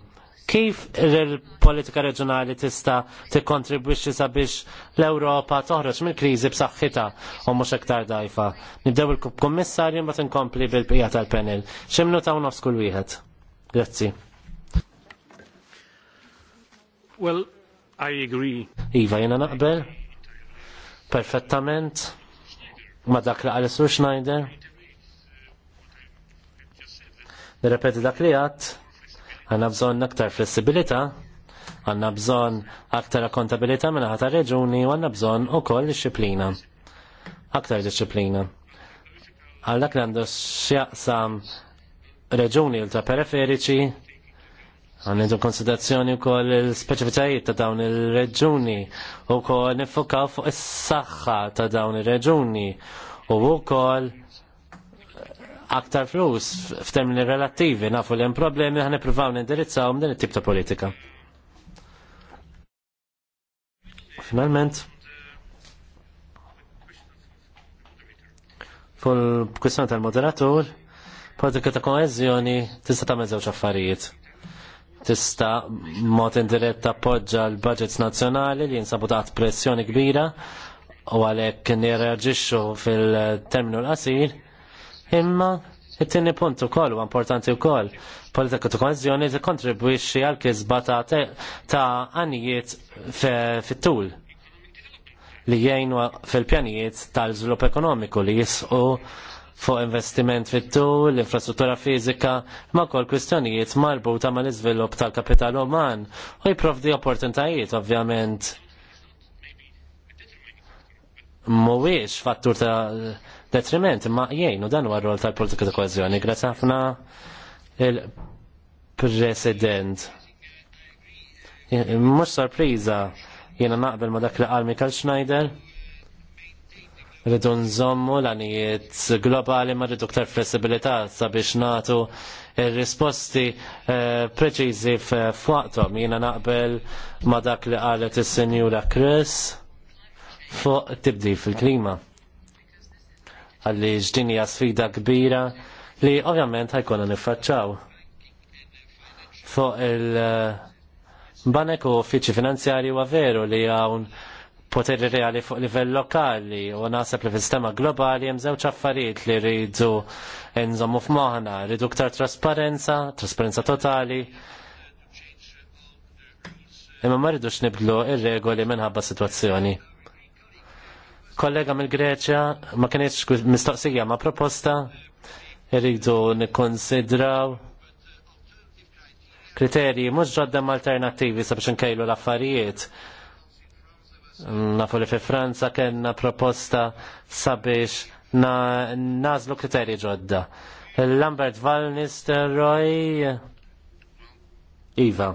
Kif il-politika reġjonali tista' tikkontribwixxi sabiex l-Ewropa toħroġ mill-kriżi b'saħħitha u mhux aktar dajfa? Nibdew il-Kummissarju mbagħad inkompli bil-bqija tal-panel. X'imnu ta' nofs kull wieħed. Grazzi. Well, I agree. Iva, jena naqbel. Perfettament. Ma dak li għal-Sur Schneider. Nirrepeti dak li għat. Għanna bżon aktar flessibilita. Għanna bżon aktar akkontabilita minna ħata reġuni. Għanna bżon u koll disciplina. Aktar disciplina. Għallak għandu xjaqsam reġuni l ta' periferiċi għannidu konsiderazzjoni u koll il-speċifitajiet ta' dawn il-reġuni u koll nifokaw fuq is-saħħa ta' dawn il-reġuni u u koll aktar flus f'termini relattivi nafu li hemm problemi ħan nippruvaw nindirizzawhom din it-tip ta' politika. Finalment, fuq il kwistjoni tal-moderatur, Politika ta' koezjoni tista' tagħmel żewġ affarijiet. Tista' mod indirett tappoġġa l-budgets nazzjonali li jinsabu taħt pressjoni kbira u għalhekk nirreġixxu fil-terminu l-qasir, imma it-tieni punt ukoll huwa importanti wkoll politika ta' koeżjoni tikkontribwixxi għal kisba ta' għanijiet fit-tul li jgħinu fil-pjanijiet tal-żvilupp ekonomiku li jisqu fuq investiment fit-tul, l-infrastruttura fiżika, ma' kol kwistjonijiet marbuta ma' l-iżvilupp tal-kapital uman u jiprofdi opportunitajiet ovvjament. Mhuwiex fattur ta' detriment, ma' jgħinu dan u r tal-politika ta' koeżjoni. Grazie ħafna il-President. Mhux sorpriża jiena naqbel ma' dak li qal Michael Schneider. Rridu nżommu l-għanijiet globali ma rridu ktar flessibilità sabiex natu risposti eh, preċizi f'waqtom. Jina naqbel ma dak li qalet is-senjura Chris fuq tibdi fil-klima. Għalli ġdini sfida kbira li ovvjament ħajkonna nifacċaw fuq il- eh, Banek u uffiċi finanzjari huwa veru li hawn poteri reali fuq livell lokali u nasab li fil-sistema globali hemm żewġ affarijiet li rridu nżommu f'moħħna, rridu ktar trasparenza, trasparenza totali. Imma ma rridux nibdlu ir-regoli minħabba sitwazzjoni kollega mill-Greċja ma kienx mistoqsija ma proposta rridu nikkonsidraw kriterji mhux ġodda alternattivi sabiex inkejlu l-affarijiet Nafu li fi Franza kena proposta sabiex na, nazlu kriteri ġodda. Lambert Val Roy Iva.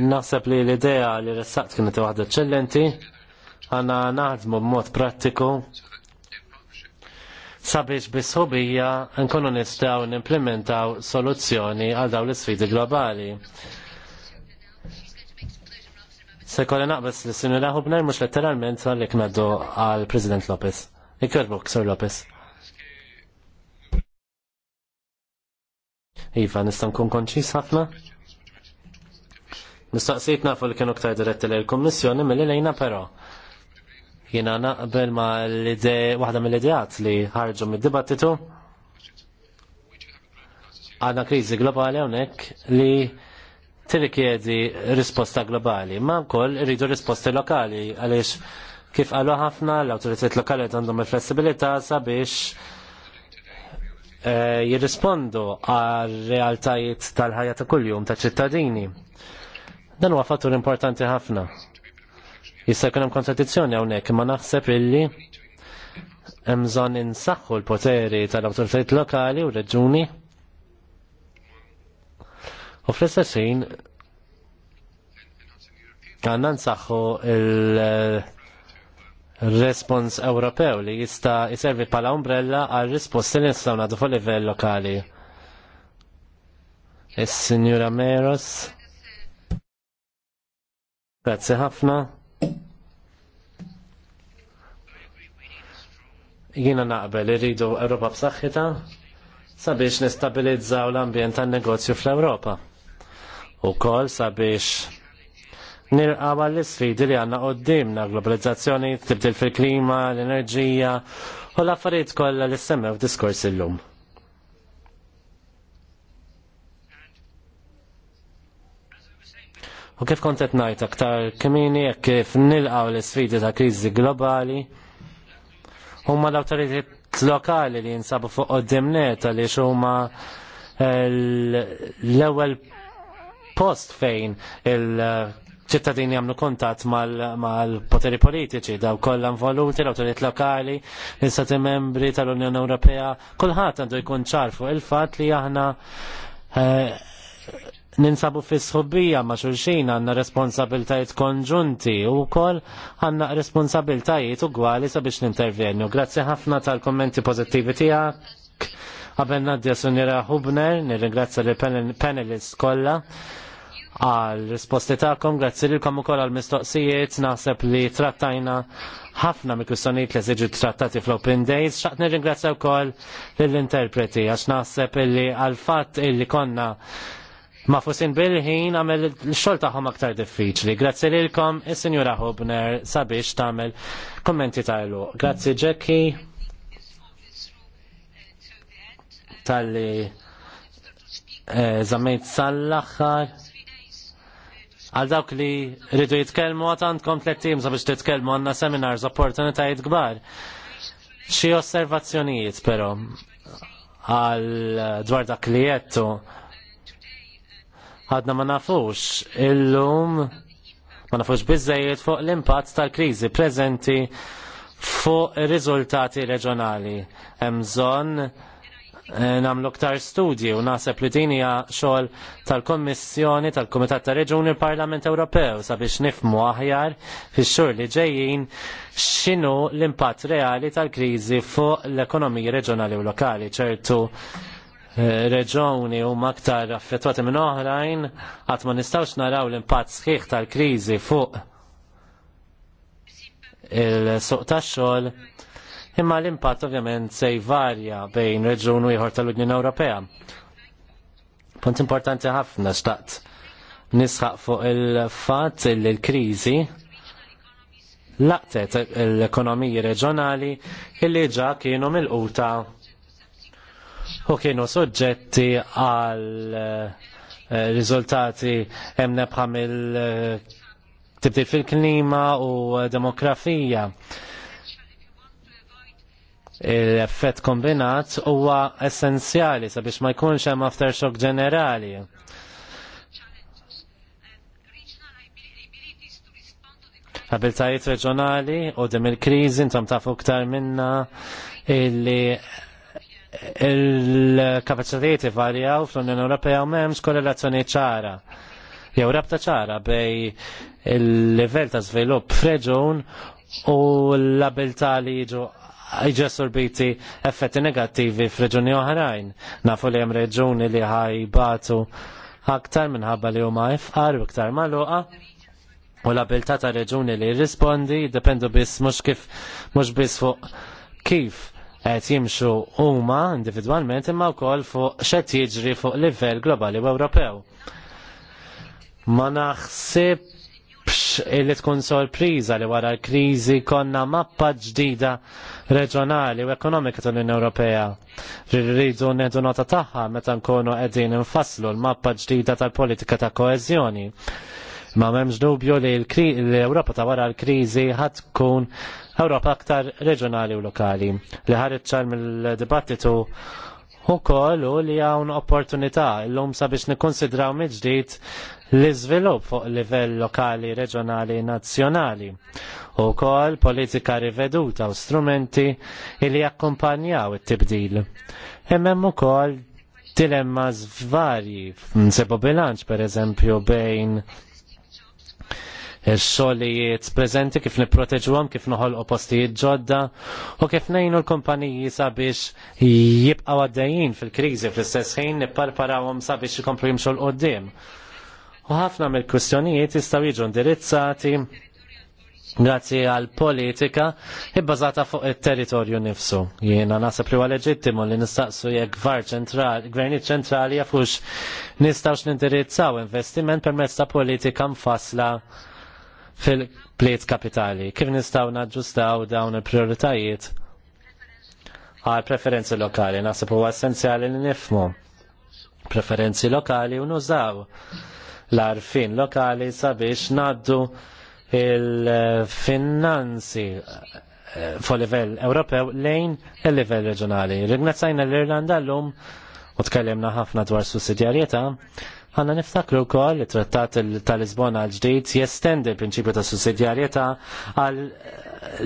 Naħseb li l-idea li ressaqt kienet waħda eċċellenti, għana naħdmu b'mod prattiku sabiex bisħobija nkunu nistaw nimplementaw soluzzjoni għal dawn l-sfidi globali. Se kolla naqbess li sinu laħu b'nar mux letteralment għalli naddu għal President Lopez. Ikkerbuk, Sir Lopez. Iva, nistan kun konċis ħafna? Nistaqsijt nafu li kienu ktar diretti l kommissjoni mill lejna pero. Jena naqbel ma l idej wahda mill idejat li ħarġu mid-dibattitu. Għadna krizi globali għonek li Tirikjedi risposta globali, ma wkoll iridu risposti lokali għaliex kif qalu ħafna l-awtoritajiet lokali għandhom il-flessibilità sabiex eh, jirrispondu għal realtajiet tal-ħajja ta' kuljum ta' ċittadini. Dan huwa fattur importanti ħafna. Jista' jkun hemm kontradizzjoni hawnhekk, imma naħseb illi hemm bżonn insaħħu l-poteri tal-awtoritajiet lokali u reġuni U fl-istessin għanna nsaħħu il-respons Ewropew li jista jservi pala umbrella għal risposti li nistaw nagħtu fuq livell lokali. Is-Sinjura Meros. Grazzi ħafna. Jiena naqbel irridu Ewropa b'saħħitha sabiex nistabilizzaw l-ambjent tan-negozju fl-Ewropa u kol sabiex nirqawa l-sfidi li għanna na globalizzazzjoni, tibdil fil-klima, l-enerġija u l-affarijiet kollha li semmew diskors illum. U kif kont qed ngħid aktar kmini jekk kif nilqgħu l-isfidi ta' kriżi globali huma l autoritet lokali li jinsabu fuq għoddim neta li huma l-ewwel post fejn il- ċittadini għamlu kontat mal-poteri politiċi, daw kollha involuti, l-autorit lokali, l-istati membri tal-Unjoni Ewropea, kulħadd għandu jkun ċarfu il-fatt li aħna eh, ninsabu fis-sħobbija ma' xulxin għanna responsabiltajiet konġunti u kol għanna responsabiltajiet ugwali sabiex nintervenju. Grazzi ħafna tal-kommenti pozittivi tijak Għabben Nadja Sunira Hubner, nirringrazzja li panelist kolla għal risposti ta'kom, grazzi li kom ukoll għal mistoqsijiet, naħseb li trattajna ħafna mi kustonijiet li ziġu trattati fl-Open Days, xaqt nirringrazzja wkoll lill-interpreti, għax naħseb li għal fatt illi konna Ma fusin bil-ħin għamil l-xol taħħom aktar diffiċli. Grazzi l-kom, il-Sinjura Hubner, sabiex tamel kommenti tajlu. Grazzi Jackie. tal-li eh, zammejt sal-axħar. Għal dawk li rridu jitkellmu għatantkom tlettim sabiex titkellmu għanna seminars opportunitajiet gbar. Xi osservazzjonijiet però għal eh, dwar dak li jettu għadna ma nafux illum ma nafux bizzejiet fuq l-impatt tal-krizi prezenti fuq ir-riżultati reġjonali. Hemm bżonn Eh, namlu ktar studji u naħseb li din hija xogħol tal-Kommissjoni tal-Kumitat ta' Reġuni l-Parlament Ewropew sabiex nifmu aħjar fix-xhur li ġejjin x'inhu l-impatt reali tal-kriżi fuq l-ekonomiji reġjonali u lokali ċertu eh, reġuni huma aktar affettwati minn oħrajn qatt ma nistgħux naraw l-impatt sħiħ tal-kriżi fuq il-suq tax-xogħol imma l-impatt ovvjament se jvarja bejn reġun u ieħor tal-Unjoni Ewropea. Punt importanti ħafna xtaqt nisħaq fuq il-fatt li l-kriżi laqtet l-ekonomiji reġjonali illi ġa kienu mill-quta u kienu soġġetti għal eh, riżultati hemm nebħa mill eh, tibdil fil-klima u demografija l-effett kombinat huwa essenzjali sabiex ma jkunx hemm aftershock ġenerali. Abiltajiet reġjonali u dim il-kriżi intom tafu iktar minna illi il-kapacitajiet varjaw fl-Unjoni Ewropea u m'hemmx korrelazzjoni ċara. Jew rabta ċara bej il-livell ta' żvilupp f'reġun u l-abilità li jiġu iġa sorbiti effetti negattivi f'reġuni oħrajn. Nafu li hemm reġuni li ħajbatu aktar minħabba li huma ifqar u iktar magħluqa. U l-abilità ta' reġuni li jirrispondi jiddependu biss mhux kif mhux biss fuq kif qed jimxu huma individwalment imma wkoll fuq x'qed jiġri fuq livell globali u Ewropew. Ma naħsib li tkun sorpriża li wara l-kriżi konna mappa ġdida reġjonali u ekonomika tal-Unjoni Ewropea. Rridu nedu nota tagħha meta nkunu qegħdin infasslu l-mappa ġdida tal-politika ta' koeżjoni. Ma m'hemmx dubju li l-Ewropa ta' wara l-kriżi ħadd tkun Ewropa aktar reġjonali u lokali. Li ħareċċar mill-dibattitu u u li hawn opportunità llum sabiex nikkonsidraw mill-ġdid l-iżvilupp fuq livell lokali, reġjonali, nazzjonali u kol politika riveduta u strumenti li jakkumpanjaw it-tibdil. Hemm ukoll dilemma varji, nsebu bilanċ per eżempju bejn il-xolijiet prezenti kif niproteġuhom, kif noħolqu postijiet ġodda u kif nejnu l-kumpaniji sabiex jibqa' għaddejjin fil-kriżi fl-istess ħin nipparparawhom sabiex ikomplu u d-dim u ħafna mill-kwistjonijiet jistgħu jiġu indirizzati grazzi għal politika ibbażata fuq it-territorju nifsu. Jiena nasab li huwa leġittimu li nistaqsu jekk gvar ċentrali, gvernijiet ċentrali jafux nistgħux nindirizzaw investiment permezz ta' politika mfassla fil plejt kapitali. Kif nistgħu naġġustaw dawn il-prioritajiet għal preferenzi lokali? Nasab huwa essenzjali li nifmu preferenzi lokali u nużaw l-arfin lokali sabiex naddu il-finanzi eh, fuq livell Ewropew lejn il-livell reġjonali. Ringrazzajna l-Irlanda l-lum u tkellimna ħafna dwar sussidjarjetà, għanna niftakru wkoll it trattat tal-Lisbona l-ġdid jestendi l-prinċipju ta' sussidjarjetà għal eh,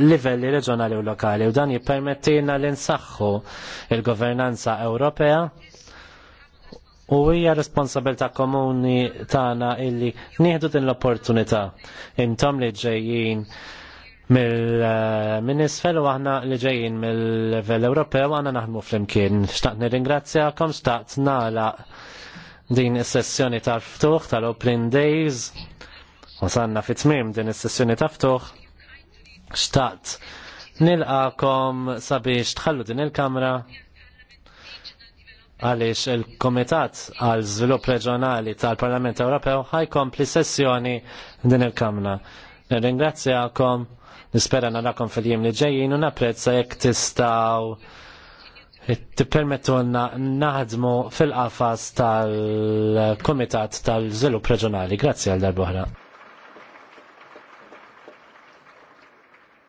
livelli reġjonali u lokali u dan jippermettina l-insaxħu il-governanza Ewropea U hija responsabilta komuni tagħna illi nieħdu din l-opportunità. Intom li ġejjin mill eh, isfel u aħna li ġejjin mill-level Ewropew aħna naħdmu flimkien. Xtaqt nirringrazzjakom, xtaqt nagħlaq din is-sessjoni tal-ftuħ tal-Open Days. Wasanna fit tmiem din is-sessjoni ta' ftuħ. Xtaqt nilqakom sabiex tħallu din il-kamra għaliex il-Komitat għal Zvilup Reġjonali tal-Parlament Ewropew ħajkompli sessjoni din il-Kamra. Nirringrazzjakom, nispera narakom fil-jiem li ġejjin u napprezza jekk tistgħu tippermettuna naħdmu fil-qafas tal-Komitat tal zvilup Reġjonali. Grazzi għal darbohra.